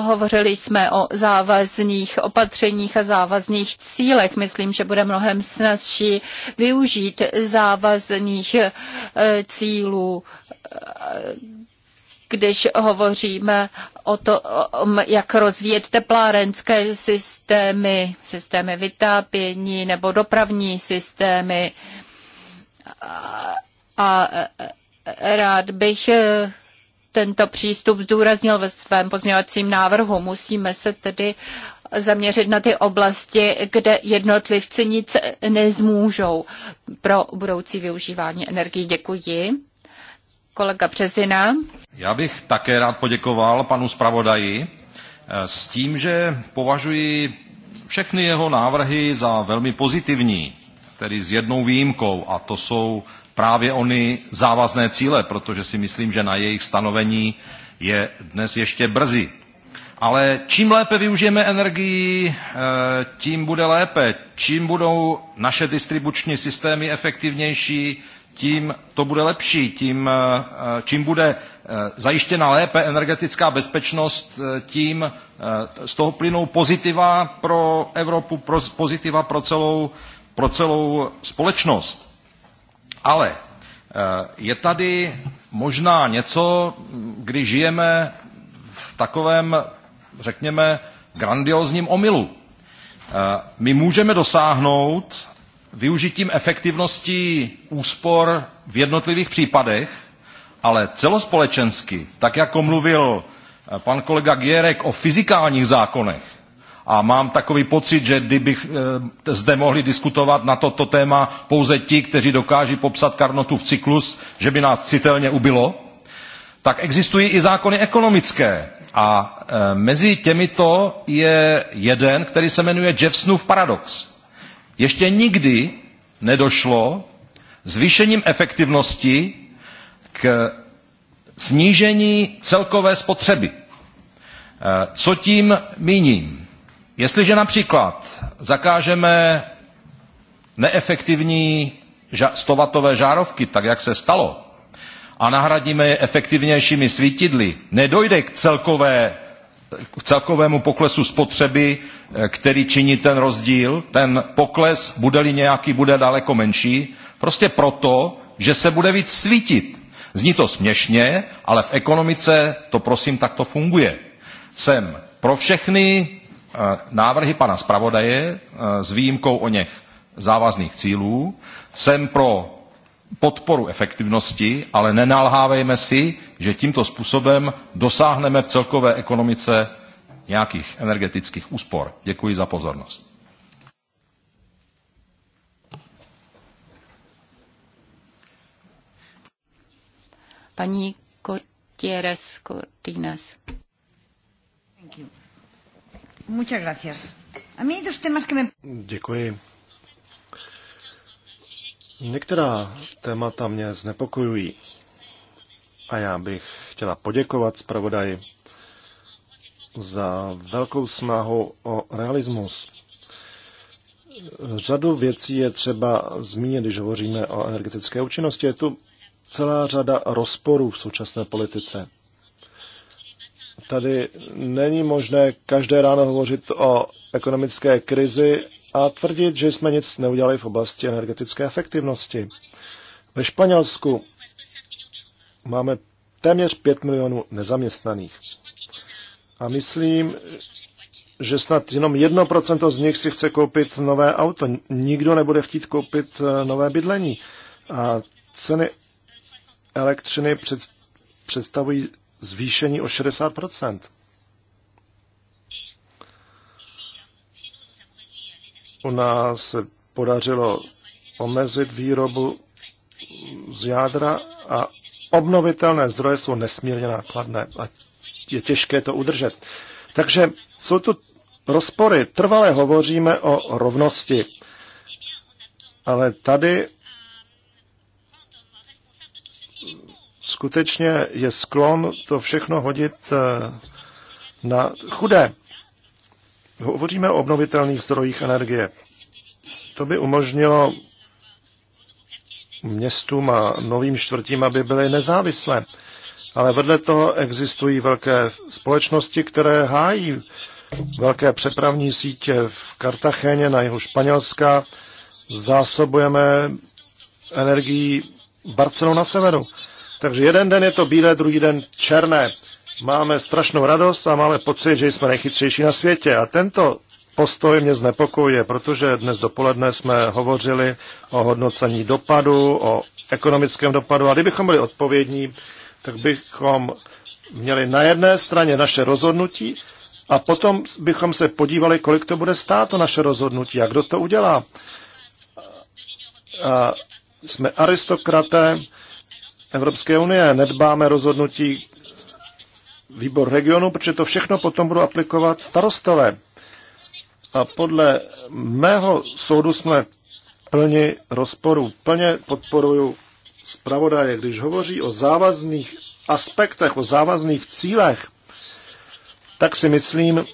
Hovořili jsme o závazných opatřeních a závazných cílech. Myslím, že bude mnohem snazší využít závazných eh, cílů eh, když hovoříme o tom, jak rozvíjet teplárenské systémy, systémy vytápění nebo dopravní systémy. a rád bych eh, tento přístup zdůraznil ve svém pozměňovacím návrhu. Musíme se tedy zaměřit na ty oblasti, kde jednotlivci nic nezmůžou pro budoucí využívání energii. Děkuji. Kolega Březina. Já bych také rád poděkoval panu zpravodaji eh, s tím, že považuji všechny jeho návrhy za velmi pozitivní, tedy s jednou výjimkou, a to jsou právě ony závazné cíle, protože si myslím, že na jejich stanovení je dnes ještě brzy. Ale čím lépe využijeme energii, eh, tím bude lépe. Čím budou naše distribuční systémy efektivnější, tím to bude lepší. Tím, eh, eh, čím bude zajištěna lépe energetická bezpečnost, tím z toho plynou pozitiva pro Evropu, pozitiva pro celou, pro celou společnost. Ale eh, je tady možná něco, kdy žijeme v takovém, řekněme, grandiozním omylu. Eh, my můžeme dosáhnout využitím efektivnosti úspor v jednotlivých případech, ale celospolečensky, tak jako mluvil eh, pan kolega Gierek o fyzikálních zákonech, a mám takový pocit, že kdybych eh, zde mohli diskutovat na toto téma pouze ti, kteří dokáží popsat Karnotův cyklus, že by nás citelně ubilo, tak existují i zákony ekonomické. A eh, mezi těmito je jeden, který se jmenuje Jeffsonův paradox. Ještě nikdy nedošlo zvýšením efektivnosti k snížení celkové spotřeby. Eh, co tím míním? Jestliže například zakážeme neefektivní stovatové žárovky, tak jak se stalo, a nahradíme je efektivnějšími svítidly, nedojde k, celkové, k celkovému poklesu spotřeby, eh, který činí ten rozdíl. Ten pokles, bude-li nějaký, bude daleko menší, prostě proto, že se bude víc svítit. Zní to směšně, ale v ekonomice to prosím takto funguje. Jsem pro všechny Eh, návrhy pana zpravodaje eh, s výjimkou o něch závazných cílů. Jsem pro podporu efektivnosti, ale nenalhávejme si, že tímto způsobem dosáhneme v celkové ekonomice nějakých energetických úspor. Děkuji za pozornost. Paní Gutierrez Cortines. Muchas gracias. A mí dos temas que me... Děkuji. Některá témata mě znepokojují a já bych chtěla poděkovat zpravodaji za velkou snahu o realismus. Řadu věcí je třeba zmínit, když hovoříme o energetické účinnosti. Je tu celá řada rozporů v současné politice. Tady není možné každé ráno hovořit o ekonomické krizi a tvrdit, že jsme nic neudělali v oblasti energetické efektivnosti. Ve Španělsku máme téměř 5 milionů nezaměstnaných. A myslím, že snad jenom 1% z nich si chce koupit nové auto. Nikdo nebude chtít koupit eh, nové bydlení. A ceny elektřiny představují zvýšení o 60 U nás se podařilo omezit výrobu z jádra a obnovitelné zdroje jsou nesmírně nákladné a je těžké to udržet. Takže jsou tu rozpory. Trvale hovoříme o rovnosti. Ale tady skutečně je sklon to všechno hodit eh, na chudé. Hovoříme o obnovitelných zdrojích energie. To by umožnilo městům a novým čtvrtím, aby byly nezávislé. Ale vedle toho existují velké společnosti, které hájí velké přepravní sítě v Kartachéně na jihu Španělska. Zásobujeme energií Barcelonu na severu. Takže jeden den je to bílé, druhý den černé. Máme strašnou radost a máme pocit, že jsme nejchytřejší na světě. A tento postoj mě znepokojuje, protože dnes dopoledne jsme hovořili o hodnocení dopadu, o ekonomickém dopadu. A kdybychom byli odpovědní, tak bychom měli na jedné straně naše rozhodnutí a potom bychom se podívali, kolik to bude stát, to naše rozhodnutí a kdo to udělá. A jsme aristokraté Evropské unie. Nedbáme rozhodnutí výbor regionu, protože to všechno potom budou aplikovat starostové. A podle mého soudu jsme plni rozporu. Plně podporuju zpravodaje, když hovoří o závazných aspektech, o závazných cílech, tak si myslím,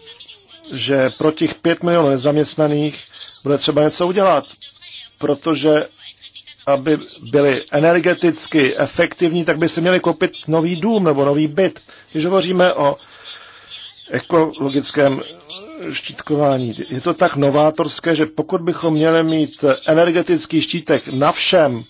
že pro těch 5 milionů nezaměstnaných bude třeba něco udělat, protože aby byli energeticky efektivní, tak by si měli koupit nový dům nebo nový byt. Když hovoříme o ekologickém štítkování, je to tak novátorské, že pokud bychom měli mít energetický štítek na všem,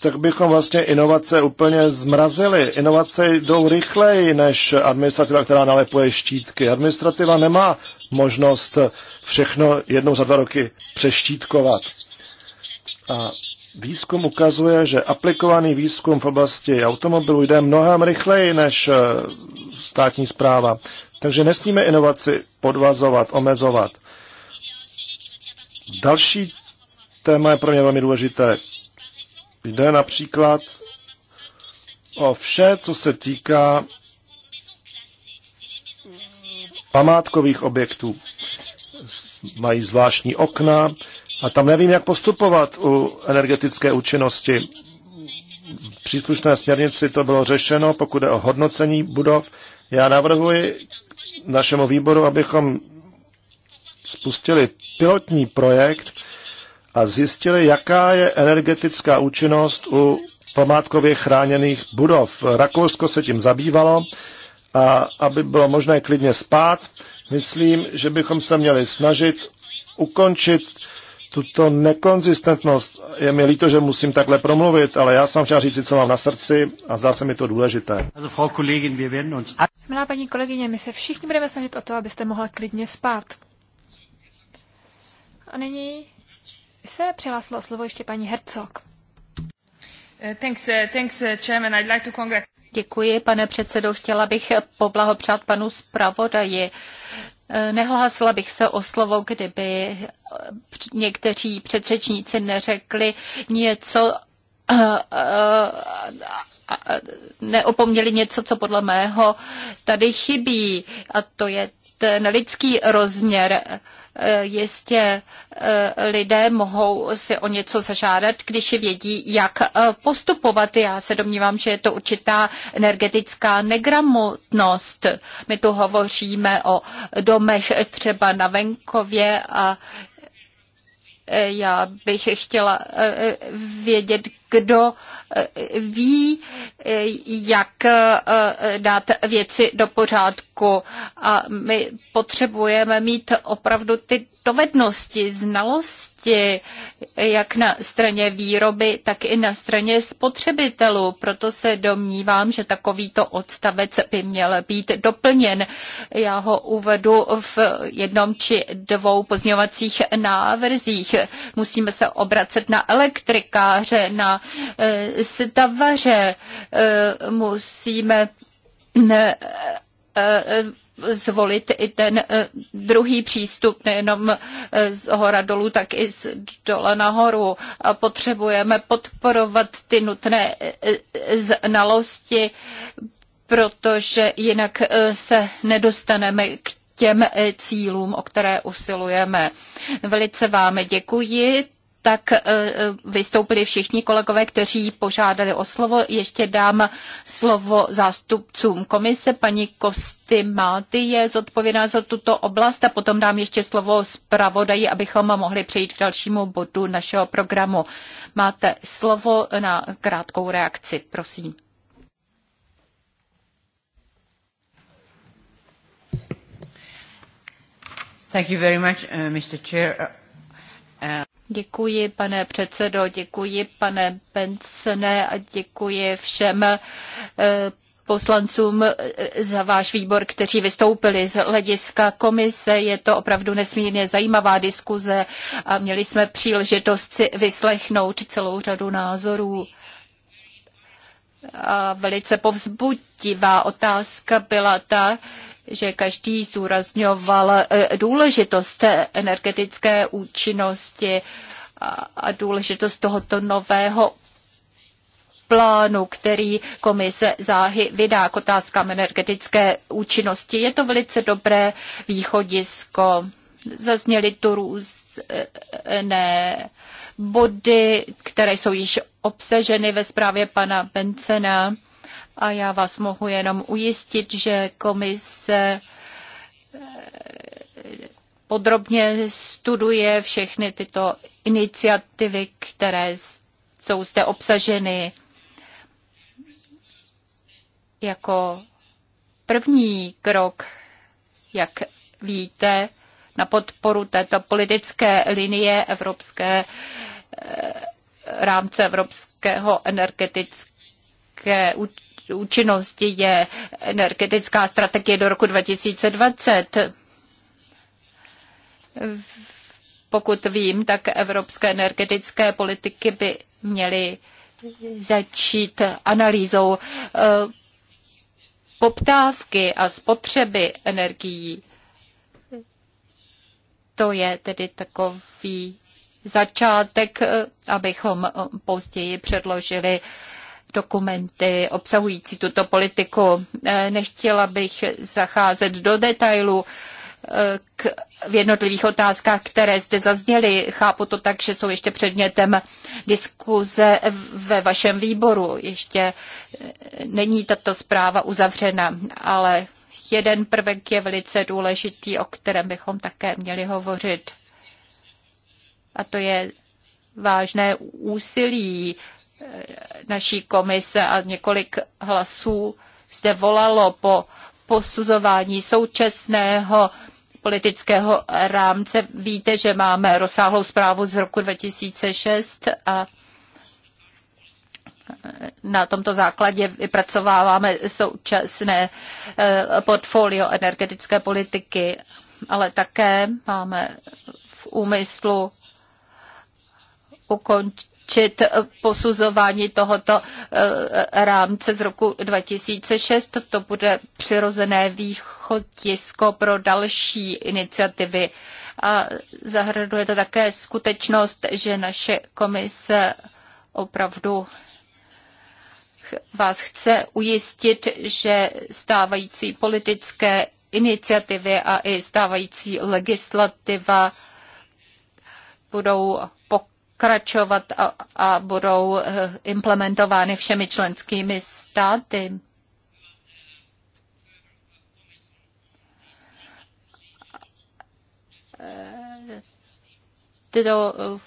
tak bychom vlastně inovace úplně zmrazili. Inovace jdou rychleji než administrativa, která nalepuje štítky. Administrativa nemá možnost všechno jednou za dva roky přeštítkovat. A výzkum ukazuje, že aplikovaný výzkum v oblasti automobilů jde mnohem rychleji než eh, státní zpráva. Takže nesmíme inovaci podvazovat, omezovat. Další téma je pro mě velmi důležité. Jde například o vše, co se týká památkových objektů. Mají zvláštní okna, a tam nevím, jak postupovat u energetické účinnosti. V příslušné směrnici to bylo řešeno, pokud je o hodnocení budov. Já navrhuji našemu výboru, abychom spustili pilotní projekt a zjistili, jaká je energetická účinnost u památkově chráněných budov. Rakousko se tím zabývalo a aby bylo možné klidně spát, myslím, že bychom se měli snažit ukončit tuto nekonzistentnost. Je mi líto, že musím takhle promluvit, ale já jsem chtěl říct, co mám na srdci a zdá se mi to důležité. Milá paní kolegyně, my se všichni budeme snažit o to, abyste mohla klidně spát. A nyní se přihlásilo slovo ještě paní Hercog. Eh, thanks, eh, thanks, eh, chairman. I'd like to Děkuji, pane předsedo. Chtěla bych poblahopřát panu zpravodaji Nehlásila bych se o slovo, kdyby někteří předřečníci neřekli něco, neopomněli něco, co podle mého tady chybí, a to je ten lidský rozměr Eh, jistě eh, lidé mohou si o něco zažádat, když je vědí, jak eh, postupovat. Já se domnívám, že je to určitá energetická negramotnost. My tu hovoříme o domech třeba na venkově a já bych chtěla eh, eh, vědět, kdo eh, ví, jak dát věci do pořádku. A my potřebujeme mít opravdu ty dovednosti, znalosti, jak na straně výroby, tak i na straně spotřebitelů. Proto se domnívám, že takovýto odstavec by měl být doplněn. Já ho uvedu v jednom či dvou pozměňovacích návrzích. Musíme se obracet na elektrikáře, na eh, stavaře, eh, musíme eh, zvolit i ten eh, druhý přístup, nejenom eh, z hora dolů, tak i z dola nahoru. A potřebujeme podporovat ty nutné eh, znalosti, protože jinak se nedostaneme k těm cílům, o které usilujeme. Velice vám děkuji tak eh, eh, vystoupili všichni kolegové, kteří požádali o slovo. Ještě dám slovo zástupcům komise. Paní Kosty Máty je zodpovědná za tuto oblast a potom dám ještě slovo zpravodaji, abychom mohli přejít k dalšímu bodu našeho programu. Máte slovo na krátkou reakci, prosím. Thank you very much, uh, eh, Mr. Chair. Uh, Děkuji, pane předsedo, děkuji, pane Pensne a děkuji všem eh, poslancům eh, za váš výbor, kteří vystoupili z hlediska komise. Je to opravdu nesmírně zajímavá diskuze a měli jsme příležitost si vyslechnout celou řadu názorů. A velice povzbudivá otázka byla ta, že každý zdůrazňoval eh, důležitost energetické účinnosti a důležitost tohoto nového plánu, který komise záhy vydá k otázkám energetické účinnosti. Je to velice dobré východisko. Zazněly tu různé body, které jsou již obsaženy ve zprávě pana Bencena a já vás mohu jenom ujistit, že komise eh, podrobně studuje všechny tyto iniciativy, které jsou zde obsaženy jako první krok, jak víte, na podporu této politické linie Evropské eh, rámce Evropského energetického energetické účinnosti je energetická strategie do roku 2020. Pokud vím, tak evropské energetické politiky by měly začít analýzou eh, poptávky a spotřeby energií. To je tedy takový začátek, eh, abychom eh, později předložili dokumenty obsahující tuto politiku. Eh, nechtěla bych zacházet do detailů eh, k, v jednotlivých otázkách, které zde zazněly. Chápu to tak, že jsou ještě předmětem diskuze ve vašem výboru. Ještě eh, není tato zpráva uzavřena, ale jeden prvek je velice důležitý, o kterém bychom také měli hovořit. A to je vážné úsilí naší komise a několik hlasů zde volalo po posuzování současného politického rámce. Víte, že máme rozsáhlou zprávu z roku 2006 a na tomto základě vypracováváme současné eh, portfolio energetické politiky, ale také máme v úmyslu ukončit ulehčit posuzování tohoto eh, rámce z roku 2006. To bude přirozené východisko pro další iniciativy. A zahraduje to také skutečnost, že naše komise opravdu vás chce ujistit, že stávající politické iniciativy a i stávající legislativa budou pokračovat pokračovat a, a budou eh, implementovány všemi členskými státy. Eh, tyto eh,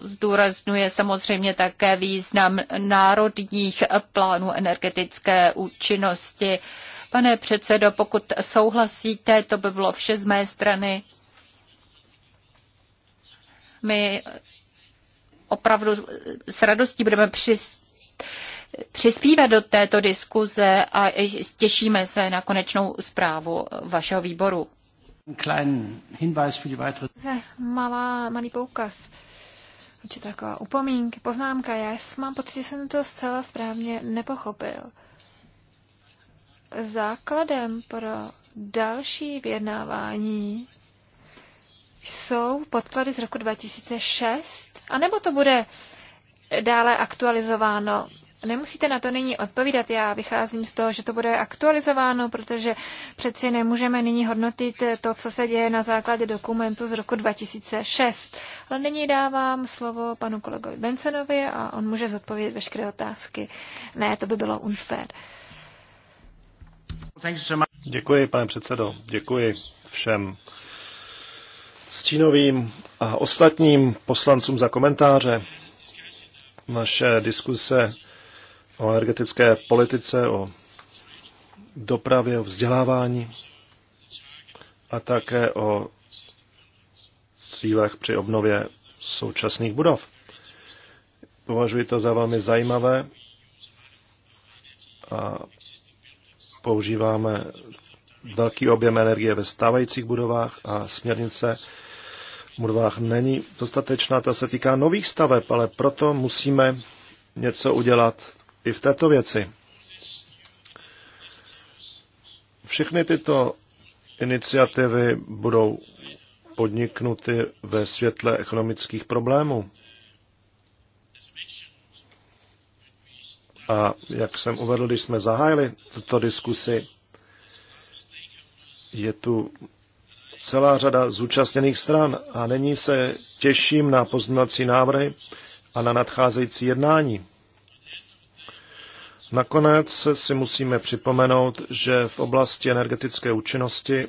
zdůraznuje samozřejmě také význam národních plánů energetické účinnosti. Pane předsedo, pokud souhlasíte, to by bylo vše z mé strany. My opravdu s radostí budeme přis, přispívat do této diskuze a těšíme se na konečnou zprávu vašeho výboru. Malá, malý poukaz. Určitě taková upomínka, poznámka. Já mám pocit, že jsem to zcela správně nepochopil. Základem pro další vyjednávání jsou podklady z roku 2006? A nebo to bude dále aktualizováno? Nemusíte na to nyní odpovídat, já vycházím z toho, že to bude aktualizováno, protože přeci nemůžeme nyní hodnotit to, co se děje na základě dokumentu z roku 2006. Ale nyní dávám slovo panu kolegovi Bensenovi a on může zodpovědět veškeré otázky. Ne, to by bylo unfair. Děkuji, pane předsedo. Děkuji všem Stínovým a ostatním poslancům za komentáře. Naše diskuse o energetické politice, o dopravě, o vzdělávání a také o cílech při obnově současných budov. Považuji to za velmi zajímavé a používáme velký objem energie ve stávajících budovách a směrnice v budovách není dostatečná, ta se týká nových staveb, ale proto musíme něco udělat i v této věci. Všechny tyto iniciativy budou podniknuty ve světle ekonomických problémů. A jak jsem uvedl, když jsme zahájili tuto diskusi, je tu celá řada zúčastněných stran a není se těším na pozměňovací návrhy a na nadcházející jednání. Nakonec si musíme připomenout, že v oblasti energetické účinnosti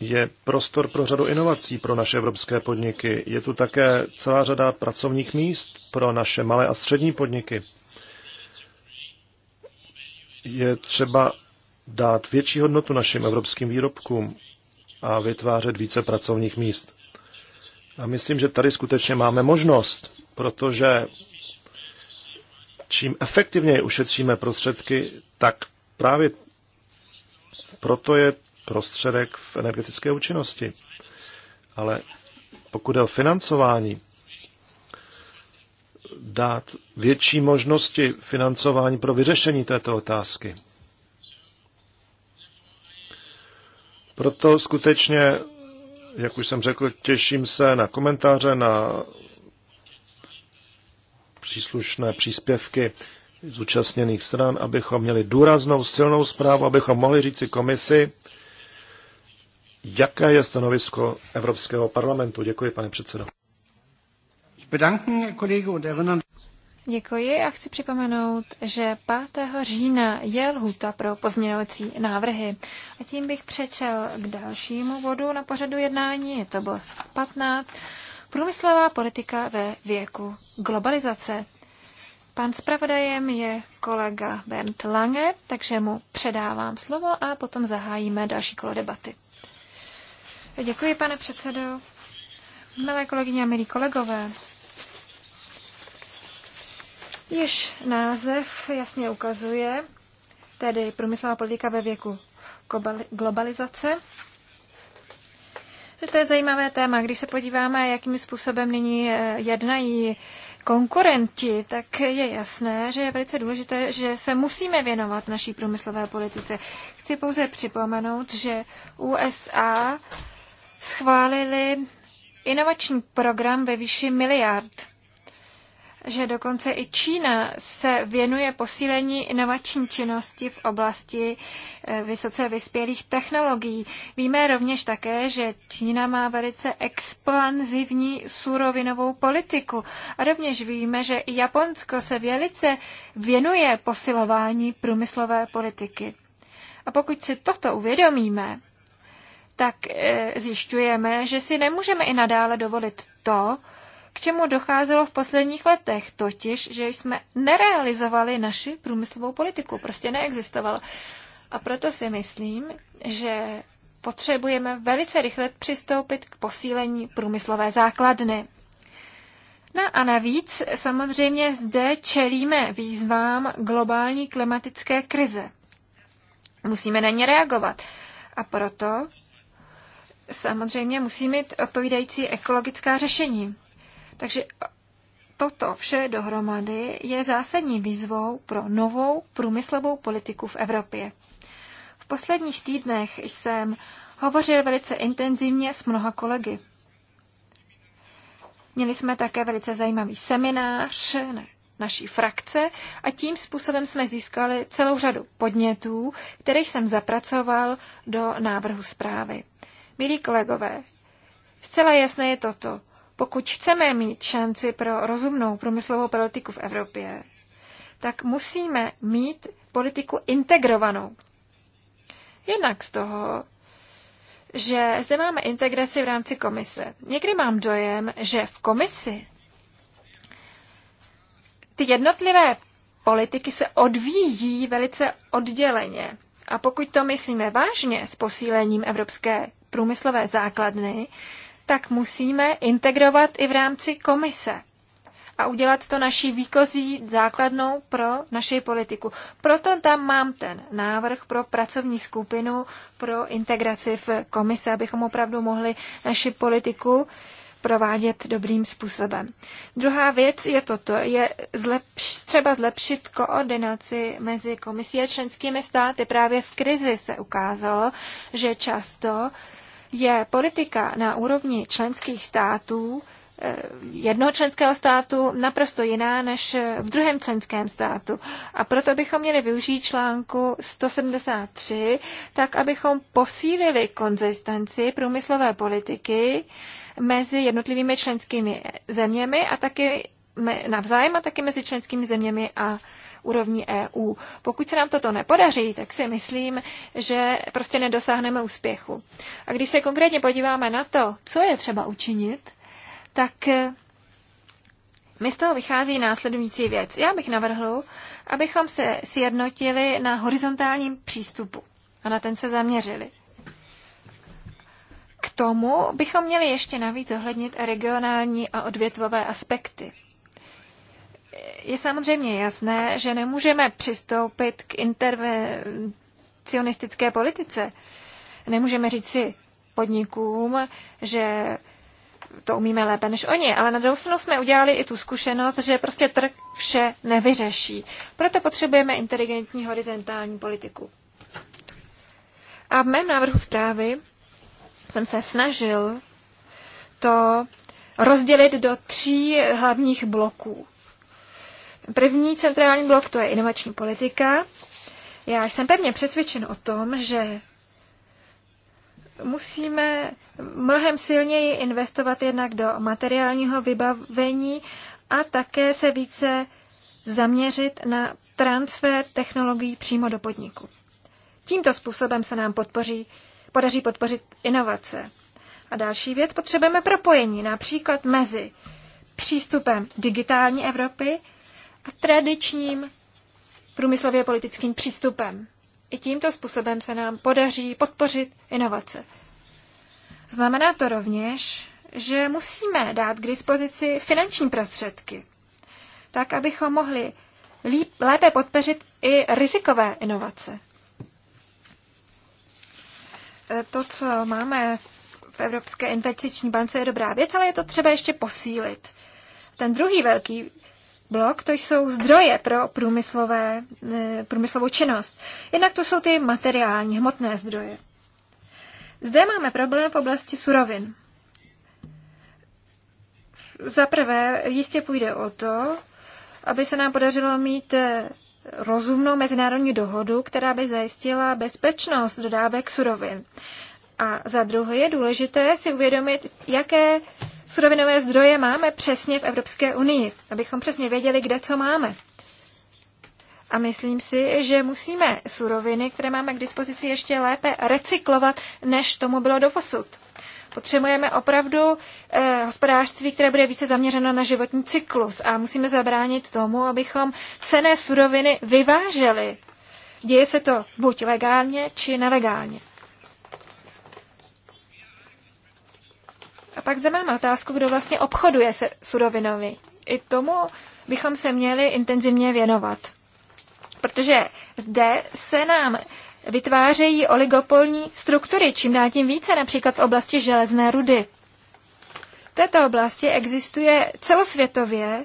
je prostor pro řadu inovací pro naše evropské podniky. Je tu také celá řada pracovních míst pro naše malé a střední podniky je třeba dát větší hodnotu našim evropským výrobkům a vytvářet více pracovních míst. A myslím, že tady skutečně máme možnost, protože čím efektivněji ušetříme prostředky, tak právě proto je prostředek v energetické účinnosti. Ale pokud je o financování, dát větší možnosti financování pro vyřešení této otázky. Proto skutečně, jak už jsem řekl, těším se na komentáře, na příslušné příspěvky zúčastněných stran, abychom měli důraznou, silnou zprávu, abychom mohli říci komisi, jaké je stanovisko Evropského parlamentu. Děkuji, pane předsedo. Děkuji a chci připomenout, že 5. října je lhuta pro pozměňovací návrhy. A tím bych přečel k dalšímu bodu na pořadu jednání, je to bod 15. Průmyslová politika ve věku globalizace. Pan zpravodajem je kolega Bernd Lange, takže mu předávám slovo a potom zahájíme další kolo debaty. Děkuji, pane předsedo. Milé kolegyně a milí kolegové, Již název jasně ukazuje, tedy průmyslová politika ve věku globalizace. Že to je zajímavé téma. Když se podíváme, jakým způsobem nyní eh, jednají konkurenti, tak je jasné, že je velice důležité, že se musíme věnovat naší průmyslové politice. Chci pouze připomenout, že USA schválili inovační program ve výši miliard že dokonce i Čína se věnuje posílení inovační činnosti v oblasti eh, vysoce vyspělých technologií. Víme rovněž také, že Čína má velice expanzivní surovinovou politiku. A rovněž víme, že i Japonsko se velice věnuje posilování průmyslové politiky. A pokud si toto uvědomíme, tak eh, zjišťujeme, že si nemůžeme i nadále dovolit to, k čemu docházelo v posledních letech, totiž, že jsme nerealizovali naši průmyslovou politiku, prostě neexistovala. A proto si myslím, že potřebujeme velice rychle přistoupit k posílení průmyslové základny. No a navíc samozřejmě zde čelíme výzvám globální klimatické krize. Musíme na ně reagovat. A proto samozřejmě musí mít odpovídající ekologická řešení. Takže toto vše dohromady je zásadní výzvou pro novou průmyslovou politiku v Evropě. V posledních týdnech jsem hovořil velice intenzivně s mnoha kolegy. Měli jsme také velice zajímavý seminář naší frakce a tím způsobem jsme získali celou řadu podnětů, které jsem zapracoval do návrhu zprávy. Milí kolegové, zcela jasné je toto. Pokud chceme mít šanci pro rozumnou průmyslovou politiku v Evropě, tak musíme mít politiku integrovanou. Jednak z toho, že zde máme integraci v rámci komise. Někdy mám dojem, že v komisi ty jednotlivé politiky se odvíjí velice odděleně. A pokud to myslíme vážně s posílením evropské průmyslové základny, tak musíme integrovat i v rámci komise a udělat to naší výkozí základnou pro naši politiku. Proto tam mám ten návrh pro pracovní skupinu pro integraci v komise, abychom opravdu mohli naši politiku provádět dobrým způsobem. Druhá věc je toto, je zlepš, třeba zlepšit koordinaci mezi komisí a členskými státy. Právě v krizi se ukázalo, že často uh, je politika na úrovni členských států eh, jednoho členského státu naprosto jiná než v druhém členském státu. A proto bychom měli využít článku 173, tak abychom posílili konzistenci průmyslové politiky mezi jednotlivými členskými zeměmi a taky navzájem a taky mezi členskými zeměmi a úrovni EU. Pokud se nám toto nepodaří, tak si myslím, že prostě nedosáhneme úspěchu. A když se konkrétně podíváme na to, co je třeba učinit, tak eh, mi z toho vychází následující věc. Já bych navrhl, abychom se sjednotili na horizontálním přístupu a na ten se zaměřili. K tomu bychom měli ještě navíc zohlednit regionální a odvětvové aspekty je samozřejmě jasné, že nemůžeme přistoupit k intervencionistické politice. Nemůžeme říct si podnikům, že to umíme lépe než oni, ale na druhou stranu jsme udělali i tu zkušenost, že prostě trh vše nevyřeší. Proto potřebujeme inteligentní horizontální politiku. A v mém návrhu zprávy jsem se snažil to rozdělit do tří hlavních bloků. První centrální blok to je inovační politika. Já jsem pevně přesvědčen o tom, že musíme mnohem silněji investovat jednak do materiálního vybavení a také se více zaměřit na transfer technologií přímo do podniku. Tímto způsobem se nám podpoří, podaří podpořit inovace. A další věc, potřebujeme propojení například mezi přístupem digitální Evropy a tradičním průmyslově politickým přístupem. I tímto způsobem se nám podaří podpořit inovace. Znamená to rovněž, že musíme dát k dispozici finanční prostředky, tak abychom mohli líp, lépe podpořit i rizikové inovace. E, to, co máme v Evropské investiční bance, je dobrá věc, ale je to třeba ještě posílit. Ten druhý velký blok, to jsou zdroje pro průmyslové, eh, průmyslovou činnost. Jednak to jsou ty materiální, hmotné zdroje. Zde máme problém v oblasti surovin. Za prvé, jistě půjde o to, aby se nám podařilo mít eh, rozumnou mezinárodní dohodu, která by zajistila bezpečnost dodávek surovin. A za druhé je důležité si uvědomit, jaké surovinové zdroje máme přesně v Evropské unii, abychom přesně věděli, kde co máme. A myslím si, že musíme suroviny, které máme k dispozici, ještě lépe recyklovat, než tomu bylo posud. Potřebujeme opravdu eh, hospodářství, které bude více zaměřeno na životní cyklus a musíme zabránit tomu, abychom cené suroviny vyváželi. Děje se to buď legálně, či nelegálně. A pak zde mám otázku, kdo vlastně obchoduje se surovinovi. I tomu bychom se měli intenzivně věnovat. Protože zde se nám vytvářejí oligopolní struktury, čím dál tím více, například v oblasti železné rudy. V této oblasti existuje celosvětově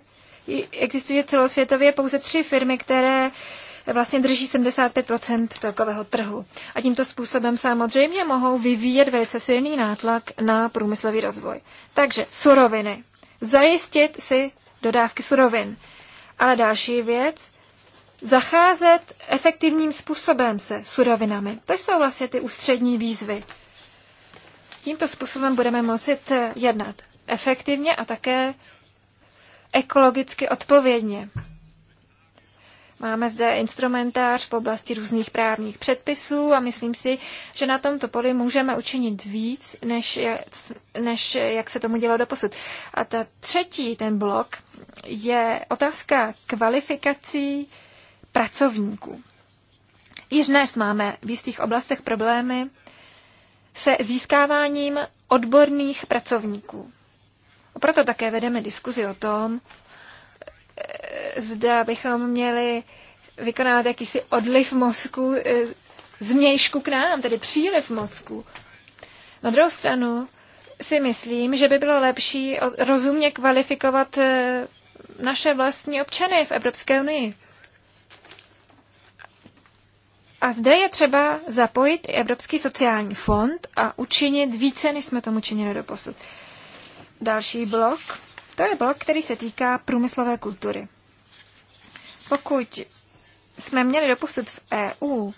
existuje celosvětově pouze tři firmy, které vlastně drží 75 celkového trhu. A tímto způsobem samozřejmě mohou vyvíjet velice silný nátlak na průmyslový rozvoj. Takže suroviny. Zajistit si dodávky surovin. Ale další věc, zacházet efektivním způsobem se surovinami. To jsou vlastně ty ústřední výzvy. Tímto způsobem budeme moci jednat efektivně a také ekologicky odpovědně. Máme zde instrumentář v oblasti různých právních předpisů a myslím si, že na tomto poli můžeme učinit víc, než, než jak se tomu dělo doposud. A ta třetí, ten blok, je otázka kvalifikací pracovníků. Již dnes máme v jistých oblastech problémy se získáváním odborných pracovníků. Proto také vedeme diskuzi o tom, Eh, zda bychom měli vykonávat jakýsi odliv mozku eh, změšku k nám, tedy příliv mozku. Na druhou stranu si myslím, že by bylo lepší rozumně kvalifikovat eh, naše vlastní občany v Evropské unii. A zde je třeba zapojit i Evropský sociální fond a učinit více, než jsme tomu činili do posud. Další blok to je blok, který se týká průmyslové kultury. Pokud jsme měli dopustit v EU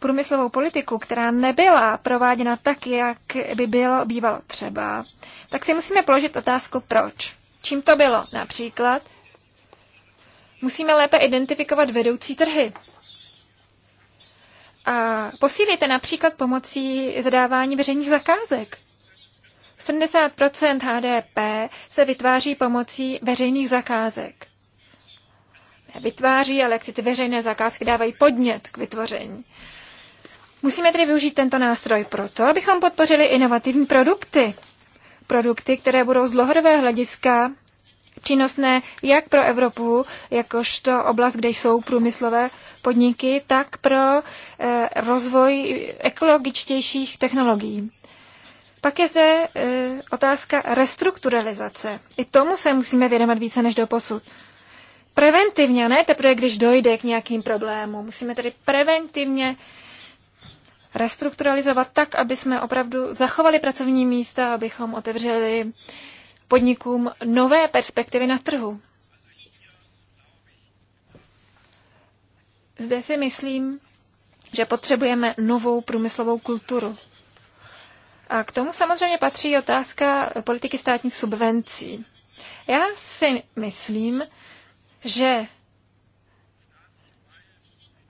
průmyslovou politiku, která nebyla prováděna tak, jak by bylo bývalo třeba, tak si musíme položit otázku, proč. Čím to bylo? Například musíme lépe identifikovat vedoucí trhy. A posílíte například pomocí zadávání veřejných zakázek. 70 HDP se vytváří pomocí veřejných zakázek. vytváří, ale jak si ty veřejné zakázky dávají podnět k vytvoření. Musíme tedy využít tento nástroj proto, abychom podpořili inovativní produkty. Produkty, které budou z dlouhodobého hlediska přínosné jak pro Evropu, jakožto oblast, kde jsou průmyslové podniky, tak pro eh, rozvoj ekologičtějších technologií. Pak je zde e, otázka restrukturalizace. I tomu se musíme vědomat více než do posud. Preventivně, ne teprve, když dojde k nějakým problémům. Musíme tedy preventivně restrukturalizovat tak, aby jsme opravdu zachovali pracovní místa, abychom otevřeli podnikům nové perspektivy na trhu. Zde si myslím, že potřebujeme novou průmyslovou kulturu. A k tomu samozřejmě patří otázka politiky státních subvencí. Já si myslím, že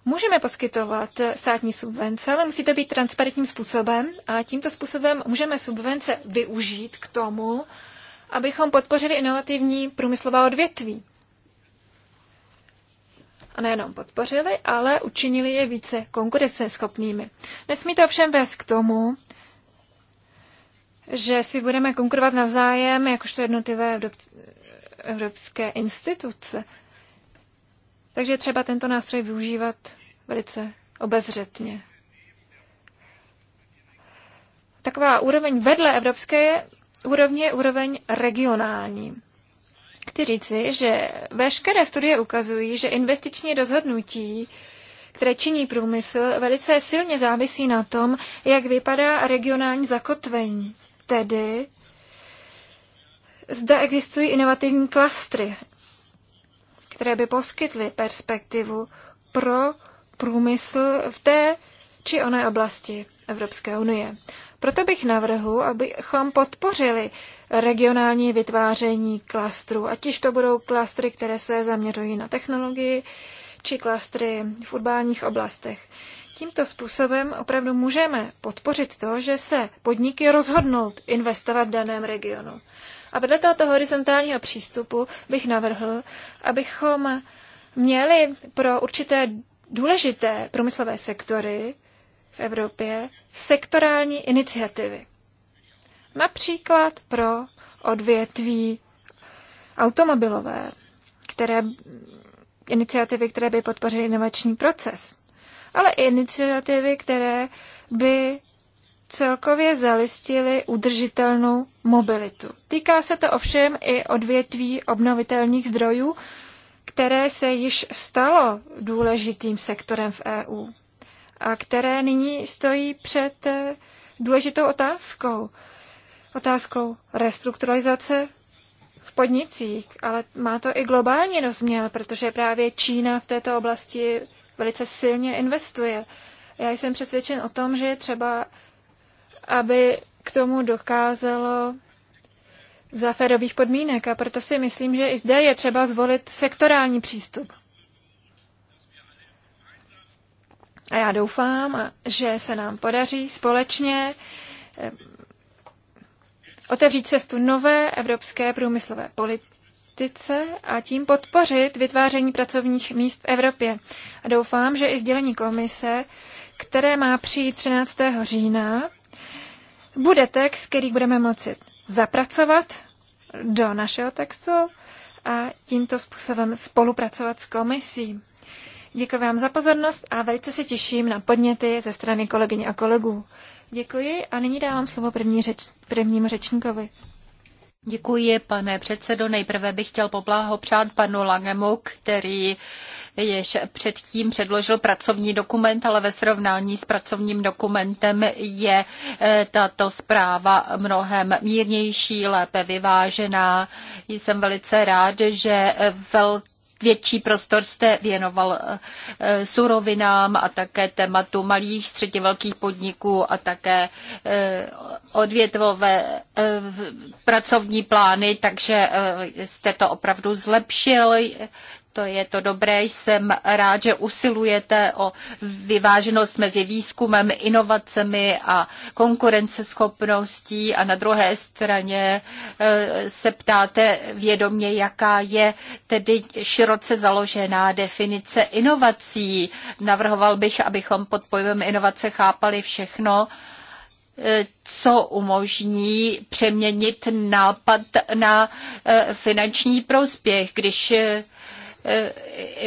můžeme poskytovat státní subvence, ale musí to být transparentním způsobem a tímto způsobem můžeme subvence využít k tomu, abychom podpořili inovativní průmyslová odvětví. A nejenom podpořili, ale učinili je více konkurenceschopnými. Nesmí to ovšem vést k tomu, že si budeme konkurovat navzájem jakožto jednotlivé evropské instituce. Takže třeba tento nástroj využívat velice obezřetně. Taková úroveň vedle evropské je úrovně je úroveň regionální. Chci říci, že veškeré studie ukazují, že investiční rozhodnutí, které činí průmysl, velice silně závisí na tom, jak vypadá regionální zakotvení tedy zda existují inovativní klastry, které by poskytly perspektivu pro průmysl v té či oné oblasti Evropské unie. Proto bych navrhu, abychom podpořili regionální vytváření klastru, ať již to budou klastry, které se zaměřují na technologii, či klastry v urbánních oblastech. Tímto způsobem opravdu můžeme podpořit to, že se podniky rozhodnou investovat v daném regionu. A vedle tohoto horizontálního přístupu bych navrhl, abychom měli pro určité důležité průmyslové sektory v Evropě sektorální iniciativy. Například pro odvětví automobilové, které, iniciativy, které by podpořily inovační proces ale iniciativy, které by celkově zalistily udržitelnou mobilitu. Týká se to ovšem i odvětví obnovitelných zdrojů, které se již stalo důležitým sektorem v EU a které nyní stojí před eh, důležitou otázkou. Otázkou restrukturalizace v podnicích, ale má to i globální rozměr, protože právě Čína v této oblasti velice silně investuje. Já jsem přesvědčen o tom, že je třeba, aby k tomu dokázalo za férových podmínek a proto si myslím, že i zde je třeba zvolit sektorální přístup. A já doufám, že se nám podaří společně eh, otevřít cestu nové evropské průmyslové polit- politice a tím podpořit vytváření pracovních míst v Evropě. A doufám, že i sdělení komise, které má přijít 13. října, bude text, který budeme moci zapracovat do našeho textu a tímto způsobem spolupracovat s komisí. Děkuji vám za pozornost a velice se těším na podněty ze strany kolegyně a kolegů. Děkuji a nyní dávám slovo první řeč, prvnímu řečníkovi. Děkuji, pane předsedo. Nejprve bych chtěl poblahopřát panu Langemu, který již předtím předložil pracovní dokument, ale ve srovnání s pracovním dokumentem je eh, tato zpráva mnohem mírnější, lépe vyvážená. Jsem velice rád, že velká větší prostor jste věnoval eh, eh, surovinám a také tématu malých, středně velkých podniků a také eh, odvětvové pracovní plány, takže jste to opravdu zlepšil to je to dobré. Jsem rád, že usilujete o vyváženost mezi výzkumem, inovacemi a konkurenceschopností a na druhé straně eh, se ptáte vědomě, jaká je tedy široce založená definice inovací. Navrhoval bych, abychom pod pojmem inovace chápali všechno, eh, co umožní přeměnit nápad na eh, finanční prospěch, když Eh,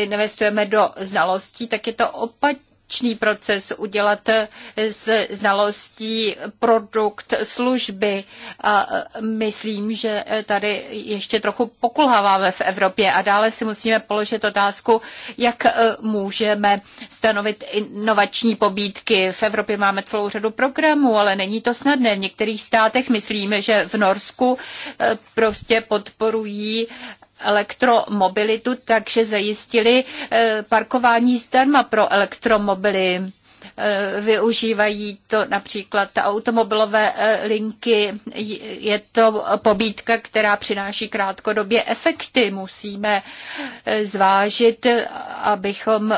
investujeme do znalostí, tak je to opačný proces udělat z znalostí produkt, služby. A eh, myslím, že eh, tady ještě trochu pokulháváme v Evropě a dále si musíme položit otázku, jak můžeme stanovit inovační pobídky. V Evropě máme celou řadu programů, ale není to snadné. V některých státech myslíme, že v Norsku prostě podporují elektromobilitu, takže zajistili eh, parkování zdarma pro elektromobily. E, využívají to například automobilové e, linky. Je to pobídka, která přináší krátkodobě efekty. Musíme e, zvážit, abychom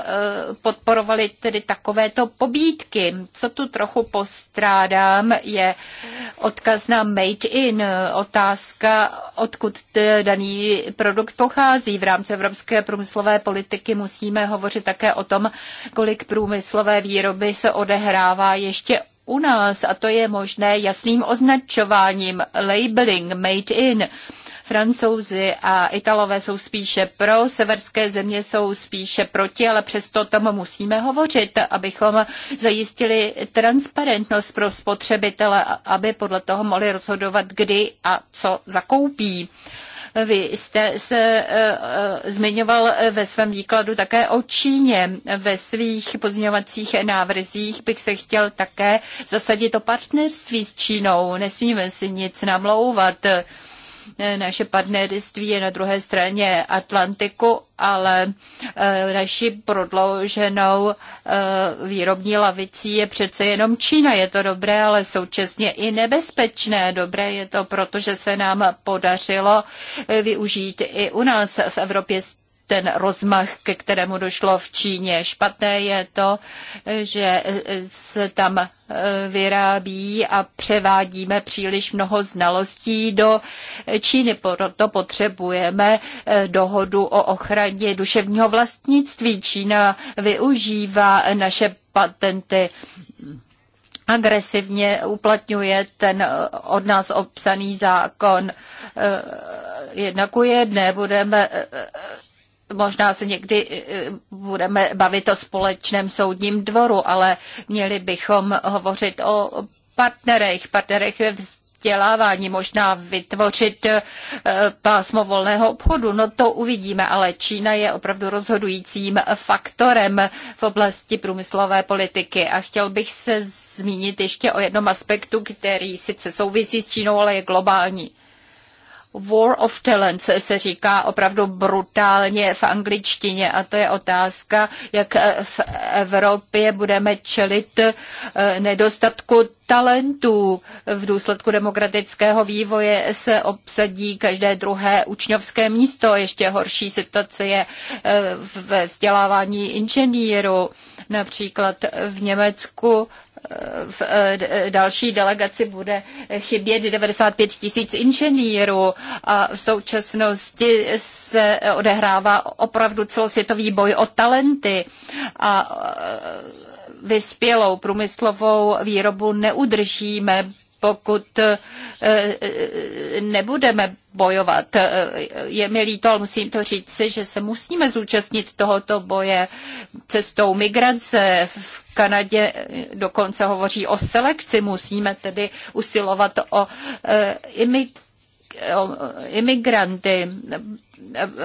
podporovali tedy takovéto pobídky. Co tu trochu postrádám, je odkaz na made in, otázka, odkud daný produkt pochází. V rámci evropské průmyslové politiky musíme hovořit také o tom, kolik průmyslové výroby doby se odehrává ještě u nás a to je možné jasným označováním, labeling, made in. Francouzi a Italové jsou spíše pro, severské země jsou spíše proti, ale přesto tam musíme hovořit, abychom zajistili transparentnost pro spotřebitele, aby podle toho mohli rozhodovat, kdy a co zakoupí. Vy jste se e, e, zmiňoval e, ve svém výkladu také o Číně. Ve svých pozměňovacích návrzích bych se chtěl také zasadit o partnerství s Čínou. Nesmíme si nic namlouvat. Eh, naše partnerství je na druhé straně Atlantiku, ale eh, naši prodlouženou eh, výrobní lavicí je přece jenom Čína. Je to dobré, ale současně i nebezpečné. Dobré je to, protože se nám podařilo využít i u nás v Evropě ten rozmach, ke kterému došlo v Číně. Špatné je to, že se tam eh, vyrábí a převádíme příliš mnoho znalostí do Číny. Proto potřebujeme eh, dohodu o ochraně duševního vlastnictví. Čína využívá naše patenty agresivně uplatňuje ten eh, od nás obsaný zákon. Jedna ku jedné budeme Možná se někdy eh, budeme bavit o společném soudním dvoru, ale měli bychom hovořit o partnerech, partnerech ve vzdělávání, možná vytvořit eh, pásmo volného obchodu. No to uvidíme, ale Čína je opravdu rozhodujícím faktorem v oblasti průmyslové politiky. A chtěl bych se zmínit ještě o jednom aspektu, který sice souvisí s Čínou, ale je globální. War of Talents se říká opravdu brutálně v angličtině a to je otázka, jak v Evropě budeme čelit eh, nedostatku talentů. V důsledku demokratického vývoje se obsadí každé druhé učňovské místo. Ještě horší situace je eh, ve vzdělávání inženýru. Například v Německu v eh, eh, další delegaci bude chybět 95 tisíc inženýrů a v současnosti se odehrává opravdu celosvětový boj o talenty a eh, vyspělou průmyslovou výrobu neudržíme pokud eh, eh, nebudeme bojovat. Eh, je mi líto, ale musím to říct si, že se musíme zúčastnit tohoto boje cestou migrace. V Kanadě dokonce hovoří o selekci, musíme tedy usilovat o imigranty imigranty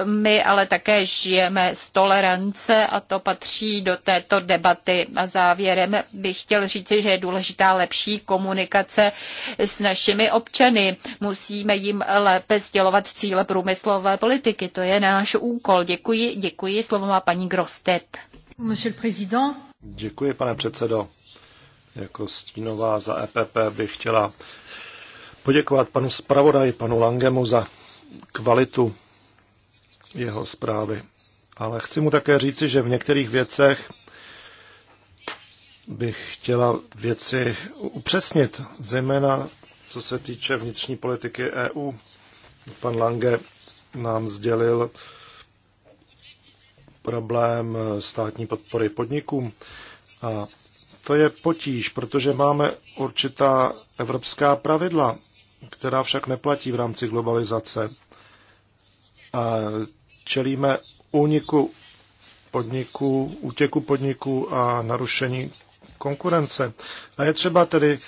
my ale také žijeme z tolerance a to patří do této debaty. A závěrem bych chtěl říci, že je důležitá lepší komunikace s našimi občany. Musíme jim lépe sdělovat cíle průmyslové politiky. To je náš úkol. Děkuji, děkuji. Slovo má paní Grostet. Děkuji, pane předsedo. Jako stínová za EPP bych chtěla poděkovat panu zpravodaji, panu Langemu za kvalitu jeho zprávy. Ale chci mu také říci, že v některých věcech bych chtěla věci upřesnit, zejména co se týče vnitřní politiky EU. Pan Lange nám sdělil problém státní podpory podnikům. A to je potíž, protože máme určitá evropská pravidla, která však neplatí v rámci globalizace. A čelíme úniku podniků, útěku podniků a narušení konkurence. A je třeba tedy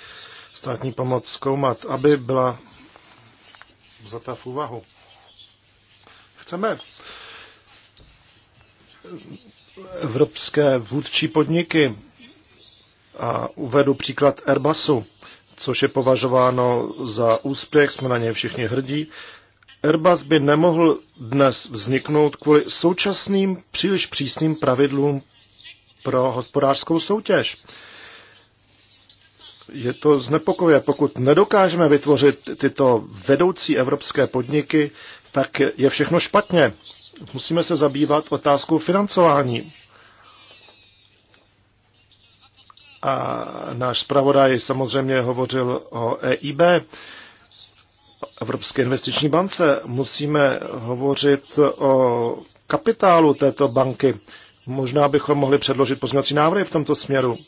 státní pomoc zkoumat, aby byla vzata v úvahu. Chceme evropské vůdčí podniky a uvedu příklad Airbusu, což je považováno za úspěch, jsme na ně všichni hrdí, Airbus by nemohl dnes vzniknout kvůli současným příliš přísným pravidlům pro hospodářskou soutěž. Je to znepokoje, pokud nedokážeme vytvořit tyto vedoucí evropské podniky, tak je všechno špatně. Musíme se zabývat otázkou financování. A náš zpravodaj samozřejmě hovořil o EIB. Evropské investiční bance. Musíme hovořit o kapitálu této banky. Možná bychom mohli předložit pozměňovací návrhy v tomto směru.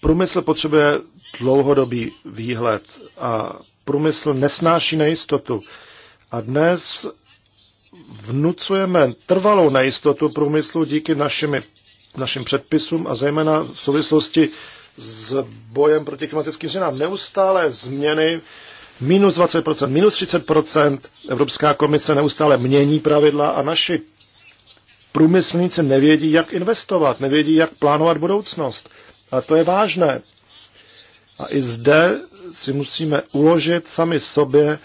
Průmysl potřebuje dlouhodobý výhled a průmysl nesnáší nejistotu. A dnes vnucujeme trvalou nejistotu průmyslu díky našimi, našim předpisům a zejména v souvislosti s bojem proti klimatickým změnám. Neustále změny minus 20%, minus 30%. Evropská komise neustále mění pravidla a naši průmyslníci nevědí, jak investovat, nevědí, jak plánovat budoucnost. A to je vážné. A i zde si musíme uložit sami sobě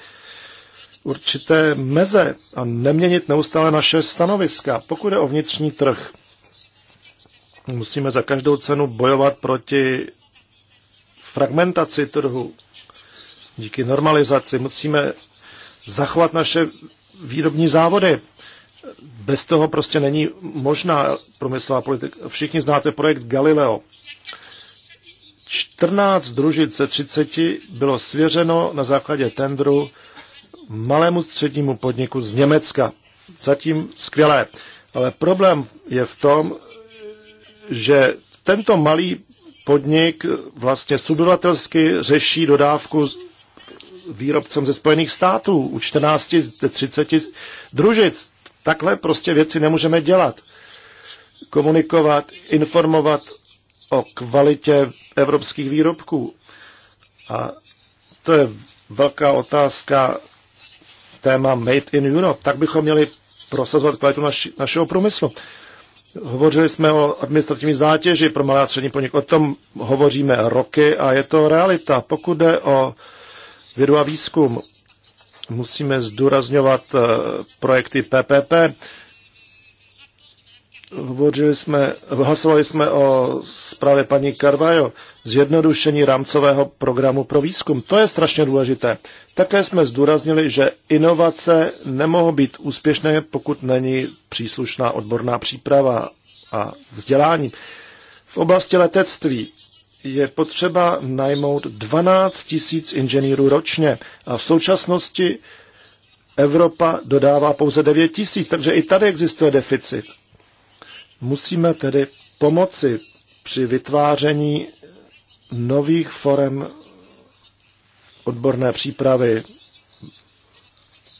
určité meze a neměnit neustále naše stanoviska. Pokud je o vnitřní trh, musíme za každou cenu bojovat proti fragmentaci trhu, díky normalizaci. Musíme zachovat naše výrobní závody. Bez toho prostě není možná průmyslová politika. Všichni znáte projekt Galileo. 14 družic ze 30 bylo svěřeno na základě tendru malému střednímu podniku z Německa. Zatím skvělé. Ale problém je v tom, že tento malý podnik vlastně subdodavatelsky řeší dodávku výrobcem ze Spojených států, u 14 z 30 družic. Takhle prostě věci nemůžeme dělat. Komunikovat, informovat o kvalitě evropských výrobků. A to je velká otázka téma Made in Europe. Tak bychom měli prosazovat kvalitu naši, našeho průmyslu. Hovořili jsme o administrativní zátěži pro malé a střední podnik. O tom hovoříme roky a je to realita. Pokud jde o vědu a výzkum. Musíme zdůrazňovat eh, projekty PPP. Hovořili jsme, hlasovali jsme o zprávě paní Carvajo, zjednodušení rámcového programu pro výzkum. To je strašně důležité. Také jsme zdůraznili, že inovace nemohou být úspěšné, pokud není příslušná odborná příprava a vzdělání. V oblasti letectví je potřeba najmout 12 tisíc inženýrů ročně a v současnosti Evropa dodává pouze 9 tisíc, takže i tady existuje deficit. Musíme tedy pomoci při vytváření nových forem odborné přípravy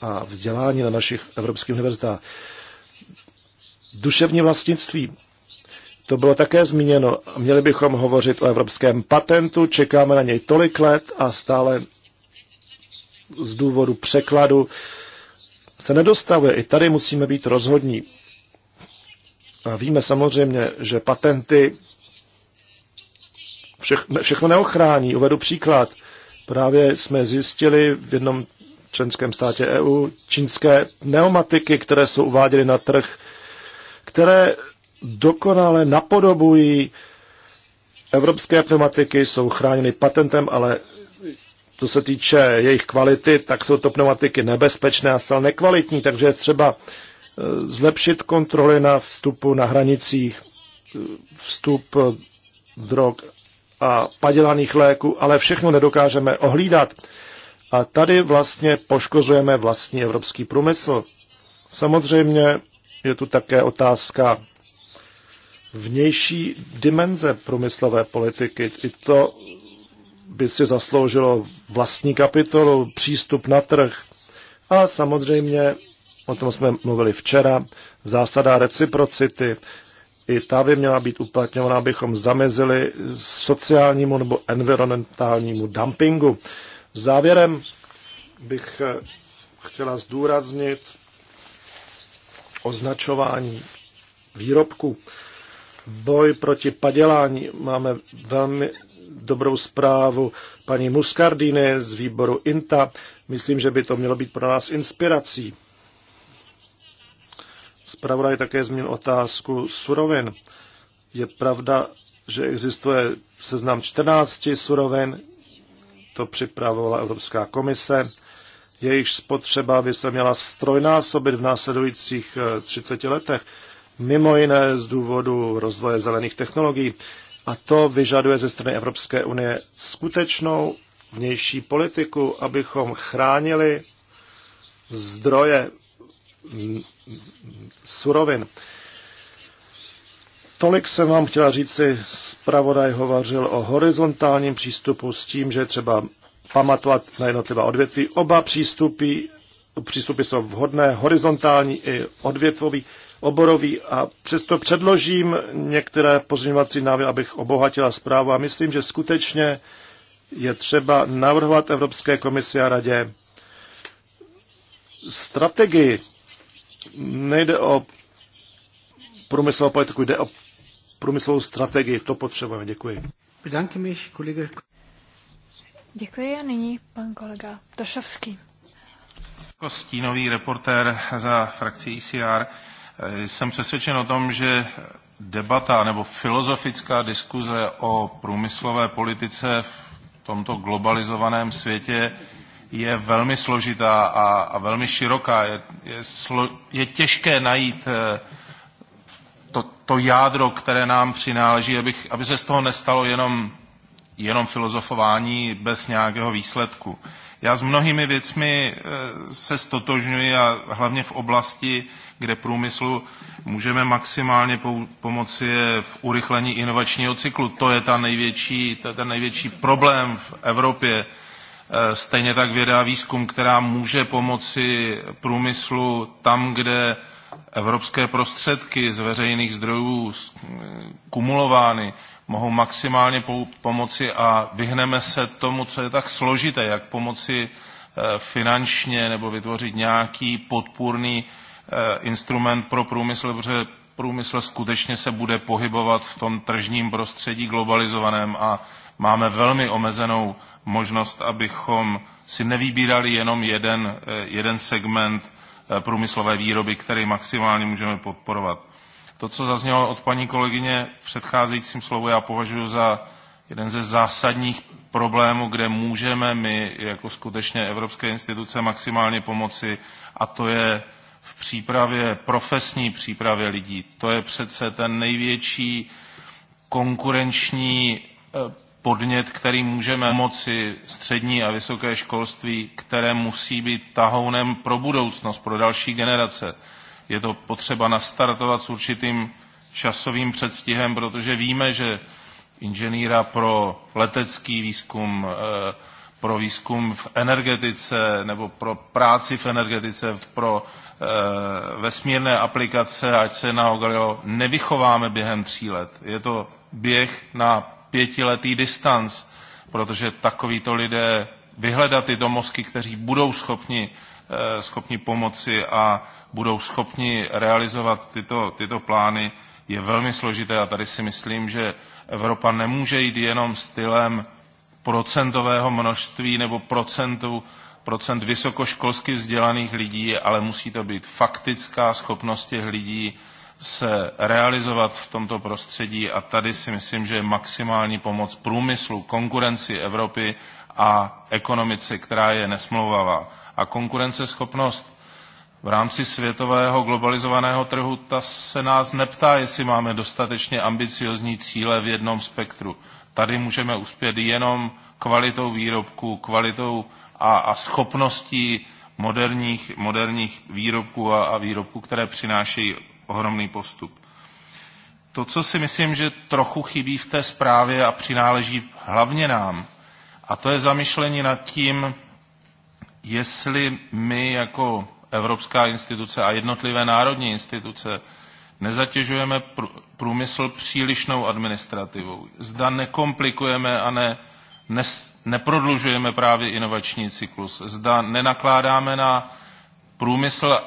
a vzdělání na našich evropských univerzitách. Duševní vlastnictví to bylo také zmíněno. Měli bychom hovořit o evropském patentu, čekáme na něj tolik let a stále z důvodu překladu se nedostavuje. I tady musíme být rozhodní. A víme samozřejmě, že patenty všechno, všechno neochrání. Uvedu příklad. Právě jsme zjistili v jednom členském státě EU čínské pneumatiky, které jsou uváděny na trh, které dokonale napodobují evropské pneumatiky, jsou chráněny patentem, ale co se týče jejich kvality, tak jsou to pneumatiky nebezpečné a zcela nekvalitní, takže je třeba eh, zlepšit kontroly na vstupu na hranicích, eh, vstup eh, drog a padělaných léků, ale všechno nedokážeme ohlídat. A tady vlastně poškozujeme vlastní evropský průmysl. Samozřejmě je tu také otázka vnější dimenze průmyslové politiky. I to by si zasloužilo vlastní kapitolu, přístup na trh. A samozřejmě, o tom jsme mluvili včera, zásada reciprocity, i ta by měla být uplatňována, abychom zamezili sociálnímu nebo environmentálnímu dumpingu. Závěrem bych eh, chtěla zdůraznit označování výrobku boj proti padělání. Máme velmi dobrou zprávu paní Muscardine z výboru INTA. Myslím, že by to mělo být pro nás inspirací. Zpravodaj také zmínil otázku surovin. Je pravda, že existuje seznam 14 surovin, to připravovala Evropská komise. Jejich spotřeba by se měla strojnásobit v následujících 30 eh, letech mimo jiné z důvodu rozvoje zelených technologií. A to vyžaduje ze strany Evropské unie skutečnou vnější politiku, abychom chránili zdroje surovin. Tolik jsem vám chtěla říci, zpravodaj hovořil o horizontálním přístupu s tím, že třeba pamatovat na jednotlivá odvětví. Oba přístupy, přístupy jsou vhodné, horizontální i odvětvový oborový a přesto předložím některé pozměňovací návrhy, abych obohatila zprávu a myslím, že skutečně je třeba navrhovat Evropské komisi a radě strategii. Nejde o průmyslovou politiku, jde o průmyslovou strategii. To potřebujeme. Děkuji. Děkuji a nyní pan kolega Tošovský. Kostínový jako reportér za frakci ICR e jsem přesvědčen o tom, že debata nebo filozofická diskuze o průmyslové politice v tomto globalizovaném světě je velmi složitá a, a velmi široká. Je, je, slo, je těžké najít eh, to, to jádro, které nám přináleží, abych, aby se z toho nestalo jenom, jenom filozofování bez nějakého výsledku. Já s mnohými věcmi eh, se stotožňuji a hlavně v oblasti, kde průmyslu můžeme maximálně pomoci je v urychlení inovačního cyklu. To je ta největší, je ten největší problém v Evropě. Eh, stejně tak věda a výzkum, která může pomoci průmyslu tam, kde evropské prostředky z veřejných zdrojů eh, kumulovány mohou maximálně pomoci a vyhneme se tomu, co je tak složité, jak pomoci eh, finančně nebo vytvořit nějaký podpůrný eh, instrument pro průmysl, protože průmysl skutečně se bude pohybovat v tom tržním prostředí globalizovaném a máme velmi omezenou možnost, abychom si nevybírali jenom jeden, eh, jeden segment průmyslové výroby, který maximálně můžeme podporovat. To, co zaznělo od paní kolegyně v předcházejícím slovu, já považuji za jeden ze zásadních problémů, kde můžeme my jako skutečně evropské instituce maximálně pomoci, a to je v přípravě, profesní přípravě lidí. To je přece ten největší konkurenční eh, podnět, který můžeme moci střední a vysoké školství, které musí být tahounem pro budoucnost, pro další generace je to potřeba nastartovat s určitým časovým předstihem, protože víme, že inženýra pro letecký výzkum, eh, pro výzkum v energetice nebo pro práci v energetice, pro eh, vesmírné aplikace, ať se na Ogrio nevychováme během tří let. Je to běh na pětiletý distanc, protože takovýto lidé vyhledat ty mozky, kteří budou schopni, eh, schopni pomoci a budou schopni realizovat tyto, tyto plány, je velmi složité a tady si myslím, že Evropa nemůže jít jenom stylem procentového množství nebo procentu, procent vysokoškolsky vzdělaných lidí, ale musí to být faktická schopnost těch lidí se realizovat v tomto prostředí a tady si myslím, že je maximální pomoc průmyslu, konkurenci Evropy a ekonomice, která je nesmlouvavá. A konkurenceschopnost v rámci světového globalizovaného trhu, ta se nás neptá, jestli máme dostatečně ambiciozní cíle v jednom spektru. Tady můžeme uspět jenom kvalitou výrobků, kvalitou a, a schopností moderních, moderních výrobků a, a výrobků, které přinášejí ohromný postup. To, co si myslím, že trochu chybí v té zprávě a přináleží hlavně nám, a to je zamyšlení nad tím, jestli my jako evropská instituce a jednotlivé národní instituce, nezatěžujeme průmysl přílišnou administrativou, zda nekomplikujeme a ne, ne, neprodlužujeme právě inovační cyklus, zda nenakládáme na průmysl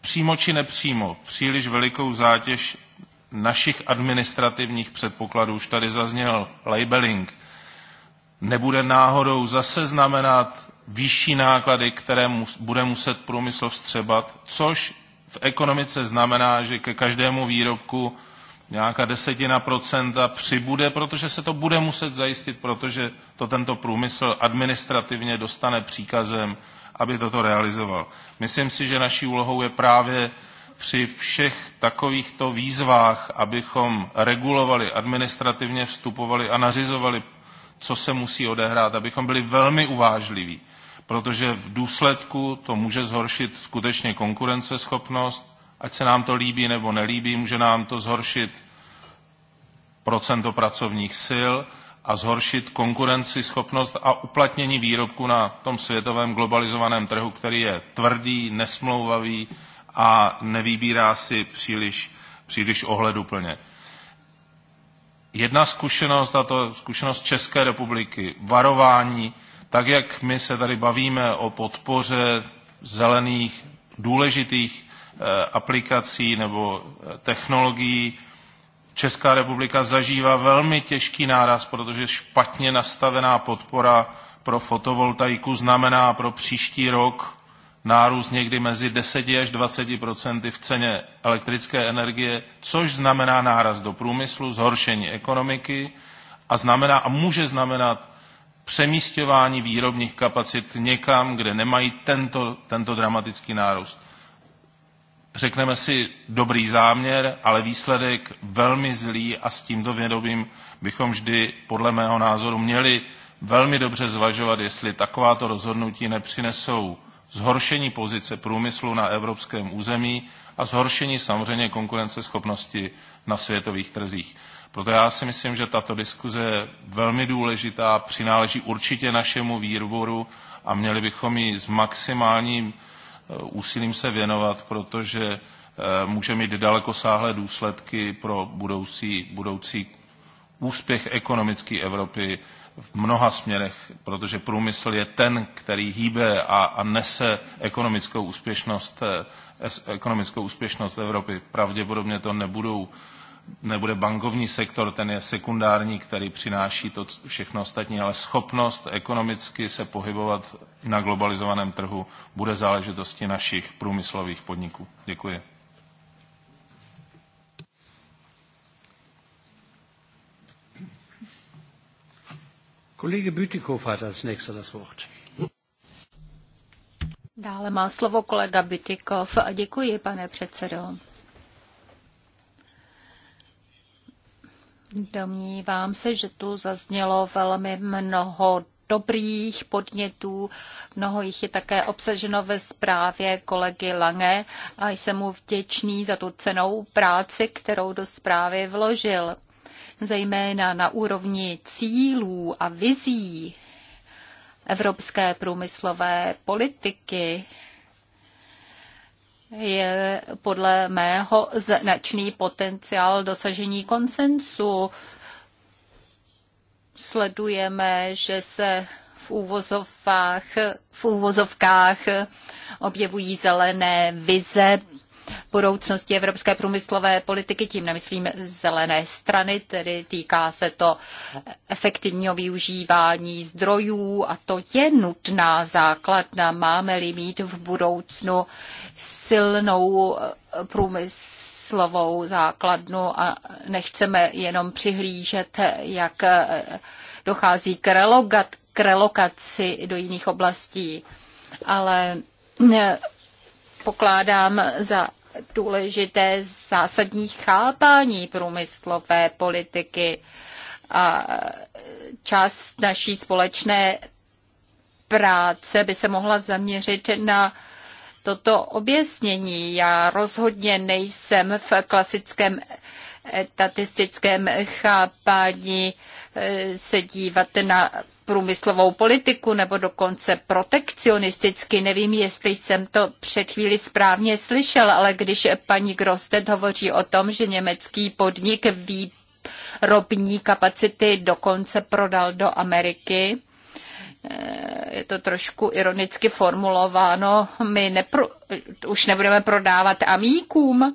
přímo či nepřímo příliš velikou zátěž našich administrativních předpokladů, už tady zazněl labeling, nebude náhodou zase znamenat vyšší náklady, které bude muset průmysl vstřebat, což v ekonomice znamená, že ke každému výrobku nějaká desetina procenta přibude, protože se to bude muset zajistit, protože to tento průmysl administrativně dostane příkazem, aby toto realizoval. Myslím si, že naší úlohou je právě při všech takovýchto výzvách, abychom regulovali, administrativně vstupovali a nařizovali, co se musí odehrát, abychom byli velmi uvážliví protože v důsledku to může zhoršit skutečně konkurenceschopnost, ať se nám to líbí nebo nelíbí, může nám to zhoršit procento pracovních sil a zhoršit konkurenceschopnost a uplatnění výrobku na tom světovém globalizovaném trhu, který je tvrdý, nesmlouvavý a nevýbírá si příliš, příliš ohleduplně. Jedna zkušenost, a to zkušenost České republiky, varování, tak jak my se tady bavíme o podpoře zelených důležitých eh, aplikací nebo eh, technologií, Česká republika zažívá velmi těžký náraz, protože špatně nastavená podpora pro fotovoltaiku znamená pro příští rok nárůst někdy mezi 10 až 20 v ceně elektrické energie, což znamená náraz do průmyslu, zhoršení ekonomiky a, znamená, a může znamenat přemístěvání výrobních kapacit někam, kde nemají tento, tento dramatický nárůst. Řekneme si dobrý záměr, ale výsledek velmi zlý a s tímto vědomím bychom vždy, podle mého názoru, měli velmi dobře zvažovat, jestli takováto rozhodnutí nepřinesou zhoršení pozice průmyslu na evropském území a zhoršení samozřejmě konkurenceschopnosti na světových trzích. Proto já si myslím, že tato diskuze je velmi důležitá, přináleží určitě našemu výboru a měli bychom ji s maximálním eh, úsilím se věnovat, protože eh, může mít dalekosáhlé důsledky pro budoucí, budoucí úspěch ekonomický Evropy v mnoha směrech, protože průmysl je ten, který hýbe a, a nese ekonomickou úspěšnost, eh, ekonomickou úspěšnost Evropy. Pravděpodobně to nebudou nebude bankovní sektor, ten je sekundární, který přináší to všechno ostatní, ale schopnost ekonomicky se pohybovat na globalizovaném trhu bude záležitosti našich průmyslových podniků. Děkuji. Kolega Bütikofer hat als nächster das Wort. Dále má slovo kolega Bytikov. Děkuji, pane předsedo. Domnívám se, že tu zaznělo velmi mnoho dobrých podnětů. Mnoho jich je také obsaženo ve zprávě kolegy Lange a jsem mu vděčný za tu cenou práci, kterou do zprávy vložil. Zejména na úrovni cílů a vizí evropské průmyslové politiky je podle mého značný potenciál dosažení konsensu. Sledujeme, že se v, úvozovkách, v úvozovkách objevují zelené vize budoucnosti evropské průmyslové politiky, tím nemyslím zelené strany, tedy týká se to efektivního využívání zdrojů a to je nutná základna, máme-li mít v budoucnu silnou eh, průmysl slovou základnu a nechceme jenom přihlížet, jak eh, dochází k, relogat, k relokaci do jiných oblastí, ale eh, pokládám za důležité zásadní chápání průmyslové politiky a část naší společné práce by se mohla zaměřit na toto objasnění. Já rozhodně nejsem v klasickém statistickém chápání eh, se dívat na průmyslovou politiku nebo dokonce protekcionisticky. Nevím, jestli jsem to před chvíli správně slyšel, ale když paní Grostet hovoří o tom, že německý podnik výrobní kapacity dokonce prodal do Ameriky, eh, je to trošku ironicky formulováno, my nepro, už nebudeme prodávat amíkům,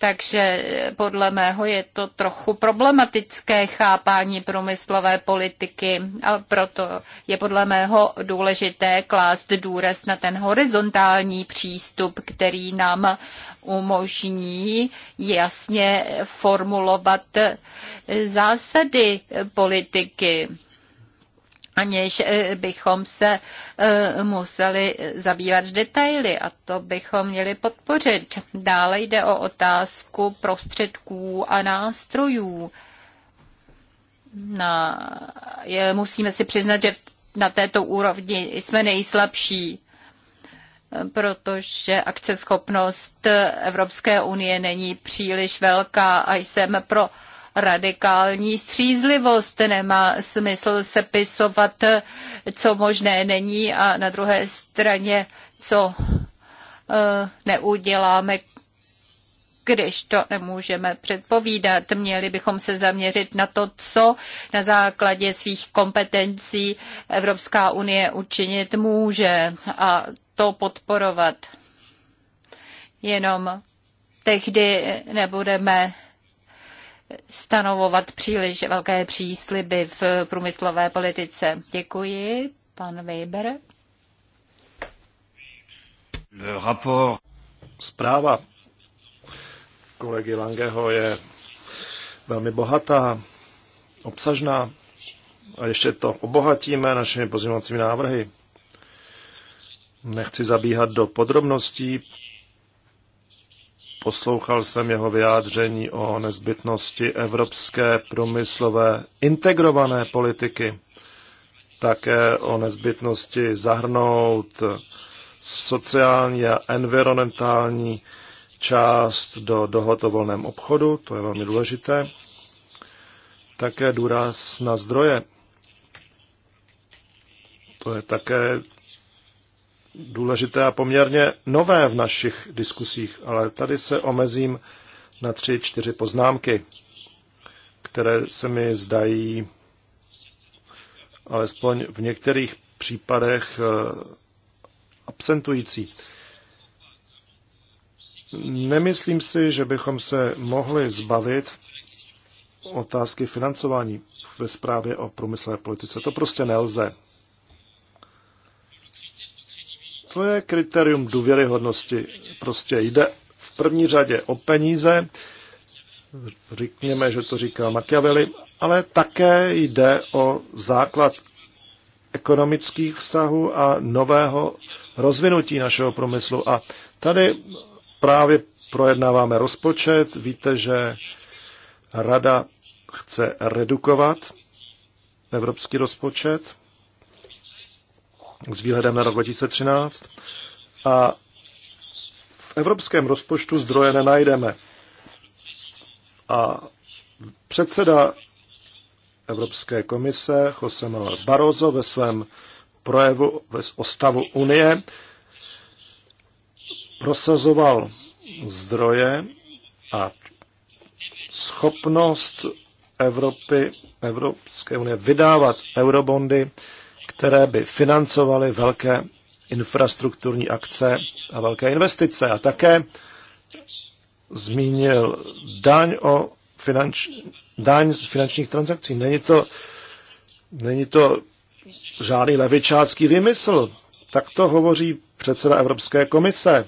takže podle mého je to trochu problematické chápání průmyslové politiky a proto je podle mého důležité klást důraz na ten horizontální přístup, který nám umožní jasně formulovat zásady politiky aniž eh, bychom se eh, museli zabývat detaily a to bychom měli podpořit. Dále jde o otázku prostředků a nástrojů. Na, je, musíme si přiznat, že na této úrovni jsme nejslabší protože akceschopnost Evropské unie není příliš velká a jsem pro uh, radikální střízlivost. Nemá smysl sepisovat, co možné není a na druhé straně, co eh, neuděláme, když to nemůžeme předpovídat. Měli bychom se zaměřit na to, co na základě svých kompetencí Evropská unie učinit může a to podporovat. Jenom tehdy nebudeme stanovovat příliš velké přísliby v průmyslové politice. Děkuji. Pan Weber. Le rapport. Zpráva kolegy Langeho je velmi bohatá, obsažná a ještě to obohatíme našimi pozměňovacími návrhy. Nechci zabíhat do podrobností, Poslouchal jsem jeho vyjádření o nezbytnosti evropské průmyslové integrované politiky, také o nezbytnosti zahrnout sociální a environmentální část do dohod o volném obchodu, to je velmi důležité. Také důraz na zdroje. To je také důležité a poměrně nové v našich diskusích, ale tady se omezím na tři, čtyři poznámky, které se mi zdají alespoň v některých případech eh, absentující. Nemyslím si, že bychom se mohli zbavit otázky financování ve zprávě o průmyslové politice. To prostě nelze. To je kritérium důvěryhodnosti. Prostě jde v první řadě o peníze, řekněme, že to říká Machiavelli, ale také jde o základ ekonomických vztahů a nového rozvinutí našeho průmyslu. A tady právě projednáváme rozpočet. Víte, že rada chce redukovat evropský rozpočet s výhledem na rok 2013 a v evropském rozpočtu zdroje nenajdeme. A předseda Evropské komise Jose Manuel Barroso ve svém projevu o stavu Unie prosazoval zdroje a schopnost Evropy, Evropské unie vydávat eurobondy které by financovaly velké infrastrukturní akce a velké investice. A také zmínil daň, o finanč, daň z finančních transakcí. Není to, není to žádný levičácký vymysl. Tak to hovoří předseda Evropské komise.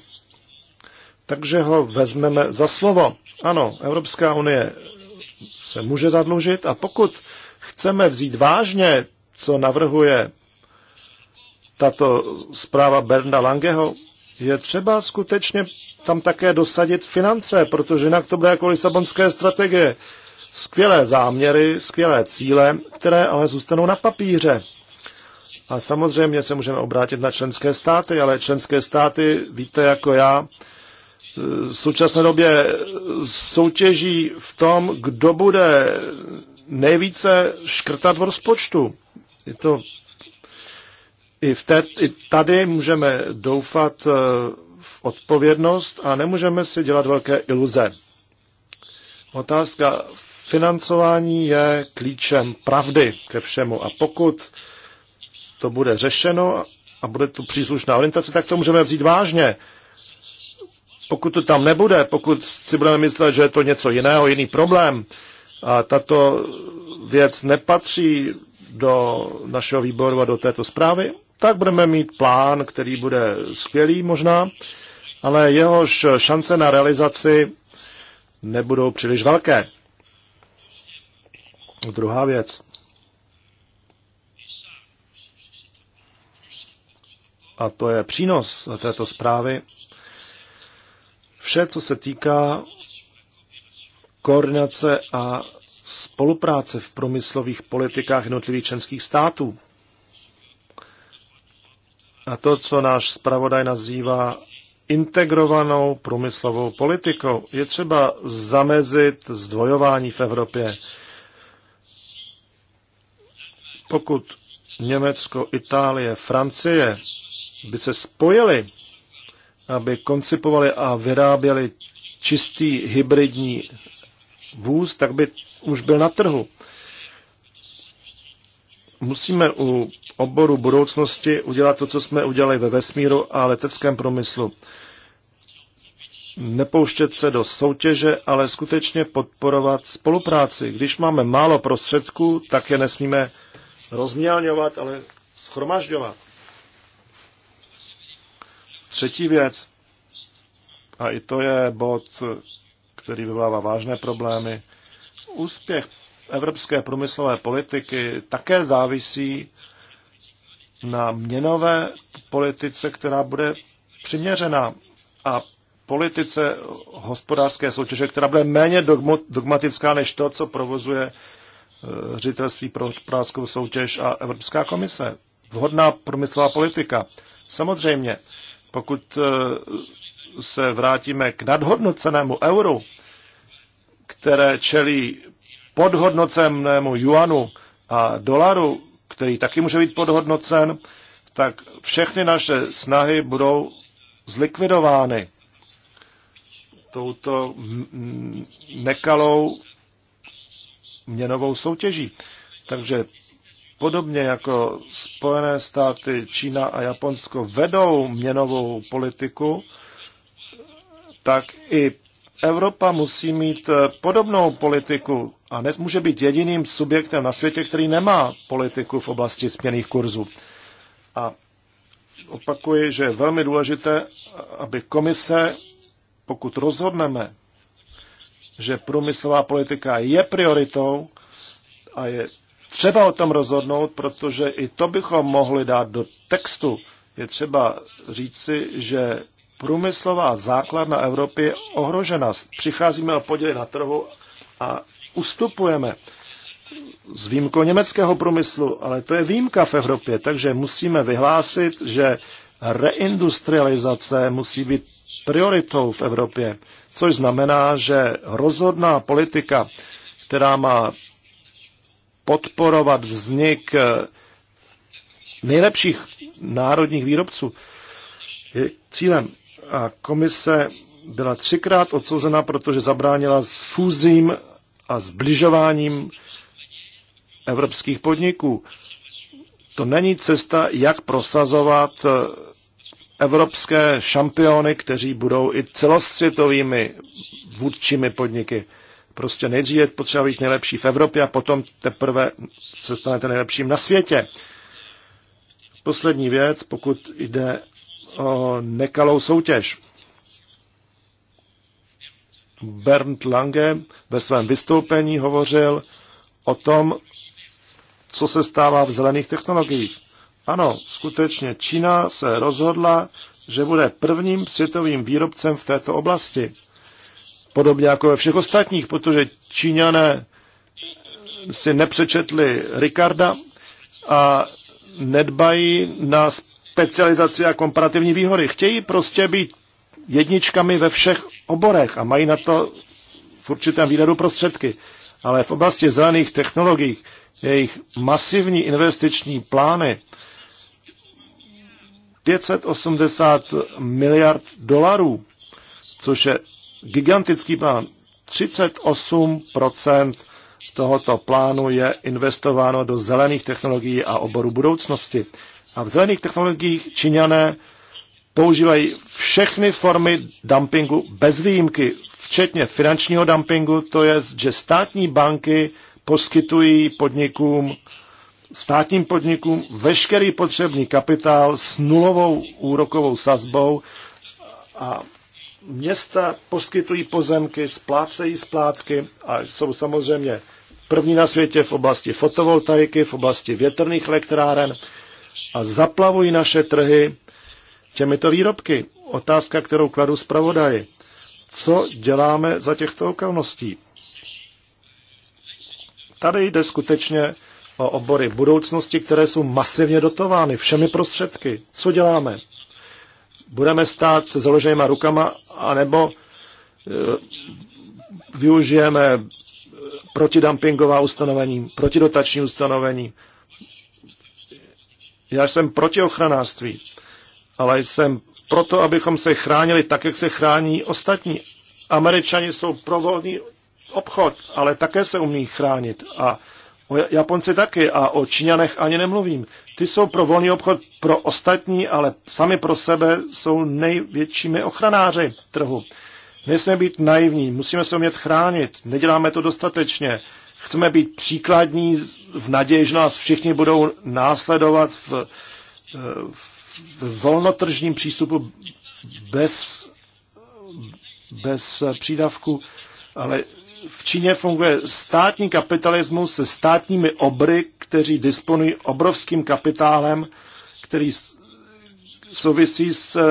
Takže ho vezmeme za slovo. Ano, Evropská unie se může zadlužit a pokud chceme vzít vážně, co navrhuje tato zpráva Bernda Langeho, je třeba skutečně tam také dosadit finance, protože jinak to bude jako Lisabonské strategie. Skvělé záměry, skvělé cíle, které ale zůstanou na papíře. A samozřejmě se můžeme obrátit na členské státy, ale členské státy, víte jako já, v současné době soutěží v tom, kdo bude nejvíce škrtat v rozpočtu. Je to i, v té, i tady můžeme doufat eh, v odpovědnost a nemůžeme si dělat velké iluze. Otázka financování je klíčem pravdy ke všemu a pokud to bude řešeno a bude tu příslušná orientace, tak to můžeme vzít vážně. Pokud to tam nebude, pokud si budeme myslet, že je to něco jiného, jiný problém, a tato věc nepatří do našeho výboru a do této zprávy, tak budeme mít plán, který bude skvělý možná, ale jehož šance na realizaci nebudou příliš velké. Druhá věc. A to je přínos této zprávy. Vše, co se týká koordinace a spolupráce v promyslových politikách jednotlivých členských států na to, co náš zpravodaj nazývá integrovanou průmyslovou politikou. Je třeba zamezit zdvojování v Evropě. Pokud Německo, Itálie, Francie by se spojili, aby koncipovali a vyráběli čistý hybridní vůz, tak by už byl na trhu. Musíme u oboru budoucnosti udělat to, co jsme udělali ve vesmíru a leteckém promyslu. Nepouštět se do soutěže, ale skutečně podporovat spolupráci. Když máme málo prostředků, tak je nesmíme rozmělňovat, ale schromažďovat. Třetí věc, a i to je bod, který vyvolává vážné problémy, úspěch evropské průmyslové politiky také závisí na měnové politice, která bude přiměřená a politice hospodářské soutěže, která bude méně dogmatická než to, co provozuje eh, ředitelství pro hospodářskou soutěž a Evropská komise. Vhodná průmyslová politika. Samozřejmě, pokud eh, se vrátíme k nadhodnocenému euru, které čelí podhodnocenému juanu a dolaru, který taky může být podhodnocen, tak všechny naše snahy budou zlikvidovány touto nekalou měnovou soutěží. Takže podobně jako Spojené státy, Čína a Japonsko vedou měnovou politiku, tak i Evropa musí mít podobnou politiku, a může být jediným subjektem na světě, který nemá politiku v oblasti směných kurzů. A opakuji, že je velmi důležité, aby komise, pokud rozhodneme, že průmyslová politika je prioritou a je třeba o tom rozhodnout, protože i to bychom mohli dát do textu. Je třeba říci, že průmyslová základna Evropy je ohrožena. Přicházíme o podíly na trhu a ustupujeme s výjimkou německého průmyslu, ale to je výjimka v Evropě, takže musíme vyhlásit, že reindustrializace musí být prioritou v Evropě, což znamená, že rozhodná politika, která má podporovat vznik eh, nejlepších národních výrobců, je cílem. A komise byla třikrát odsouzena, protože zabránila s fúzím a zbližováním evropských podniků. To není cesta, jak prosazovat evropské šampiony, kteří budou i celosvětovými vůdčími podniky. Prostě nejdříve potřeba být nejlepší v Evropě a potom teprve se stanete nejlepším na světě. Poslední věc, pokud jde o nekalou soutěž. Bernd Lange ve svém vystoupení hovořil o tom, co se stává v zelených technologiích. Ano, skutečně Čína se rozhodla, že bude prvním světovým výrobcem v této oblasti. Podobně jako ve všech ostatních, protože Číňané si nepřečetli Ricarda a nedbají na specializaci a komparativní výhody. Chtějí prostě být jedničkami ve všech oborech a mají na to v určitém výhledu prostředky. Ale v oblasti zelených technologií jejich masivní investiční plány 580 miliard dolarů, což je gigantický plán. 38% tohoto plánu je investováno do zelených technologií a oboru budoucnosti. A v zelených technologiích Číňané používají všechny formy dumpingu bez výjimky, včetně finančního dumpingu, to je, že státní banky poskytují podnikům, státním podnikům veškerý potřebný kapitál s nulovou úrokovou sazbou a města poskytují pozemky, splácejí splátky a jsou samozřejmě první na světě v oblasti fotovoltaiky, v oblasti větrných elektráren a zaplavují naše trhy těmito výrobky. Otázka, kterou kladu zpravodaji. Co děláme za těchto okolností? Tady jde skutečně o obory budoucnosti, které jsou masivně dotovány všemi prostředky. Co děláme? Budeme stát se založenýma rukama, anebo e, využijeme protidumpingová ustanovení, protidotační ustanovení. Já jsem proti ochranářství ale jsem proto, abychom se chránili tak, jak se chrání ostatní. Američani jsou pro volný obchod, ale také se umí chránit. A o Japonci taky a o Číňanech ani nemluvím. Ty jsou pro volný obchod pro ostatní, ale sami pro sebe jsou největšími ochranáři trhu. Nesmíme být naivní, musíme se umět chránit, neděláme to dostatečně. Chceme být příkladní v naději, že nás všichni budou následovat v, v volnotržním přístupu bez, bez přídavku, ale v Číně funguje státní kapitalismus se státními obry, kteří disponují obrovským kapitálem, který souvisí s eh,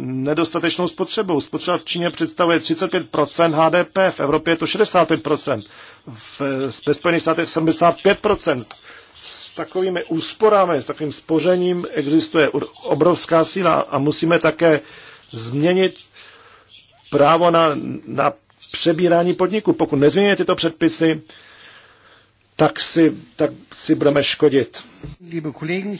nedostatečnou spotřebou. Spotřeba v Číně představuje 35% HDP, v Evropě je to 65%, v, ve Spojených státech 75% s takovými úsporami, s takovým spořením existuje obrovská síla a musíme také změnit právo na, na přebírání podniku. Pokud nezměníme tyto předpisy, tak si, tak si budeme škodit. Děkuji,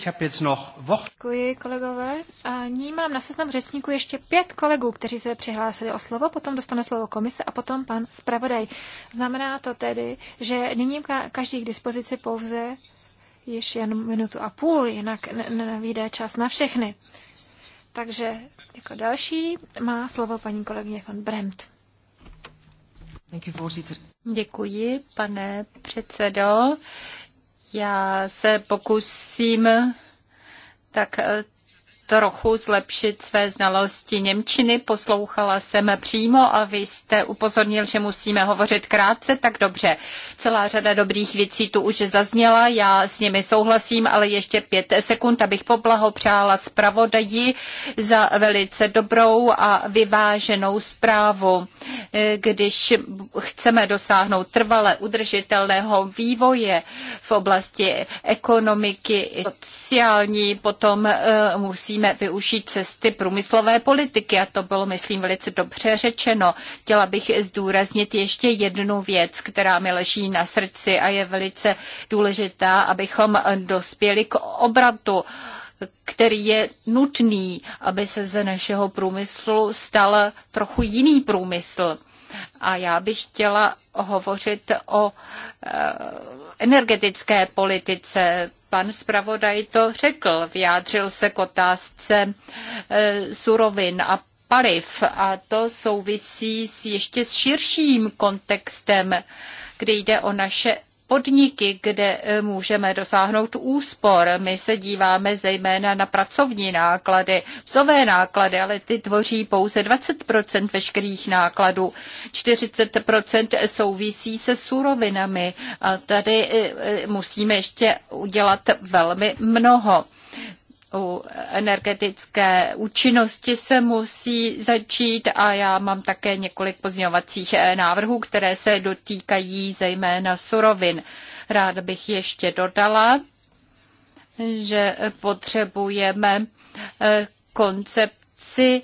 kolegové. A ní mám na seznam řečníků ještě pět kolegů, kteří se přihlásili o slovo, potom dostane slovo komise a potom pan zpravodaj. Znamená to tedy, že nyní každý k dispozici pouze ještě jen minutu a půl, jinak nevíde čas na všechny. Takže jako další má slovo paní kolegyně van Bremt. Děkuji, pane předsedo. Já se pokusím tak eh, trochu zlepšit své znalosti Němčiny. Poslouchala jsem přímo a vy jste upozornil, že musíme hovořit krátce, tak dobře. Celá řada dobrých věcí tu už zazněla, já s nimi souhlasím, ale ještě pět sekund, abych poblahopřála zpravodaji za velice dobrou a vyváženou zprávu. Když chceme dosáhnout trvale udržitelného vývoje v oblasti ekonomiky, sociální, potom eh, musíme musíme využít cesty průmyslové politiky a to bylo, myslím, velice dobře řečeno. Chtěla bych zdůraznit ještě jednu věc, která mi leží na srdci a je velice důležitá, abychom dospěli k obratu který je nutný, aby se ze našeho průmyslu stal trochu jiný průmysl. A já bych chtěla hovořit o eh, energetické politice. Pan zpravodaj to řekl, vyjádřil se k otázce eh, surovin a paliv a to souvisí s ještě s širším kontextem, kde jde o naše podniky, kde eh, můžeme dosáhnout úspor. My se díváme zejména na pracovní náklady, vzové náklady, ale ty tvoří pouze 20 veškerých nákladů. 40 souvisí se surovinami a tady eh, eh, musíme ještě udělat velmi mnoho u energetické účinnosti se musí začít a já mám také několik pozměňovacích eh, návrhů, které se dotýkají zejména surovin. Rád bych ještě dodala, že potřebujeme eh, koncepci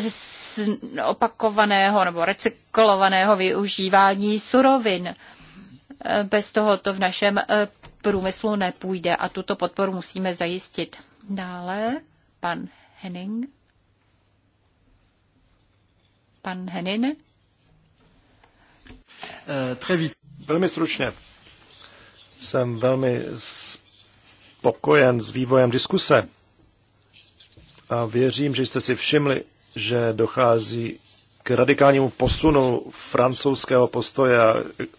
z eh, opakovaného nebo recyklovaného využívání surovin. Bez toho to v našem průmyslu nepůjde a tuto podporu musíme zajistit. Dále pan Henning. Pan Henin. Eh, velmi stručně. Jsem velmi spokojen s vývojem diskuse a věřím, že jste si všimli, že dochází k radikálnímu posunu francouzského postoje a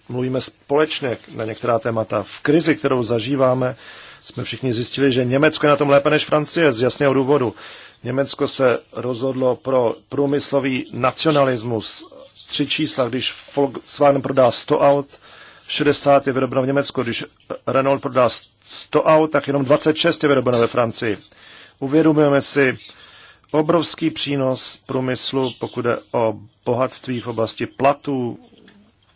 mluvíme společně na některá témata. V krizi, kterou zažíváme, jsme všichni zjistili, že Německo je na tom lépe než Francie z jasného důvodu. Německo se rozhodlo pro průmyslový nacionalismus. Tři čísla, když Volkswagen prodá 100 aut, 60 je vyrobeno v Německu, když Renault prodá 100 aut, tak jenom 26 je vyrobeno ve Francii. Uvědomujeme si, obrovský přínos průmyslu, pokud jde o bohatství v oblasti platů,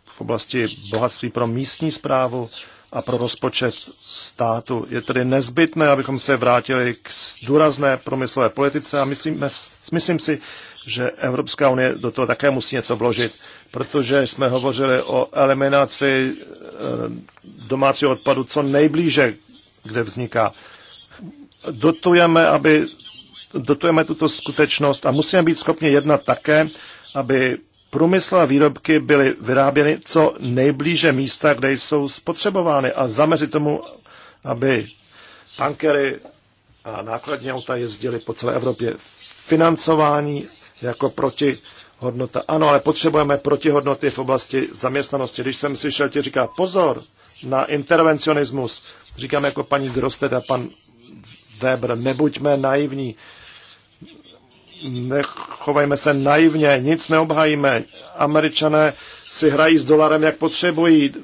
v oblasti bohatství pro místní zprávu a pro rozpočet státu. Je tedy nezbytné, abychom se vrátili k důrazné průmyslové politice a myslím, myslím si, že Evropská unie do toho také musí něco vložit, protože jsme hovořili o eliminaci eh, domácího odpadu co nejblíže, kde vzniká. Dotujeme, aby dotujeme tuto skutečnost a musíme být schopni jednat také, aby průmyslové výrobky byly vyráběny co nejblíže místa, kde jsou spotřebovány a zamezit tomu, aby tankery a nákladní auta jezdily po celé Evropě. Financování jako proti hodnota. Ano, ale potřebujeme protihodnoty v oblasti zaměstnanosti. Když jsem slyšel, ti říká pozor na intervencionismus. Říkám jako paní Grosted a pan Weber, nebuďme naivní nechovejme se naivně, nic neobhajíme. Američané si hrají s dolarem, jak potřebují,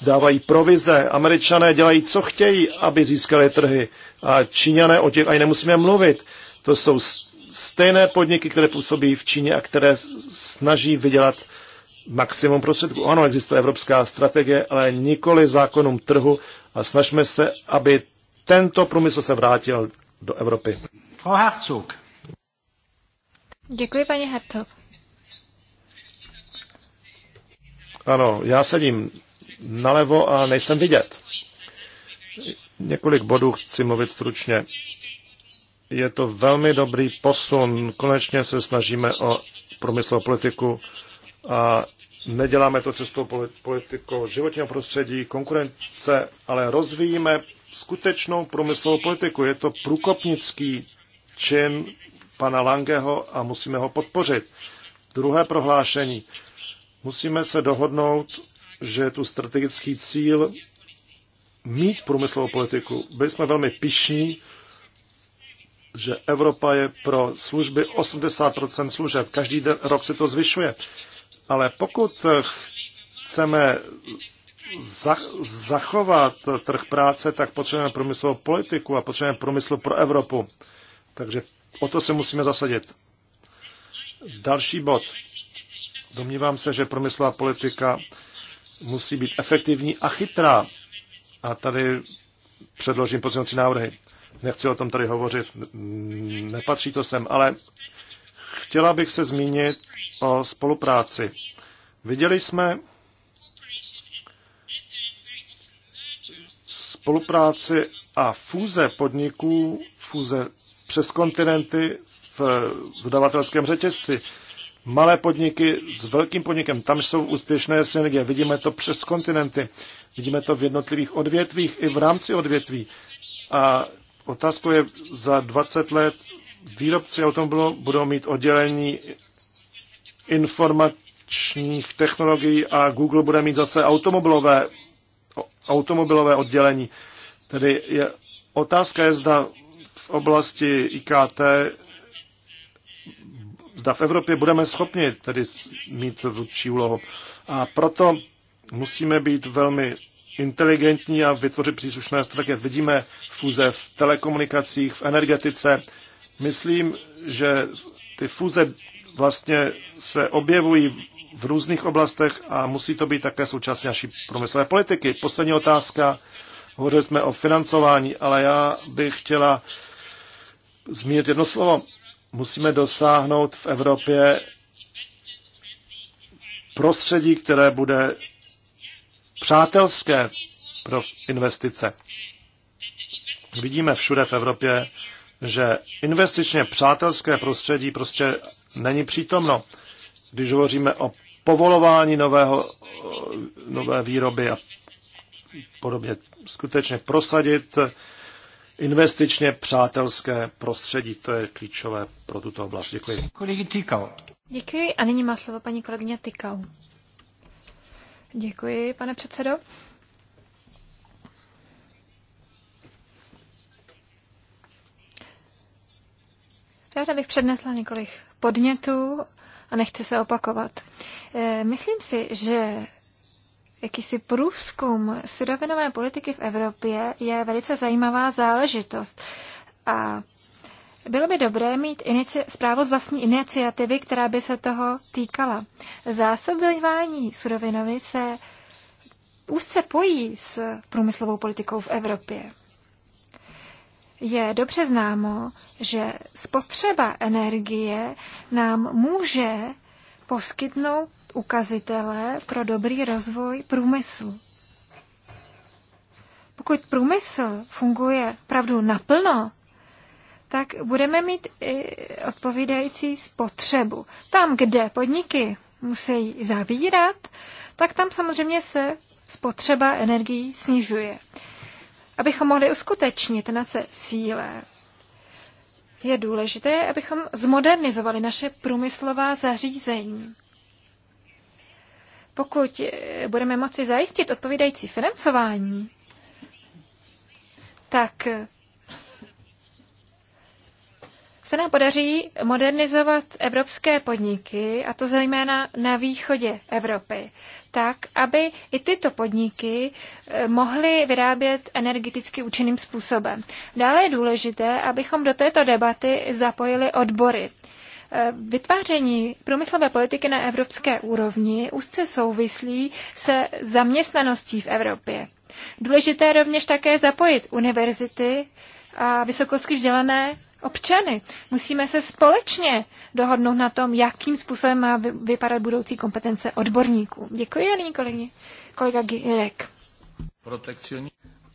dávají provize. Američané dělají, co chtějí, aby získali trhy. A Číňané o těch ani nemusíme mluvit. To jsou stejné podniky, které působí v Číně a které snaží vydělat maximum prostředků. Ano, existuje evropská strategie, ale nikoli zákonům trhu a snažme se, aby tento průmysl se vrátil do Evropy. Frau Herzog. Děkuji, paní Hertov. Ano, já sedím nalevo a nejsem vidět. Několik bodů chci mluvit stručně. Je to velmi dobrý posun. Konečně se snažíme o průmyslovou politiku a neděláme to cestou politikou životního prostředí, konkurence, ale rozvíjíme skutečnou průmyslovou politiku. Je to průkopnický čin pana Langeho a musíme ho podpořit. Druhé prohlášení. Musíme se dohodnout, že je tu strategický cíl mít průmyslovou politiku. Byli jsme velmi pišní, že Evropa je pro služby 80% služeb. Každý den, rok se to zvyšuje. Ale pokud chceme zachovat trh práce, tak potřebujeme průmyslovou politiku a potřebujeme průmysl pro Evropu. Takže o to se musíme zasadit. Další bod. Domnívám se, že promyslová politika musí být efektivní a chytrá. A tady předložím pozměňovací návrhy. Nechci o tom tady hovořit, nepatří to sem, ale chtěla bych se zmínit o spolupráci. Viděli jsme spolupráci a fúze podniků, fúze přes kontinenty v dodavatelském řetězci. Malé podniky s velkým podnikem, tam jsou úspěšné synergie. Vidíme to přes kontinenty, vidíme to v jednotlivých odvětvích i v rámci odvětví. A otázkou je, za 20 let výrobci automobilů budou mít oddělení informačních technologií a Google bude mít zase automobilové, automobilové oddělení. Tedy je, otázka je, zda v oblasti IKT, zda v Evropě budeme schopni tedy mít vůči úlohu. A proto musíme být velmi inteligentní a vytvořit příslušné strategie. Vidíme fuze v telekomunikacích, v energetice. Myslím, že ty fuze vlastně se objevují v různých oblastech a musí to být také součástí naší průmyslové politiky. Poslední otázka. Hovořili jsme o financování, ale já bych chtěla zmínit jedno slovo. Musíme dosáhnout v Evropě prostředí, které bude přátelské pro investice. Vidíme všude v Evropě, že investičně přátelské prostředí prostě není přítomno. Když hovoříme o povolování nového, nové výroby a podobně, skutečně prosadit investičně přátelské prostředí. To je klíčové pro tuto oblast. Děkuji. Kolegy Tykal. Děkuji a nyní má slovo paní kolegyně Tykal. Děkuji, pane předsedo. Ráda bych přednesla několik podnětů a nechci se opakovat. Eh, myslím si, že jakýsi průzkum surovinové politiky v Evropě je velice zajímavá záležitost. A bylo by dobré mít inici- zprávu z vlastní iniciativy, která by se toho týkala. Zásobování surovinovy se úzce pojí s průmyslovou politikou v Evropě. Je dobře známo, že spotřeba energie nám může poskytnout ukazitele pro dobrý rozvoj průmyslu. Pokud průmysl funguje opravdu naplno, tak budeme mít i odpovídající spotřebu. Tam, kde podniky musí zavírat, tak tam samozřejmě se spotřeba energií snižuje. Abychom mohli uskutečnit naše síle, je důležité, abychom zmodernizovali naše průmyslová zařízení. Pokud eh, budeme moci zajistit odpovídající financování, tak eh, se nám podaří modernizovat evropské podniky, a to zejména na východě Evropy, tak, aby i tyto podniky eh, mohly vyrábět energeticky účinným způsobem. Dále je důležité, abychom do této debaty zapojili odbory. Eh, vytváření průmyslové politiky na evropské úrovni úzce souvislí se zaměstnaností v Evropě. Důležité je rovněž také zapojit univerzity a vysokoškolsky vzdělané občany. Musíme se společně dohodnout na tom, jakým způsobem má vypadat budoucí kompetence odborníků. Děkuji, a nyní kolegyně, kolega Girek.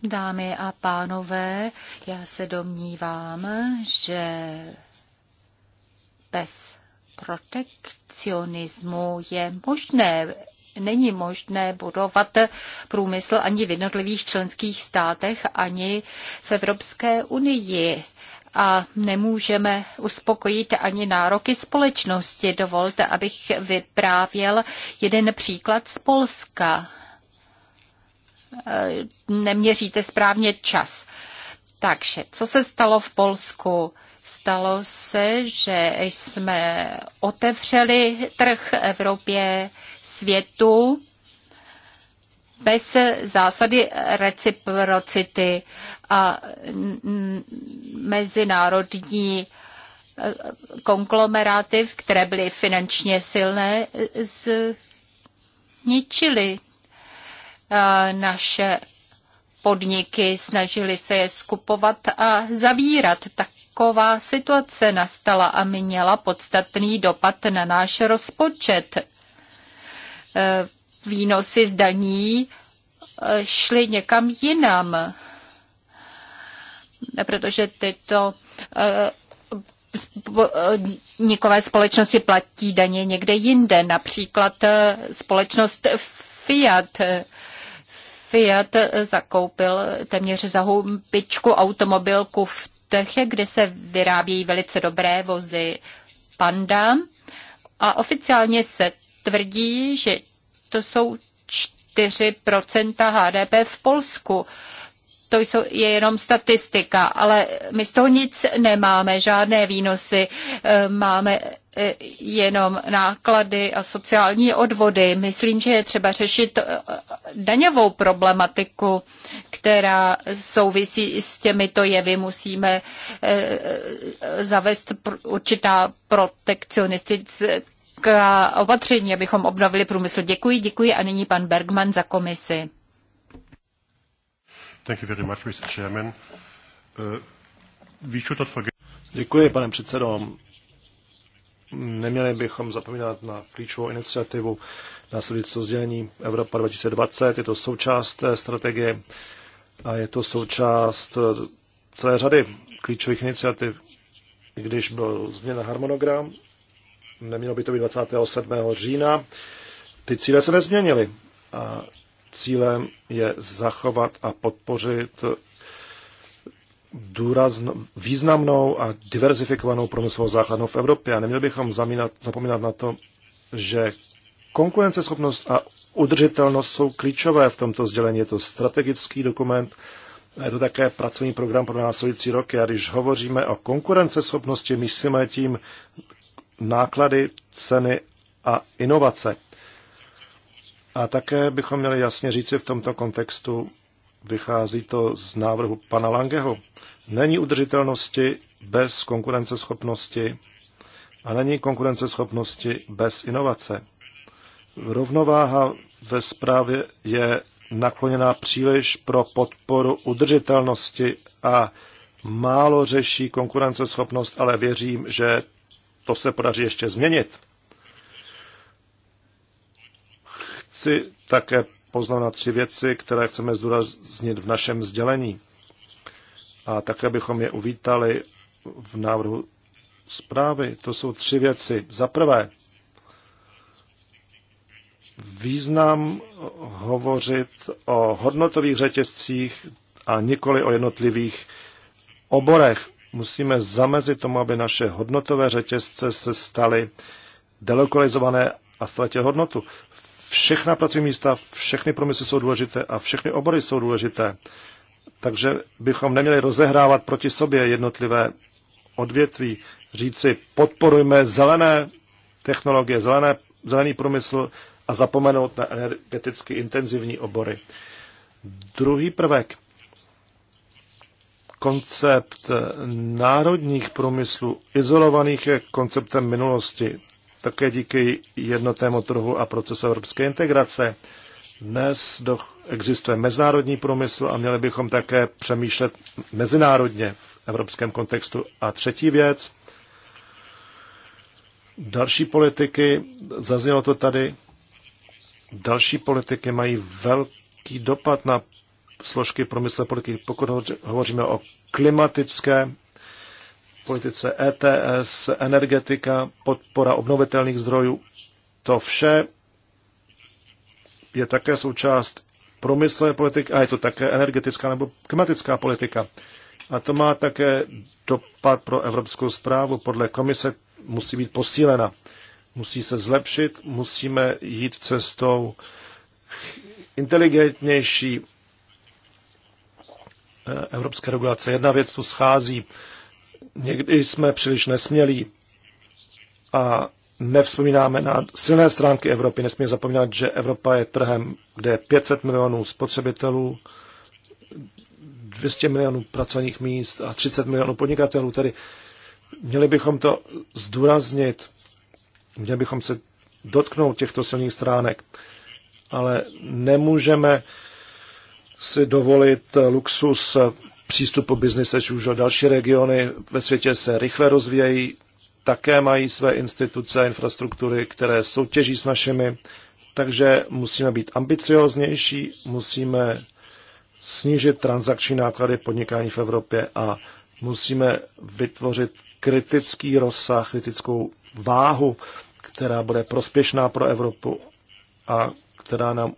Dámy a pánové, já se domnívám, že bez protekcionismu je možné. Není možné budovat průmysl ani v jednotlivých členských státech, ani v Evropské unii a nemůžeme uspokojit ani nároky společnosti. Dovolte, abych vyprávěl jeden příklad z Polska. Neměříte správně čas. Takže, co se stalo v Polsku? Stalo se, že jsme otevřeli trh Evropě světu bez zásady reciprocity a mezinárodní eh, konglomeráty, které byly finančně silné, zničily eh, naše podniky, snažili se je skupovat a zavírat. Tak taková situace nastala a měla podstatný dopad na náš rozpočet. E, výnosy z daní e, šly někam jinam, protože tyto e, nikové společnosti platí daně někde jinde, například společnost Fiat. Fiat zakoupil téměř za hubičku automobilku v Čech, kde se vyrábějí velice dobré vozy Panda. A oficiálně se tvrdí, že to jsou 4% HDP v Polsku. To jsou, je jenom statistika, ale my z toho nic nemáme, žádné výnosy. Eh, máme E, jenom náklady a sociální odvody. Myslím, že je třeba řešit e, daňovou problematiku, která souvisí s těmito jevy. Musíme e, zavést určitá protekcionistická opatření, abychom obnovili průmysl. Děkuji, děkuji a nyní pan Bergman za komisi. Thank you very much, Mr. Chairman. Uh, we should not forget... Děkuji, pane předsedo. Neměli bychom zapomínat na klíčovou iniciativu na sdělení Evropa 2020. Je to součást té strategie a je to součást celé řady klíčových iniciativ. Když byl změna harmonogram, nemělo by to být 27. října, ty cíle se nezměnily. A cílem je zachovat a podpořit důrazn, významnou a diverzifikovanou průmyslovou základnou v Evropě. A neměli bychom zamínat, zapomínat na to, že konkurenceschopnost a udržitelnost jsou klíčové v tomto sdělení. Je to strategický dokument je to také pracovní program pro následující roky. A když hovoříme o konkurenceschopnosti, myslíme tím náklady, ceny a inovace. A také bychom měli jasně říci v tomto kontextu, vychází to z návrhu pana Langeho. Není udržitelnosti bez konkurenceschopnosti a není konkurenceschopnosti bez inovace. Rovnováha ve zprávě je nakloněná příliš pro podporu udržitelnosti a málo řeší konkurenceschopnost, ale věřím, že to se podaří ještě změnit. Chci také poznamenat tři věci, které chceme zdůraznit v našem sdělení. A také bychom je uvítali v návrhu zprávy. To jsou tři věci. Za prvé, význam hovořit o hodnotových řetězcích a nikoli o jednotlivých oborech. Musíme zamezit tomu, aby naše hodnotové řetězce se staly delokalizované a ztratil hodnotu. V všechna pracovní místa, všechny promysly jsou důležité a všechny obory jsou důležité. Takže bychom neměli rozehrávat proti sobě jednotlivé odvětví, říci podporujme zelené technologie, zelené, zelený průmysl a zapomenout na energeticky intenzivní obory. Druhý prvek. Koncept národních průmyslů izolovaných je konceptem minulosti také díky jednotnému trhu a procesu evropské integrace. Dnes do, existuje mezinárodní průmysl a měli bychom také přemýšlet mezinárodně v evropském kontextu. A třetí věc, další politiky, zaznělo to tady, další politiky mají velký dopad na složky průmyslové politiky, pokud hovoříme o klimatické politice ETS, energetika, podpora obnovitelných zdrojů. To vše je také součást průmyslové politiky a je to také energetická nebo klimatická politika. A to má také dopad pro evropskou zprávu. Podle komise musí být posílena. Musí se zlepšit, musíme jít cestou inteligentnější e, evropské regulace. Jedna věc tu schází Někdy jsme příliš nesmělí a nevzpomínáme na silné stránky Evropy. Nesmíme zapomínat, že Evropa je trhem, kde je 500 milionů spotřebitelů, 200 milionů pracovních míst a 30 milionů podnikatelů. Tedy měli bychom to zdůraznit, měli bychom se dotknout těchto silných stránek, ale nemůžeme si dovolit luxus přístupu business as usual. Další regiony ve světě se rychle rozvíjejí, také mají své instituce a infrastruktury, které soutěží s našimi, takže musíme být ambicioznější, musíme snížit transakční náklady podnikání v Evropě a musíme vytvořit kritický rozsah, kritickou váhu, která bude prospěšná pro Evropu a která nám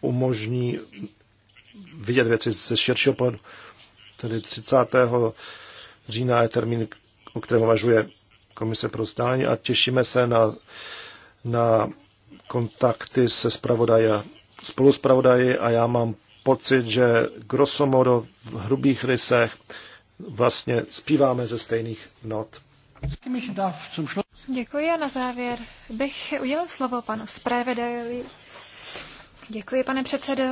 umožní vidět věci ze širšího pohledu. Tedy 30. října je termín, o kterém uvažuje Komise pro stání a těšíme se na, na kontakty se a spoluspravodaji a já mám pocit, že grosomodo v hrubých rysech vlastně zpíváme ze stejných not. Děkuji a na závěr bych udělal slovo panu zpravodajovi. Děkuji, pane předsedo.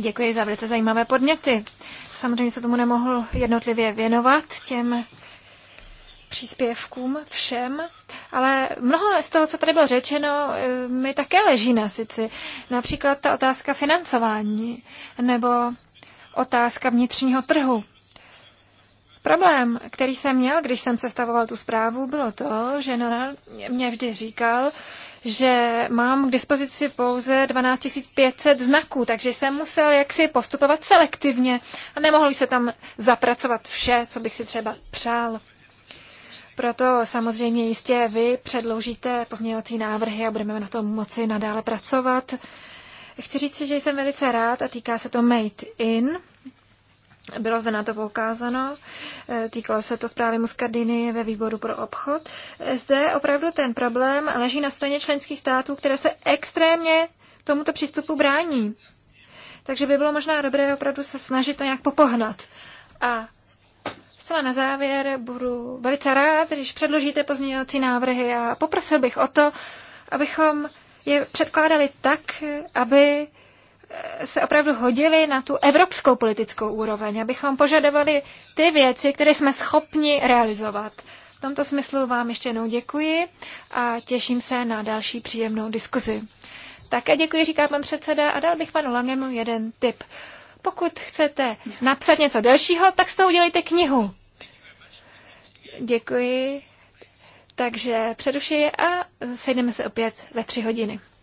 Děkuji za velice zajímavé podněty. Samozřejmě se tomu nemohl jednotlivě věnovat těm příspěvkům všem, ale mnoho z toho, co tady bylo řečeno, eh, mi také leží na sici. Například ta otázka financování nebo otázka vnitřního trhu. Problém, který jsem měl, když jsem sestavoval tu zprávu, bylo to, že Nora mě vždy říkal, že mám k dispozici pouze 12 500 znaků, takže jsem musel jaksi postupovat selektivně a nemohl se tam zapracovat vše, co bych si třeba přál. Proto samozřejmě jistě vy předložíte pozměňovací návrhy a budeme na tom moci nadále pracovat. Chci říct, že jsem velice rád a týká se to Made in. Bylo zde na to poukázáno, eh, týkalo se to zprávy Muscardiny ve výboru pro obchod. Zde opravdu ten problém leží na straně členských států, které se extrémně tomuto přístupu brání. Takže by bylo možná dobré opravdu se snažit to nějak popohnat. A zcela na závěr budu velice rád, když předložíte pozměňovací návrhy a poprosil bych o to, abychom je předkládali tak, aby se opravdu hodili na tu evropskou politickou úroveň, abychom požadovali ty věci, které jsme schopni realizovat. V tomto smyslu vám ještě jednou děkuji a těším se na další příjemnou diskuzi. Také děkuji, říká pan předseda, a dal bych panu Langemu jeden tip. Pokud chcete napsat něco delšího, tak z toho udělejte knihu. Děkuji. Takže přerušuji a sejdeme se opět ve tři hodiny.